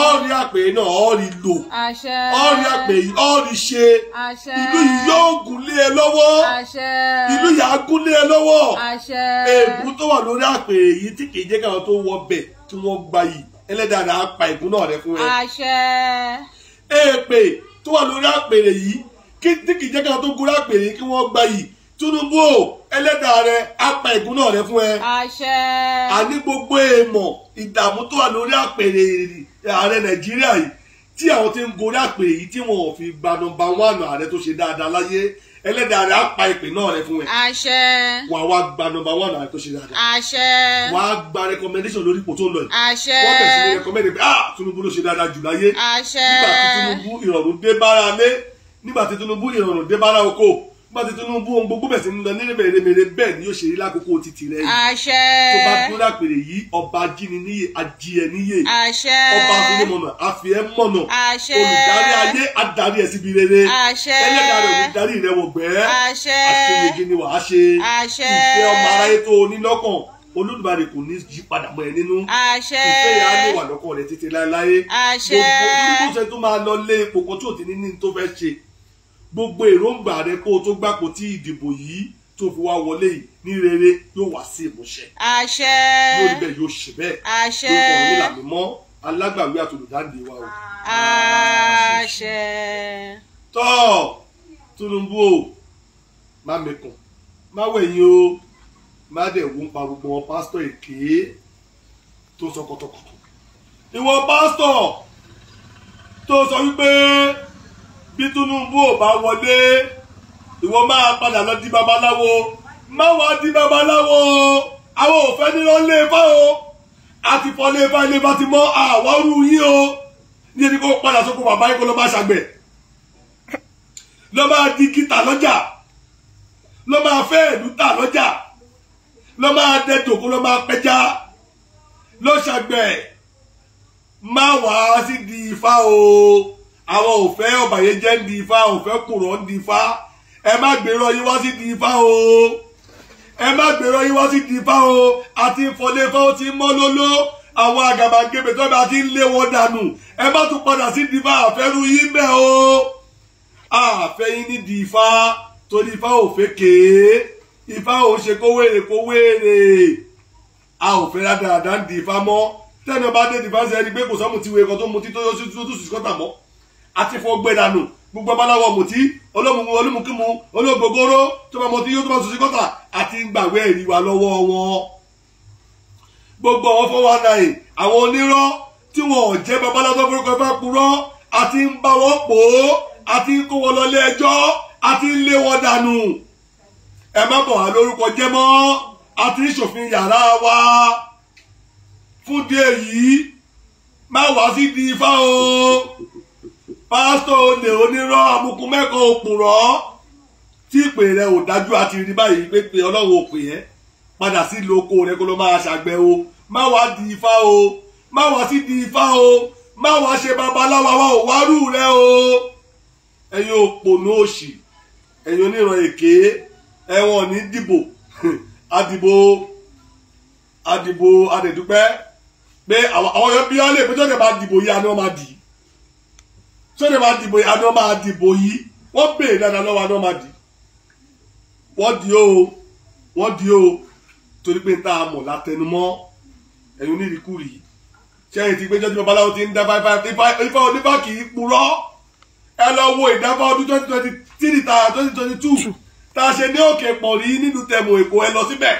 Speaker 1: ọ̀rí àpè náà ọ̀rí lò àṣẹ ọ̀rí àpè yìí ọ̀rí ṣe àṣẹ ìlú yìí yóò gùn ẹ lọ́wọ́ àṣẹ ìlú yìí á gùn ẹ lọ́wọ́ àṣẹ èébú tó wà lórí àpè yìí tí kì í jẹ́ káwọn tó wọ bẹ́ẹ̀ kí wọ́n gba yìí ẹlẹ́dàá á pa ìkún náà rẹ fún ẹ. àṣẹ. èèpè tó wà lórí àpèrè yìí kí tí kì í jẹ́ ká tó gorí àpèrè yìí kí wọ́n gba yìí Tinubu o ẹlẹ́dàá rẹ á pa ìkún rẹ fún ẹ. àṣẹ. àní gbogbo èèmọ̀ ìdààmú tó wà lórí àpèrè ààrẹ Nàìjíríà yìí tí àwọn ti ń gorí àpèrè yìí tí wọn ò fi gba nọ́mbà wánù ààrẹ tó ṣe dáadáa láyé ẹlẹ́dàá rẹ̀ á pa ìpè náà rẹ fún ẹ. àṣẹ. wàá wá gba nọ́mbà wán àti oṣù dáadáa. àṣẹ. wàá gba recommendation lórí ipò tó lọ yìí. àṣẹ. wọ́n bẹ̀rẹ̀ sí ní pé ah Tinubu ló ṣe dáadáa jù láyé. àṣẹ. nígbà tí Tinubu ìrọ̀rùn dé bára lé nígbà tí Tinubu ìrọ̀rùn dé bára oko bá ti Tinubu ohun gbogbo bẹ̀sẹ̀ ń lọ ní rèmèrèmèrè ni yóò ṣe rí lákòókò títì rẹ̀ yìí. àṣẹ. tó bá tó lápèrè yìí ọba ajíniníyè ajiyẹ àṣẹ. ọba afinimọ̀nà àfihẹ́ àṣẹ. olùdarí ayé adarí ẹ̀ síbi rere. àṣẹ. ẹlẹ́dàá rẹ̀ olùdarí rẹ̀ wọ̀gbẹ́. àṣẹ. kò ní yí padà mọ́ ẹ nínú. àṣẹ ìfẹ́ yà wà lọ́kàn rẹ̀ títí láéláé. gbogbo onígbòsẹ̀ tó máa lọ lé ipò kan tí ò ti ní ní tó fẹ́ ṣe gbogbo èròǹgbà rẹ kó o tó gbàpò tí ìdìbò yìí tó fi wá wọlé yìí ní rere yóò wá sí ìmúṣẹ. àṣẹ yóò rí bẹ́ẹ̀ yóò ṣe bẹ́ẹ̀ àṣẹ yóò kàn nílà mímọ́ alágbàwí àtòlùdáǹdè wa o. àṣẹ. tọ́ Tinubu o má mẹ́kàn má wẹ̀yìn o má dẹ̀ wo ń pa gbogbo wọn pásítọ̀ èké tó sọ kọ̀tọ̀kọ̀tọ̀ ìwọ pásítọ̀ tó sọ wípé bí Tinubu ò bá wọlé ìwọ máa padà lọ di babaláwo má wá di babaláwo àwọn òfẹ́ nílọ lé bá e o àti fọ́ lé bá e ilé bá ti mọ́ àwárú yín o ní ẹni kó padà sóko bàbá yín kó lọ́ bá ṣàgbẹ̀ lọ́ máa di kíta lọ́jà lọ́ máa fẹ́ ìlú tà lọ́jà lọ́ máa dẹ́tò kó lọ́ máa pẹja lọ́ ṣàgbẹ̀ má wàá sí di ifá o àwọn ò fẹ́ ọ̀bàyéjẹ́ ń di ifá ò fẹ́ kùrọ̀ ń di ifá ẹ má gbèrò yín wá sí di ifá o ẹ má gbèrò yín wá sí di ifá o àti ìfọ̀lẹ́ ifá ó ti mọ́ lóló àwọn àgàbàgebè tó bá ti ń lé wọn dànù ẹ má tún padà sí di ifá àfẹ́rú yín bẹ́ẹ̀ o àfẹ́ yín ní di ifá torí ifá ò fẹ́ kéé ifá ò ṣe kó wéèrè kó wéèrè a ò fẹ́ dáadáa ń di ifá mọ́ tẹ́ni ọba dé di ifá ṣe ẹni pé kò sọ́mu ti wé ẹ̀kọ́ tó mu ti tó yọ sí tó tún sí kọ́tà mọ́ àti fọ́ gbé dànù gbogbo abaláwọ̀ mùtí olómùmù olómùkímù olóògbògóró tó bá mọtí yóò tó bá sùn sí kọ́tà àti gbàgbé ẹ̀rí wa lọ́wọ́ wọn. gbogbo àwọn fọwọ́ àdáyé àwọn onírọ́ tí wọn ò jẹ́ babaláwo tó ẹ̀fọ́ purọ́ àti ń bá wọn pò ó àti ń kó wọn lọ ilé ẹjọ́ àti ń lé wọn dànù. ẹ má bọ̀ wá lórúkọ jẹ́ mọ́ àti ìṣòfin yàrá wa fún díẹ̀ yìí má wá sí di ifá o pásítọ̀ olè onírọ́ amukun mẹ́kọ̀ọ́ òpùrọ́ tí ìpè rẹ ò dájú àti rí báyìí pé pé ọlọ́run ò pè ẹ́ padà sí ìlú oko rẹ kó ló máa ṣàgbẹ̀ o má wàá di ifá o má wàá sí di ifá o má wàá ṣe babaláwa wa ò wárú rẹ o ẹ̀yin òpònú òṣì ẹ̀yin oníran èké ẹ̀wọ̀n ní dìbò àdìbò (laughs) àdìbò àdìdúpẹ́ pé àwọn yóò bí ọ́ lè pé tó lè máa dìbò yá ni wọ́n máa dì í sóde máa dìbò yìí àná máa dìbò yìí wọ́n béèrè dáadáa lọ́wọ́ àná máa dì wọ́n di o wọ́n di o torí pé tá a mọ̀ látẹnumọ́ ẹ̀yìn onírìkúrì sẹ́yìn tí gbẹ́jọ́ tí babaláwo ti ń dá five five ifá onífá kì í purọ́ ẹ lọ wo ìdáfá ọdún twenty twenty three ta twenty twenty two tá a ṣe ní òkè pọ̀ rí nínú tẹ̀mù èkó ẹ lọ síbẹ̀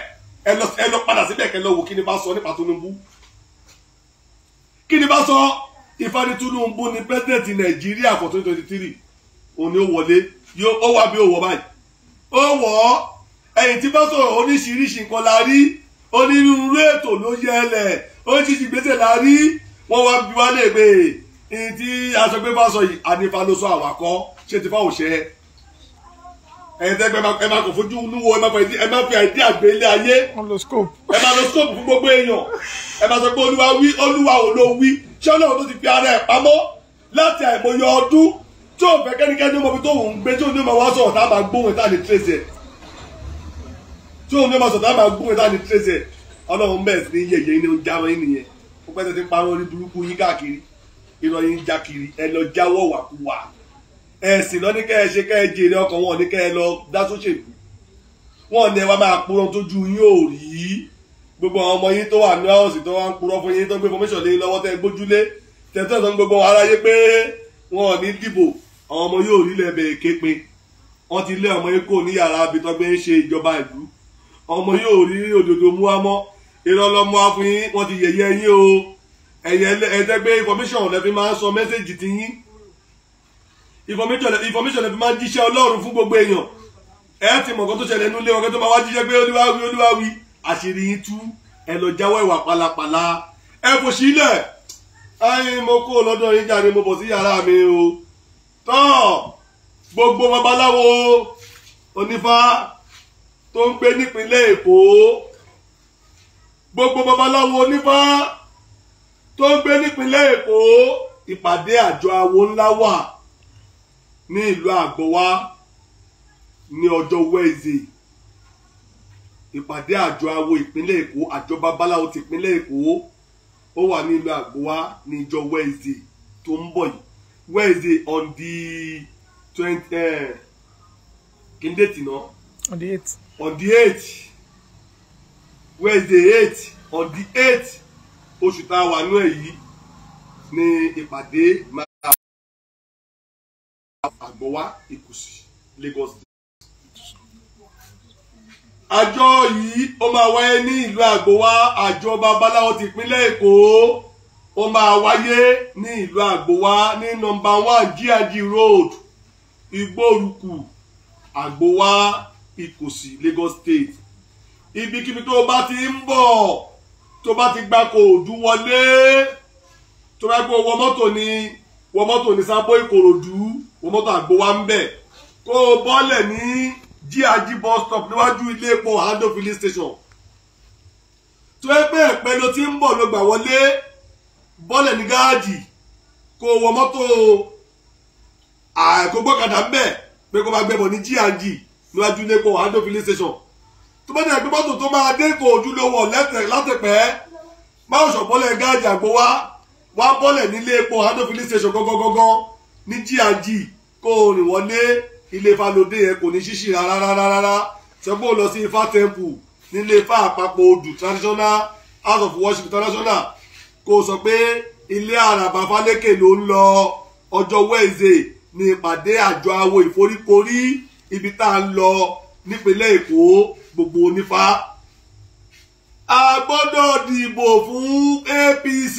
Speaker 1: ẹ lọ padà síbẹ̀ kẹ lọ wò kí ni bá sọ nípa Tinubu kí ni bá sọ ifá ní Tinubu ní pẹ́sidẹ̀ntì nàìjíríà for twenty twenty three òun ni ó wọlé yóò ó wà bí ó wọ báyìí ó wọ̀ ọ́ ẹ̀yìn tí bá sọ̀rọ̀ oríṣiríṣi nǹkan la rí onírúurú ètò ló yẹ ẹlẹ̀ oríṣiríṣi ìgbésẹ̀ la rí wọ́n wá bí wá lè gbé e ní tí aṣọ gbé bá sọ yìí ànífà ló sọ àwàkọ́ ṣé ti fáwọn ṣẹ́ ẹ̀yin tẹ́ ẹ máa ẹ máa kò fojú inú ẹ máa fi ẹ máa fi àìdí àgbélé ayé ẹ máa lo scope fún gbogbo èèyàn ẹ máa sọ pé olúwa wí olúwa ò ló wí ṣé ọlọ́run tó ti fi ara ẹ̀ pamọ́ láti àìmọye ọdún tí ò fẹ́ kẹ́nikẹ́ni ọmọ ibi tó ń gbé tí òun ní ma wá sọ̀rọ̀ tá a máa gbóhùn tá a lè tẹ̀sẹ̀ tí òun ní ma sọ̀rọ̀ tá a máa gbóhùn tá a lè tẹ̀sẹ̀ ọlọ́run bẹ̀rẹ̀ ní yẹ̀yẹ́ ẹ̀sìn lọ́ní kẹ́ ẹ ṣe kẹ́ ẹ jèrè ọkàn wọn ní kẹ́ ẹ lọ dá sóṣèlú wọn ní ẹ wá máa purọ́ tójú yín ò rí gbogbo àwọn ọmọ yín tó wà ní ọ̀sìn tó wá ń purọ́ fún yín tó gbé fọmíṣàn lé lọ́wọ́ tẹ́ gbójúlé tẹ̀tọ́ ìtàn gbogbo aráyé pé wọn ò ní dìbò àwọn ọmọ yóò rí lẹ́bẹ̀ képe wọn ti lé ọmọ yín kó ní yàrá ibi tó gbé ń ṣe ìjọba ìlú ọmọ yóò rí òdòdó mú wa mọ́ irọ́ lọ́mọ afún yín wọ́n ti yẹ̀yẹ́ yín o ẹ̀yẹ́ ẹ̀ẹ́dẹ́gbé information lẹ́fi máa ń sọ mẹ́sẹ̀gì ti yín information information lè fi máa jíṣẹ́ ọlọ́run fún gbogbo èèyàn ẹ ti mọ̀ nǹkan tó ṣẹlẹ̀ nínú ilé wọn kẹ́ tó máa wá jíṣẹ́ pé olúwa wí olúwa wí àṣírí yín tú ẹ lọ jáwọ́ ìwà pálapàla ẹ fò sílẹ̀ ẹyin mo kó lọ́dọ̀ yín jáde mo bọ̀ sí yàrá mi o tọ́ gbogbo babaláwo onífá tó ń gbé nípínlẹ̀ èkó gbogbo babaláwo onífá tó ń gbé nípínlẹ̀ èkó ìpàdé àjọ awo ńlá wà ní ìlú àgbọ̀wá ní ọjọ́ wednesday ìpàdé àjọ awo ìpínlẹ̀ èkó àjọ babaláwo ti ìpínlẹ̀ èkó ó wà ní ìlú àgbọ̀wá ní ìjọ wednesday tó ń bọ̀ yìí wednesday on the twenty eh, kíndéètì náà on the eight on the eight wednesday eight on the eight oṣù tá a wà nú ẹ̀ yìí ní ìpàdé àgbọ̀wá ìkùsì Lagos. àjọ yìí ó máa wáyé ní ìlú àgbọ̀wá àjọ babaláwo ti ìpínlẹ̀ Èkó ó máa wáyé ní ìlú àgbọ̀wá ní nọ́mbà one GRG road igbóorùkù àgbọ̀wá ìkùsì Lagos state ibikíbi tó bá ti ń bọ̀ tó bá ti gba kòòdù wọlé tó bá gbé wọ mọ́tò ní wọ mọ́tò ní sábó ìkòròdú wọ́n mọ́tò àgbo wa ń bẹ̀ kó o bọ́lẹ̀ ní jíàjí bus stop níwájú ilé epo hando filling station tó ẹ pé ẹ̀pẹ́ ló ti ń bọ̀ ló gbà wọlé bọ́lẹ̀ ní gáàjì kó o wọ mọ́tò àìkógbọ́kadà ń bẹ̀ pé kó máa gbẹ̀bọ̀ ní jíàjí níwájú ilé epo hando filling station tó bá ní ẹgbẹ́ mọ́tò tó máa dé kó ojúlówó látẹ̀pẹ́ máa ṣọ̀bọ́lẹ̀ gáàjì àgbo wa wá bọ́lẹ̀ nílé epo hando filling station gangan gangan ní GRG kó o rìn wọlé ilé Ifá lóde yẹn kò ní ṣíṣì rárá rárá rárá ṣẹgbó lọ sí Ifá temple nílé Ifá àpapọ̀ odù traditional house of worship international kó o sọ pé ilé àràbà Fálékè ló ń lọ ọjọ́ Wednesday ní ìpàdé àjọ awo ìforíkorí ibi tá a ń lọ nípínlẹ̀ Èkó gbogbo onífá a gbọ́dọ̀ dìbò fún APC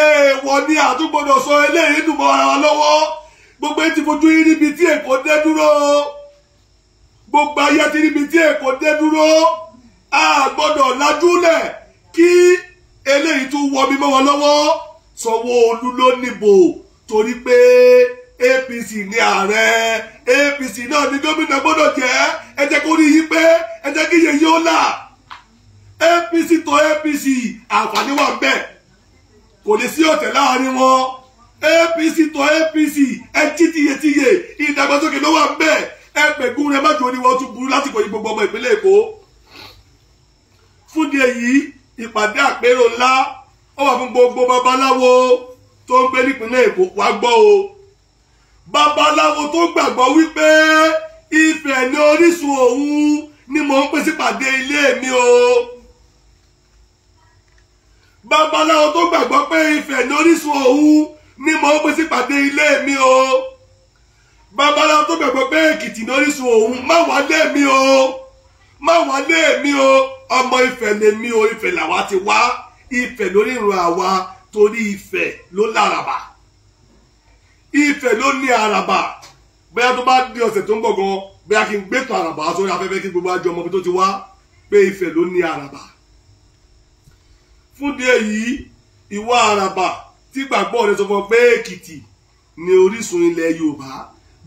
Speaker 1: èèwọ̀ ni àtúgbọ́dọ̀ sọ eléyìí dùn mọ́ ara wa lọ́wọ́ gbogbo etí fojú yín níbi tí èkó dé dúró gbogbo ayé ti níbi tí èkó dé dúró a gbọ́dọ̀ lajúlẹ̀ kí eléyìí tún wọ mi mọ́ wọn lọ́wọ́ Sanwó-Olú ló nìbò torí pé APC ní ààrẹ APC náà ni gómìnà gbọ́dọ̀ jẹ́ ẹ jẹ́ kó rí yí pé ẹ jẹ́ kí yèyí ó là APC tó APC àǹfààní wà bẹ́ẹ̀ kò lè sí ọ̀tẹ̀ láàrin wọn apc tó apc ẹ jí tiyetiye ìdàgbàsókè ló wà bẹ́ẹ̀ ẹ pẹ̀gún rẹ má jò ní wọn tún burú lásìkò yìí gbogbo ọmọ ìpínlẹ̀ èkó fúndi èyí ìpàdé àpérò ńlá ó wà fún gbogbo babaláwo tó ń gbé nípínlẹ̀ èkó wá gbọ́ o babaláwo tó gbàgbọ́ wípé Ifẹ̀ ní orísun òun ni mò ń pèsè pàdé ilé mi o babaláwo tó gbàgbọ́ pé Ifẹ̀ ní orísun ni mo gbé sí pàdé ilé mi o babaláwo tó gbàgbọ́ pé Èkìtì ní orísun òun má wá lé mi o má wá lé mi o ọmọ Ifẹ̀ lèmi o Ifẹ̀ làwa ti wá Ifẹ̀ lórí ìrun àwa torí Ifẹ̀ ló láràbà Ifẹ̀ ló ní àràbà bóyá tó bá di ọ̀sẹ̀ tó ń bọ̀ gan bóyá kí n gbé tó àràbà sórí afẹ́fẹ́ kí gbogbo àjọ ọmọ mi tó ti wá pé Ifẹ̀ ló ní àràbà fúndì èyí ìwọ àràbà tí gbàgbọ́ rẹ sọ fún ọ pé èkìtì ni orísun ilẹ̀ yorùbá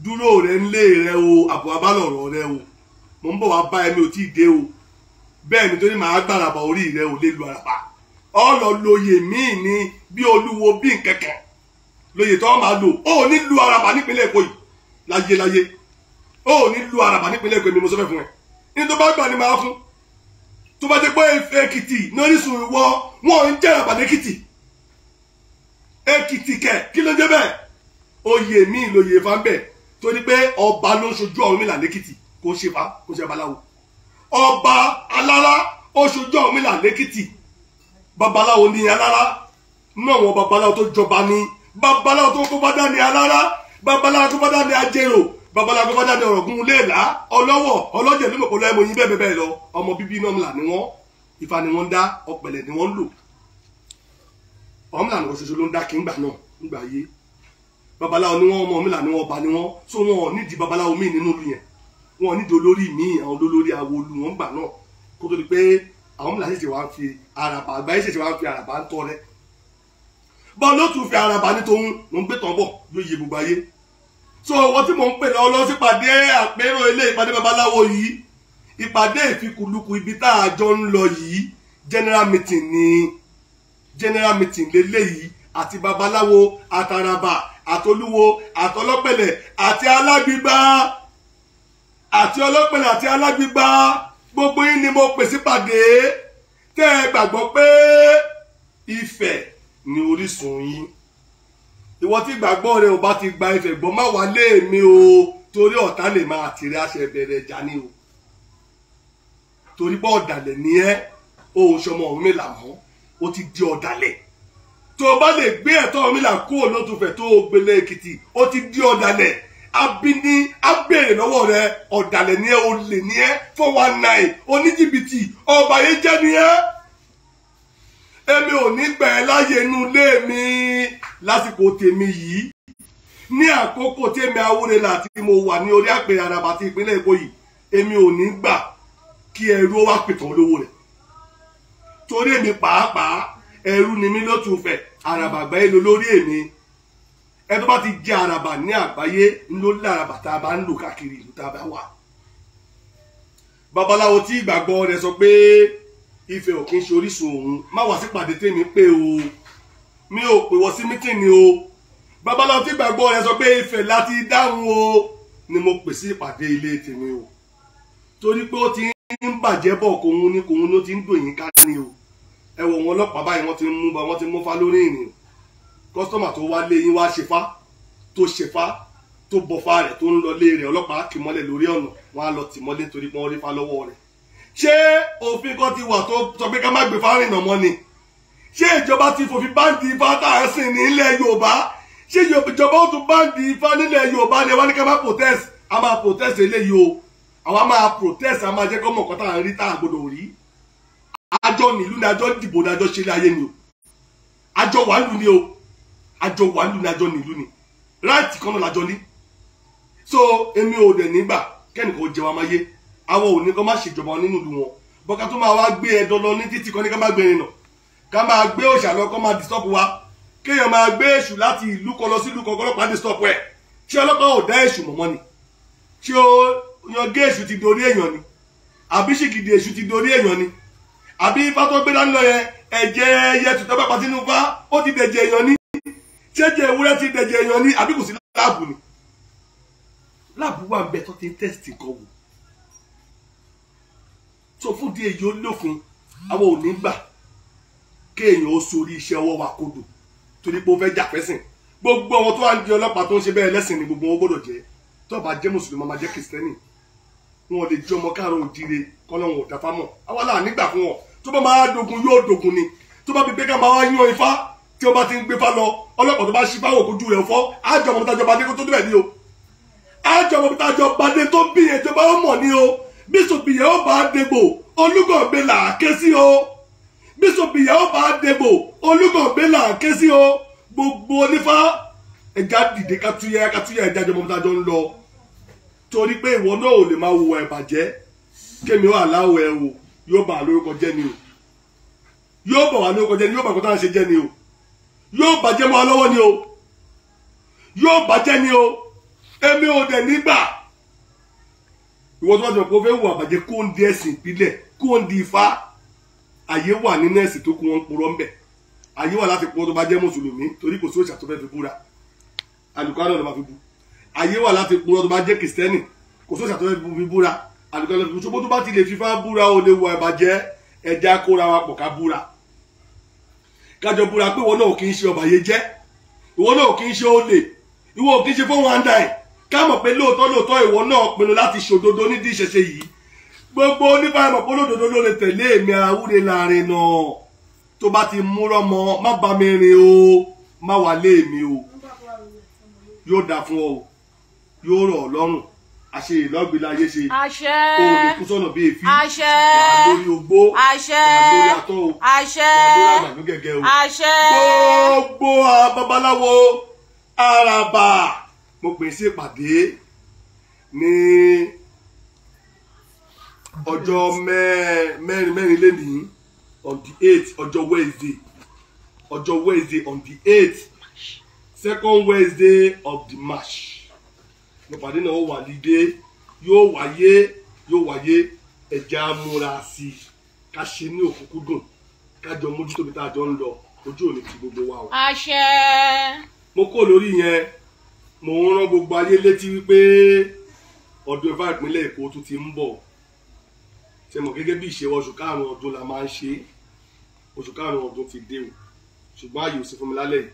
Speaker 1: dúró rẹ ńlé rẹ o àbọ̀ abálọ̀rọ̀ rẹ o mò ń bọ̀ wá bá ẹni ò tí ì dé o bẹ́ẹ̀ ni torí màá gbàràbà orí rẹ ò lè lu àràbà ọlọ lóye míì ni bí olúwo bí nkẹ̀kẹ̀ lóye tó máa lò ó ní lu àràbà nípínlẹ̀ èkó yìí láyé láyé ó ní lu àràbà nípínlẹ̀ èkó mi mo sọ fẹ́ fún ẹ ní tó bá gbà ni màá fún tó bá ti pé èkìtì lóríṣun ìwọ wọn ń jẹ́ àbàdékìtì èkìtì kẹ kí ló dé bẹ́ẹ̀ oyè mi lóye fa ń bẹ̀ torí pé ọba ló ń ṣojú Ọ̀rúnmìlà lẹ́kìtì kò ṣe fa kò ṣe babaláwo ọba alára ó ṣojú Ọ̀rúnmìlà lẹ́kìtì babaláwo ní alára náà wọn babaláwo tó jọba ní babaláwo tó kó bá dá alára babaláwo tó bá dá ajérò babaláwo bọ́dàdé ọ̀rọ̀gún léèlá ọlọ́wọ̀ ọlọ́jẹ̀ ló mọ̀kọ́ lọ́ẹ́mọ yín bẹ́ẹ̀ bẹ́ẹ̀ lọ ọmọ bíbí iná ńlá ni wọ́n ifá ni wọ́n ń dá ọ̀pẹ̀lẹ̀ ni wọ́n ń lò ọ̀mùlà nìkan ṣoṣo ló ń dá kí ngbà náà ngbà yé babaláwo ni wọ́n ọmọ ọ̀mùlà ni wọ́n ọba ni wọ́n so wọn ò nídìí babaláwo míì nínú ìlú yẹn wọn ò nídìí olórí míì àwọn olórí awo olú wọn gbà náà kó tó di pé àwọn ọ̀mùlà ṣèṣe wá ń fi àràbà àgbáyé ṣèṣe wá ń fi àràbà ń tọrẹ bọ́ọ̀lù ó tún fi àràbà ní tòun ló ń gbé tán bọ̀ yóò yẹ gbogbo ayé so owó tí mò ń pè lọ lọ sípàdé àpérò ilé ìpàdé babaláwo yìí ìpàdé ìfikùlukù ibi tá a jọ ń lọ yìí general meeting ni general meeting lélẹ́yìí àti babaláwo àtàràbà àtolúwo àtọlọ́pẹ̀lẹ̀ àti alágbígbá àti ọlọ́pẹ̀lẹ̀ àti alágbígbá gbogbo yín ni mo pè sípàdé tẹ́ ẹ gbàgbọ́ pé Ifẹ̀ ni orísun yín ìwọ tí gbàgbọ́ rẹ ò bá ti gba ẹsẹ̀ gbọ́ má wà lé mi o torí ọ̀tá lè máa tìrẹ àṣẹ bẹ̀rẹ̀ ẹja ni o torí bá ọ̀dàlẹ̀ ni ẹ́ òun ṣọmọ Ọ̀rúnmìlà mọ́ ó ti di ọ̀dàlẹ̀ tó o bá lè gbé ẹ̀tọ́ Ọ̀rúnmìlà kúrò lótùfẹ̀ tó o gbélé Èkìtì ó ti di ọ̀dàlẹ̀ abini abéèrè lọ́wọ́ rẹ ọ̀dàlẹ̀ ni ẹ́ olè ni ẹ́ four one nine oníjìbìtì ọ̀bàyéjẹ́ ni ẹ́ èmi ò ní gbà ẹ́ láyè inú ilé mi lásìkò tèmi yìí ní àkókò tèmi awúrelà tí mo wà ní orí àpèrè àràbà ti ìpínlẹ̀ èkó yìí èmi ò ní gbà kí ẹrú wá pìtàn olówó rẹ̀ torí èmi pàápàá ẹrú ni mí ló tún fẹ̀ àràbà àgbáyé ló lórí èmi ẹ tó bá ti jẹ àràbà ní àgbáyé ló lárabà tá a bá ń lò káàkiri ìlú tá a bá wà babaláwo tí ìgbàgbọ́ rẹ̀ sọ pé. So Ifẹ̀ ò kí ń ṣe orísun òun má wá sí pàdé tèmi pé o mi ò pè wọ́n sí mítìnì o babaláwo tí gbàgbọ́ rẹ sọ pé Ifẹ̀ láti dáhùn o ni mo pè sí ìpàdé ilé tèmi o torí pé ó ti ń bàjẹ́ bọ̀ kòun ni kòun ló ti ń dòyìn ká ní o ẹ wò wọn ọlọ́pàá báyìí wọ́n ti mú bá wọ́n ti mú fa lórí ìrìn kọ́sítọ́mà tó wá lé yín wá ṣèfá tó ṣèfá tó bọ̀fá rẹ̀ tó ń lọ lé rẹ̀ ọlọ́pàá kì mọ́lẹ̀ lórí ọ̀nà wọn á lọ tì mọ́lẹ̀ torí pé wọ́n rí fa lọ́wọ́ rẹ̀ ṣé òfin kan ti wà tó sọ pé ká má gbé fárìnà mọ́ ni ṣé ìjọba ti fòfin báńdì ifá tá à ń sìn ní ilẹ̀ yorùbá ṣé ìjọba ó tún báńdì ifá nílẹ̀ yorùbá ni ẹ wá ní ká má protest a máa protest eléyìí o àwa máa protest a máa jẹ́ kọ́ mọ̀ kọ́ tá à ń rí tá à gbọ́dọ̀ rí àjọ nílùú ni àjọ dìbò ni àjọ ṣẹlẹ̀ ayé ni o àjọ wàálù ni o àjọ wàálù ni àjọ nílùú ni right kan náà làjọ ní so èmi ò dẹ̀ nígbà kẹ́nìkan ó jẹ wa máa yé àwọn ò ní kó má ṣèjọba nínú ìlú wọn bọ́ká tó máa wá gbé ẹ̀dọ́ lọ ní títì kan ní ká má gbé ẹni nà ká máa gbé òòṣà lọ kó máa disturb wa kéèyàn máa gbé èṣù láti ìlú kan lọ sí ìlú kan kọ́lọ́pàá disturb ẹ̀ ṣé ọlọ́pàá ò dá èṣù mọ̀mọ́ ni ṣé o yan gé èṣù ti dorí èèyàn ni àbí ṣìkìdì èṣù ti dorí èèyàn ni àbí ifá tó gbé dání lọ yẹn ẹ̀jẹ̀ ẹyẹ tùtọ́ bá pa sínú fá ó ti dẹ̀jẹ̀ èèyàn ni ṣẹ́jẹ̀ ewúrẹ́ ti dẹ̀jẹ̀ èèyàn ni àbí kò sí láàbù ni láàbù wà ń bẹ tó ti ń tẹ̀sítì kan wò so fún díẹ̀ yìí ó lófin àwọn ò ní gbà kéèyàn ó sórí iṣẹ́ ọwọ́ wa kodò torí pé ó fẹ́ jàpẹ́sìn gbogbo àwọn tó wà ń di ọlọ́pàá tó ń ṣe bẹ́ẹ̀ lẹ́sìn ni gbogbo wọn gbọ́dọ̀ jẹ́ tó bá jẹ́ mùsùlùmí máa jẹ́ kìrìsìtẹ́nì wọn ò lè jí ọmọ káàrọ̀ òjire kọ́lọ́hún òdáfá mọ̀ àwa là nígbà fún wọn tó bá máa dogun yóò dogun ni tó bá fi pé ká máa wá yan ifá tí wọ́n bá ti ń gbé fá lọ ọlọ́pàá tó bá ṣí fáwọn òkújú rẹ̀ fọ́ àjọ ọmọ tájọba dé tó bẹ̀ ni o àjọ ọmọ tájọba dé tó bí yẹn tó bá mọ̀ ni o bíṣọ̀pù yẹn ó bá a dèbò olúgọ̀ọ́gbé là á ké sí o bíṣọ̀pù yẹn ó bá a dèbò olúgọ̀ọ́gbé là á ké sí o gbogbo onífá ẹja dìde kátúyẹ kátúyẹ ẹja jọmọ bí tájọ ń lọ torí pé ìwọ náà ò lè máa wo ẹ̀bàjẹ́ kémi wà láwọ̀ ẹ̀ wò yóò bà lórúkọ jẹ́ ni o yóò bà wà lórúkọ jẹ́ ni yóò bà kó tá à ń ṣe jẹ́ ni o yóò bàjẹ́ mọ́ ọ ni o yóò bàjẹ́ ni o èmi ò dẹ̀ nígbà ìwọ tó bá ti mọ̀ pé o fẹ́ wà bàjẹ́ kó ń di ẹ̀sìn ìpìlẹ̀ kó ń di ifá àyè wà nínú ẹ̀sìn tó kún wọn purọ́ ńbẹ̀ àyè wà láti purọ́ tó bá jẹ́ mùsùlùmí torí kò sí òòṣà tó fẹ́ fi búra àlùkárò ló máa fi bú àyè wà láti purọ́ tó bá jẹ́ kìrìsìtẹ́nì kò sí òòṣà tó fẹ́ fi búra àlùkárò ló fi bú ṣùgbọ́n tó bá ti lè fi fá búra ó lè wà ìbàjẹ́ ẹja kóra wa pọ̀ ká búra kájọ búra pé ìwọ náà kì í ṣe ọ̀bàyéjẹ́ ìwọ náà kì í ṣe olè ìwọ kì í ṣe fọ́wọ́n àǹdà ẹ̀ ká mọ̀ pé lóòótọ́ lóòótọ́ ìwọ náà pinnu láti ṣòdodo nídìí ìṣẹ̀ṣe yìí gbogbo oníbàámọ̀ pé olódodo ló lè tẹ̀lé èmi àwúre láàrin náà tó bá ti mú rọmọ má bá mi rìn o má wà lé mi o yóò dà fún ọ yóò rọ̀ ọ́ lọ́rùn àṣẹ ìlọ́gbìlà ayé ṣe àṣẹ olùkúsọ̀nà bíi èéfín àṣẹ wà lórí ogbó àṣẹ wà lórí atọ́ àṣẹ wà lórí àgbàdo gẹ́gẹ́ o àṣẹ gbogbo babaláwo àràbà mo pè sí ìpàdé ní ọjọ́ mẹ́rin mẹ́rin lénìí on the eight ọjọ́ wednesday ọjọ́ wednesday on the eight second wednesday of the march ìpàdé náà ó wà lídé yóò wáyé yóò wáyé ẹja múra sí i ká ṣe ní òkúkúdùn ká jọ mójútó bí tá a jọ ń lọ ojú òní ti gbogbo wa o. àṣẹ. mo kó lórí yẹn mo ń rán gbogbo ayé létí wípé ọdún ifá ìpínlẹ̀ èkó tún ti ń bọ̀ ṣe mọ̀ gẹ́gẹ́ bí ìṣe oṣù karùn ọdún la máa ń ṣe oṣù karùn-ún ọdún ti dé o ṣùgbọ́n àyè ò sí fún mi lálẹ́ yìí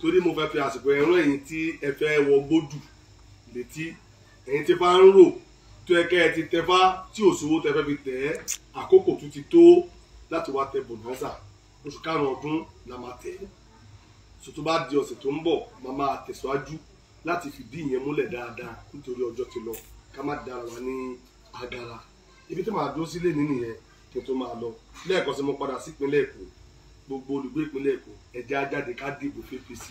Speaker 1: torí mo fẹ́ fi àsìkò ẹ̀rọ ẹ̀yìn tí ẹ fẹ́ wọ gbódù létí ẹ̀yìn tí bá ń rò tó ẹ̀kẹ́ ẹ ti tẹ́fá tí ò sówó tẹ́fẹ́ fi tẹ̀ ẹ́ àkókò tún ti tó láti wá tẹ bonanza oṣù karùn ọdún la máa tẹ̀ ẹ́ bá di ọ̀sẹ̀ tó ń bọ̀ máa máa tẹ̀síwájú láti fìdí ìyẹn múlẹ̀ dáadáa nítorí ọjọ́ ti lọ ká má dára wa ní agara ibi tí màá dúró sílé ní nìyẹn kí n tó máa lọ lẹ́ẹ̀kan sí mo padà sí ìpínlẹ̀ èkó gbogbo olùgbé ìpínlẹ̀ èkó ẹ̀jẹ̀ ajáde ká dìbò fapc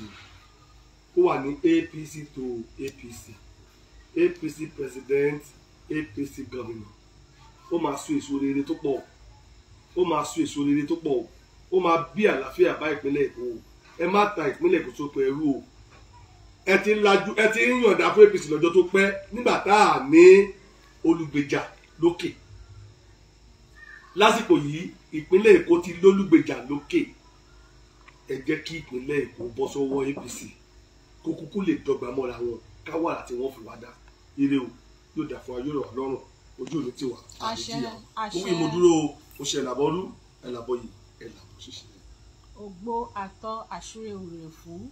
Speaker 1: ó wà ní apc to apc apc president apc governor ó máa so èso rere tó pọ̀ ó máa so èso rere tó pọ̀ ó máa bí àlàáfíà bá ìpínlẹ̀ èkó ẹ má ta ìpínlẹ̀ èkó tó pẹ̀lú o ẹ ti ń lajú ẹ ti ń yọ̀ǹda fún APC lọ́jọ́ tó pẹ́ nígbà tá a ní olùgbèjà lókè lásìkò yìí ìpínlẹ̀ Èkó ti lólùgbèjà lókè ẹ jẹ́ kí ìpínlẹ̀ Èkó bọ́ sọ́wọ́ APC kó kúkú lè dọ́gba mọ́ra wọn káwàrà tí wọ́n fi wá dá ire o yóò dà fún ayọ̀rọ̀ wa lọ́rùn ojú òní tiwa àdéjìyà òwe mo dúró o ṣe ẹ̀làbọ́rú ẹ̀làbọ̀yì ẹ̀làbọ̀ ṣíṣe. ògbó àtọ àṣírí òrè fún.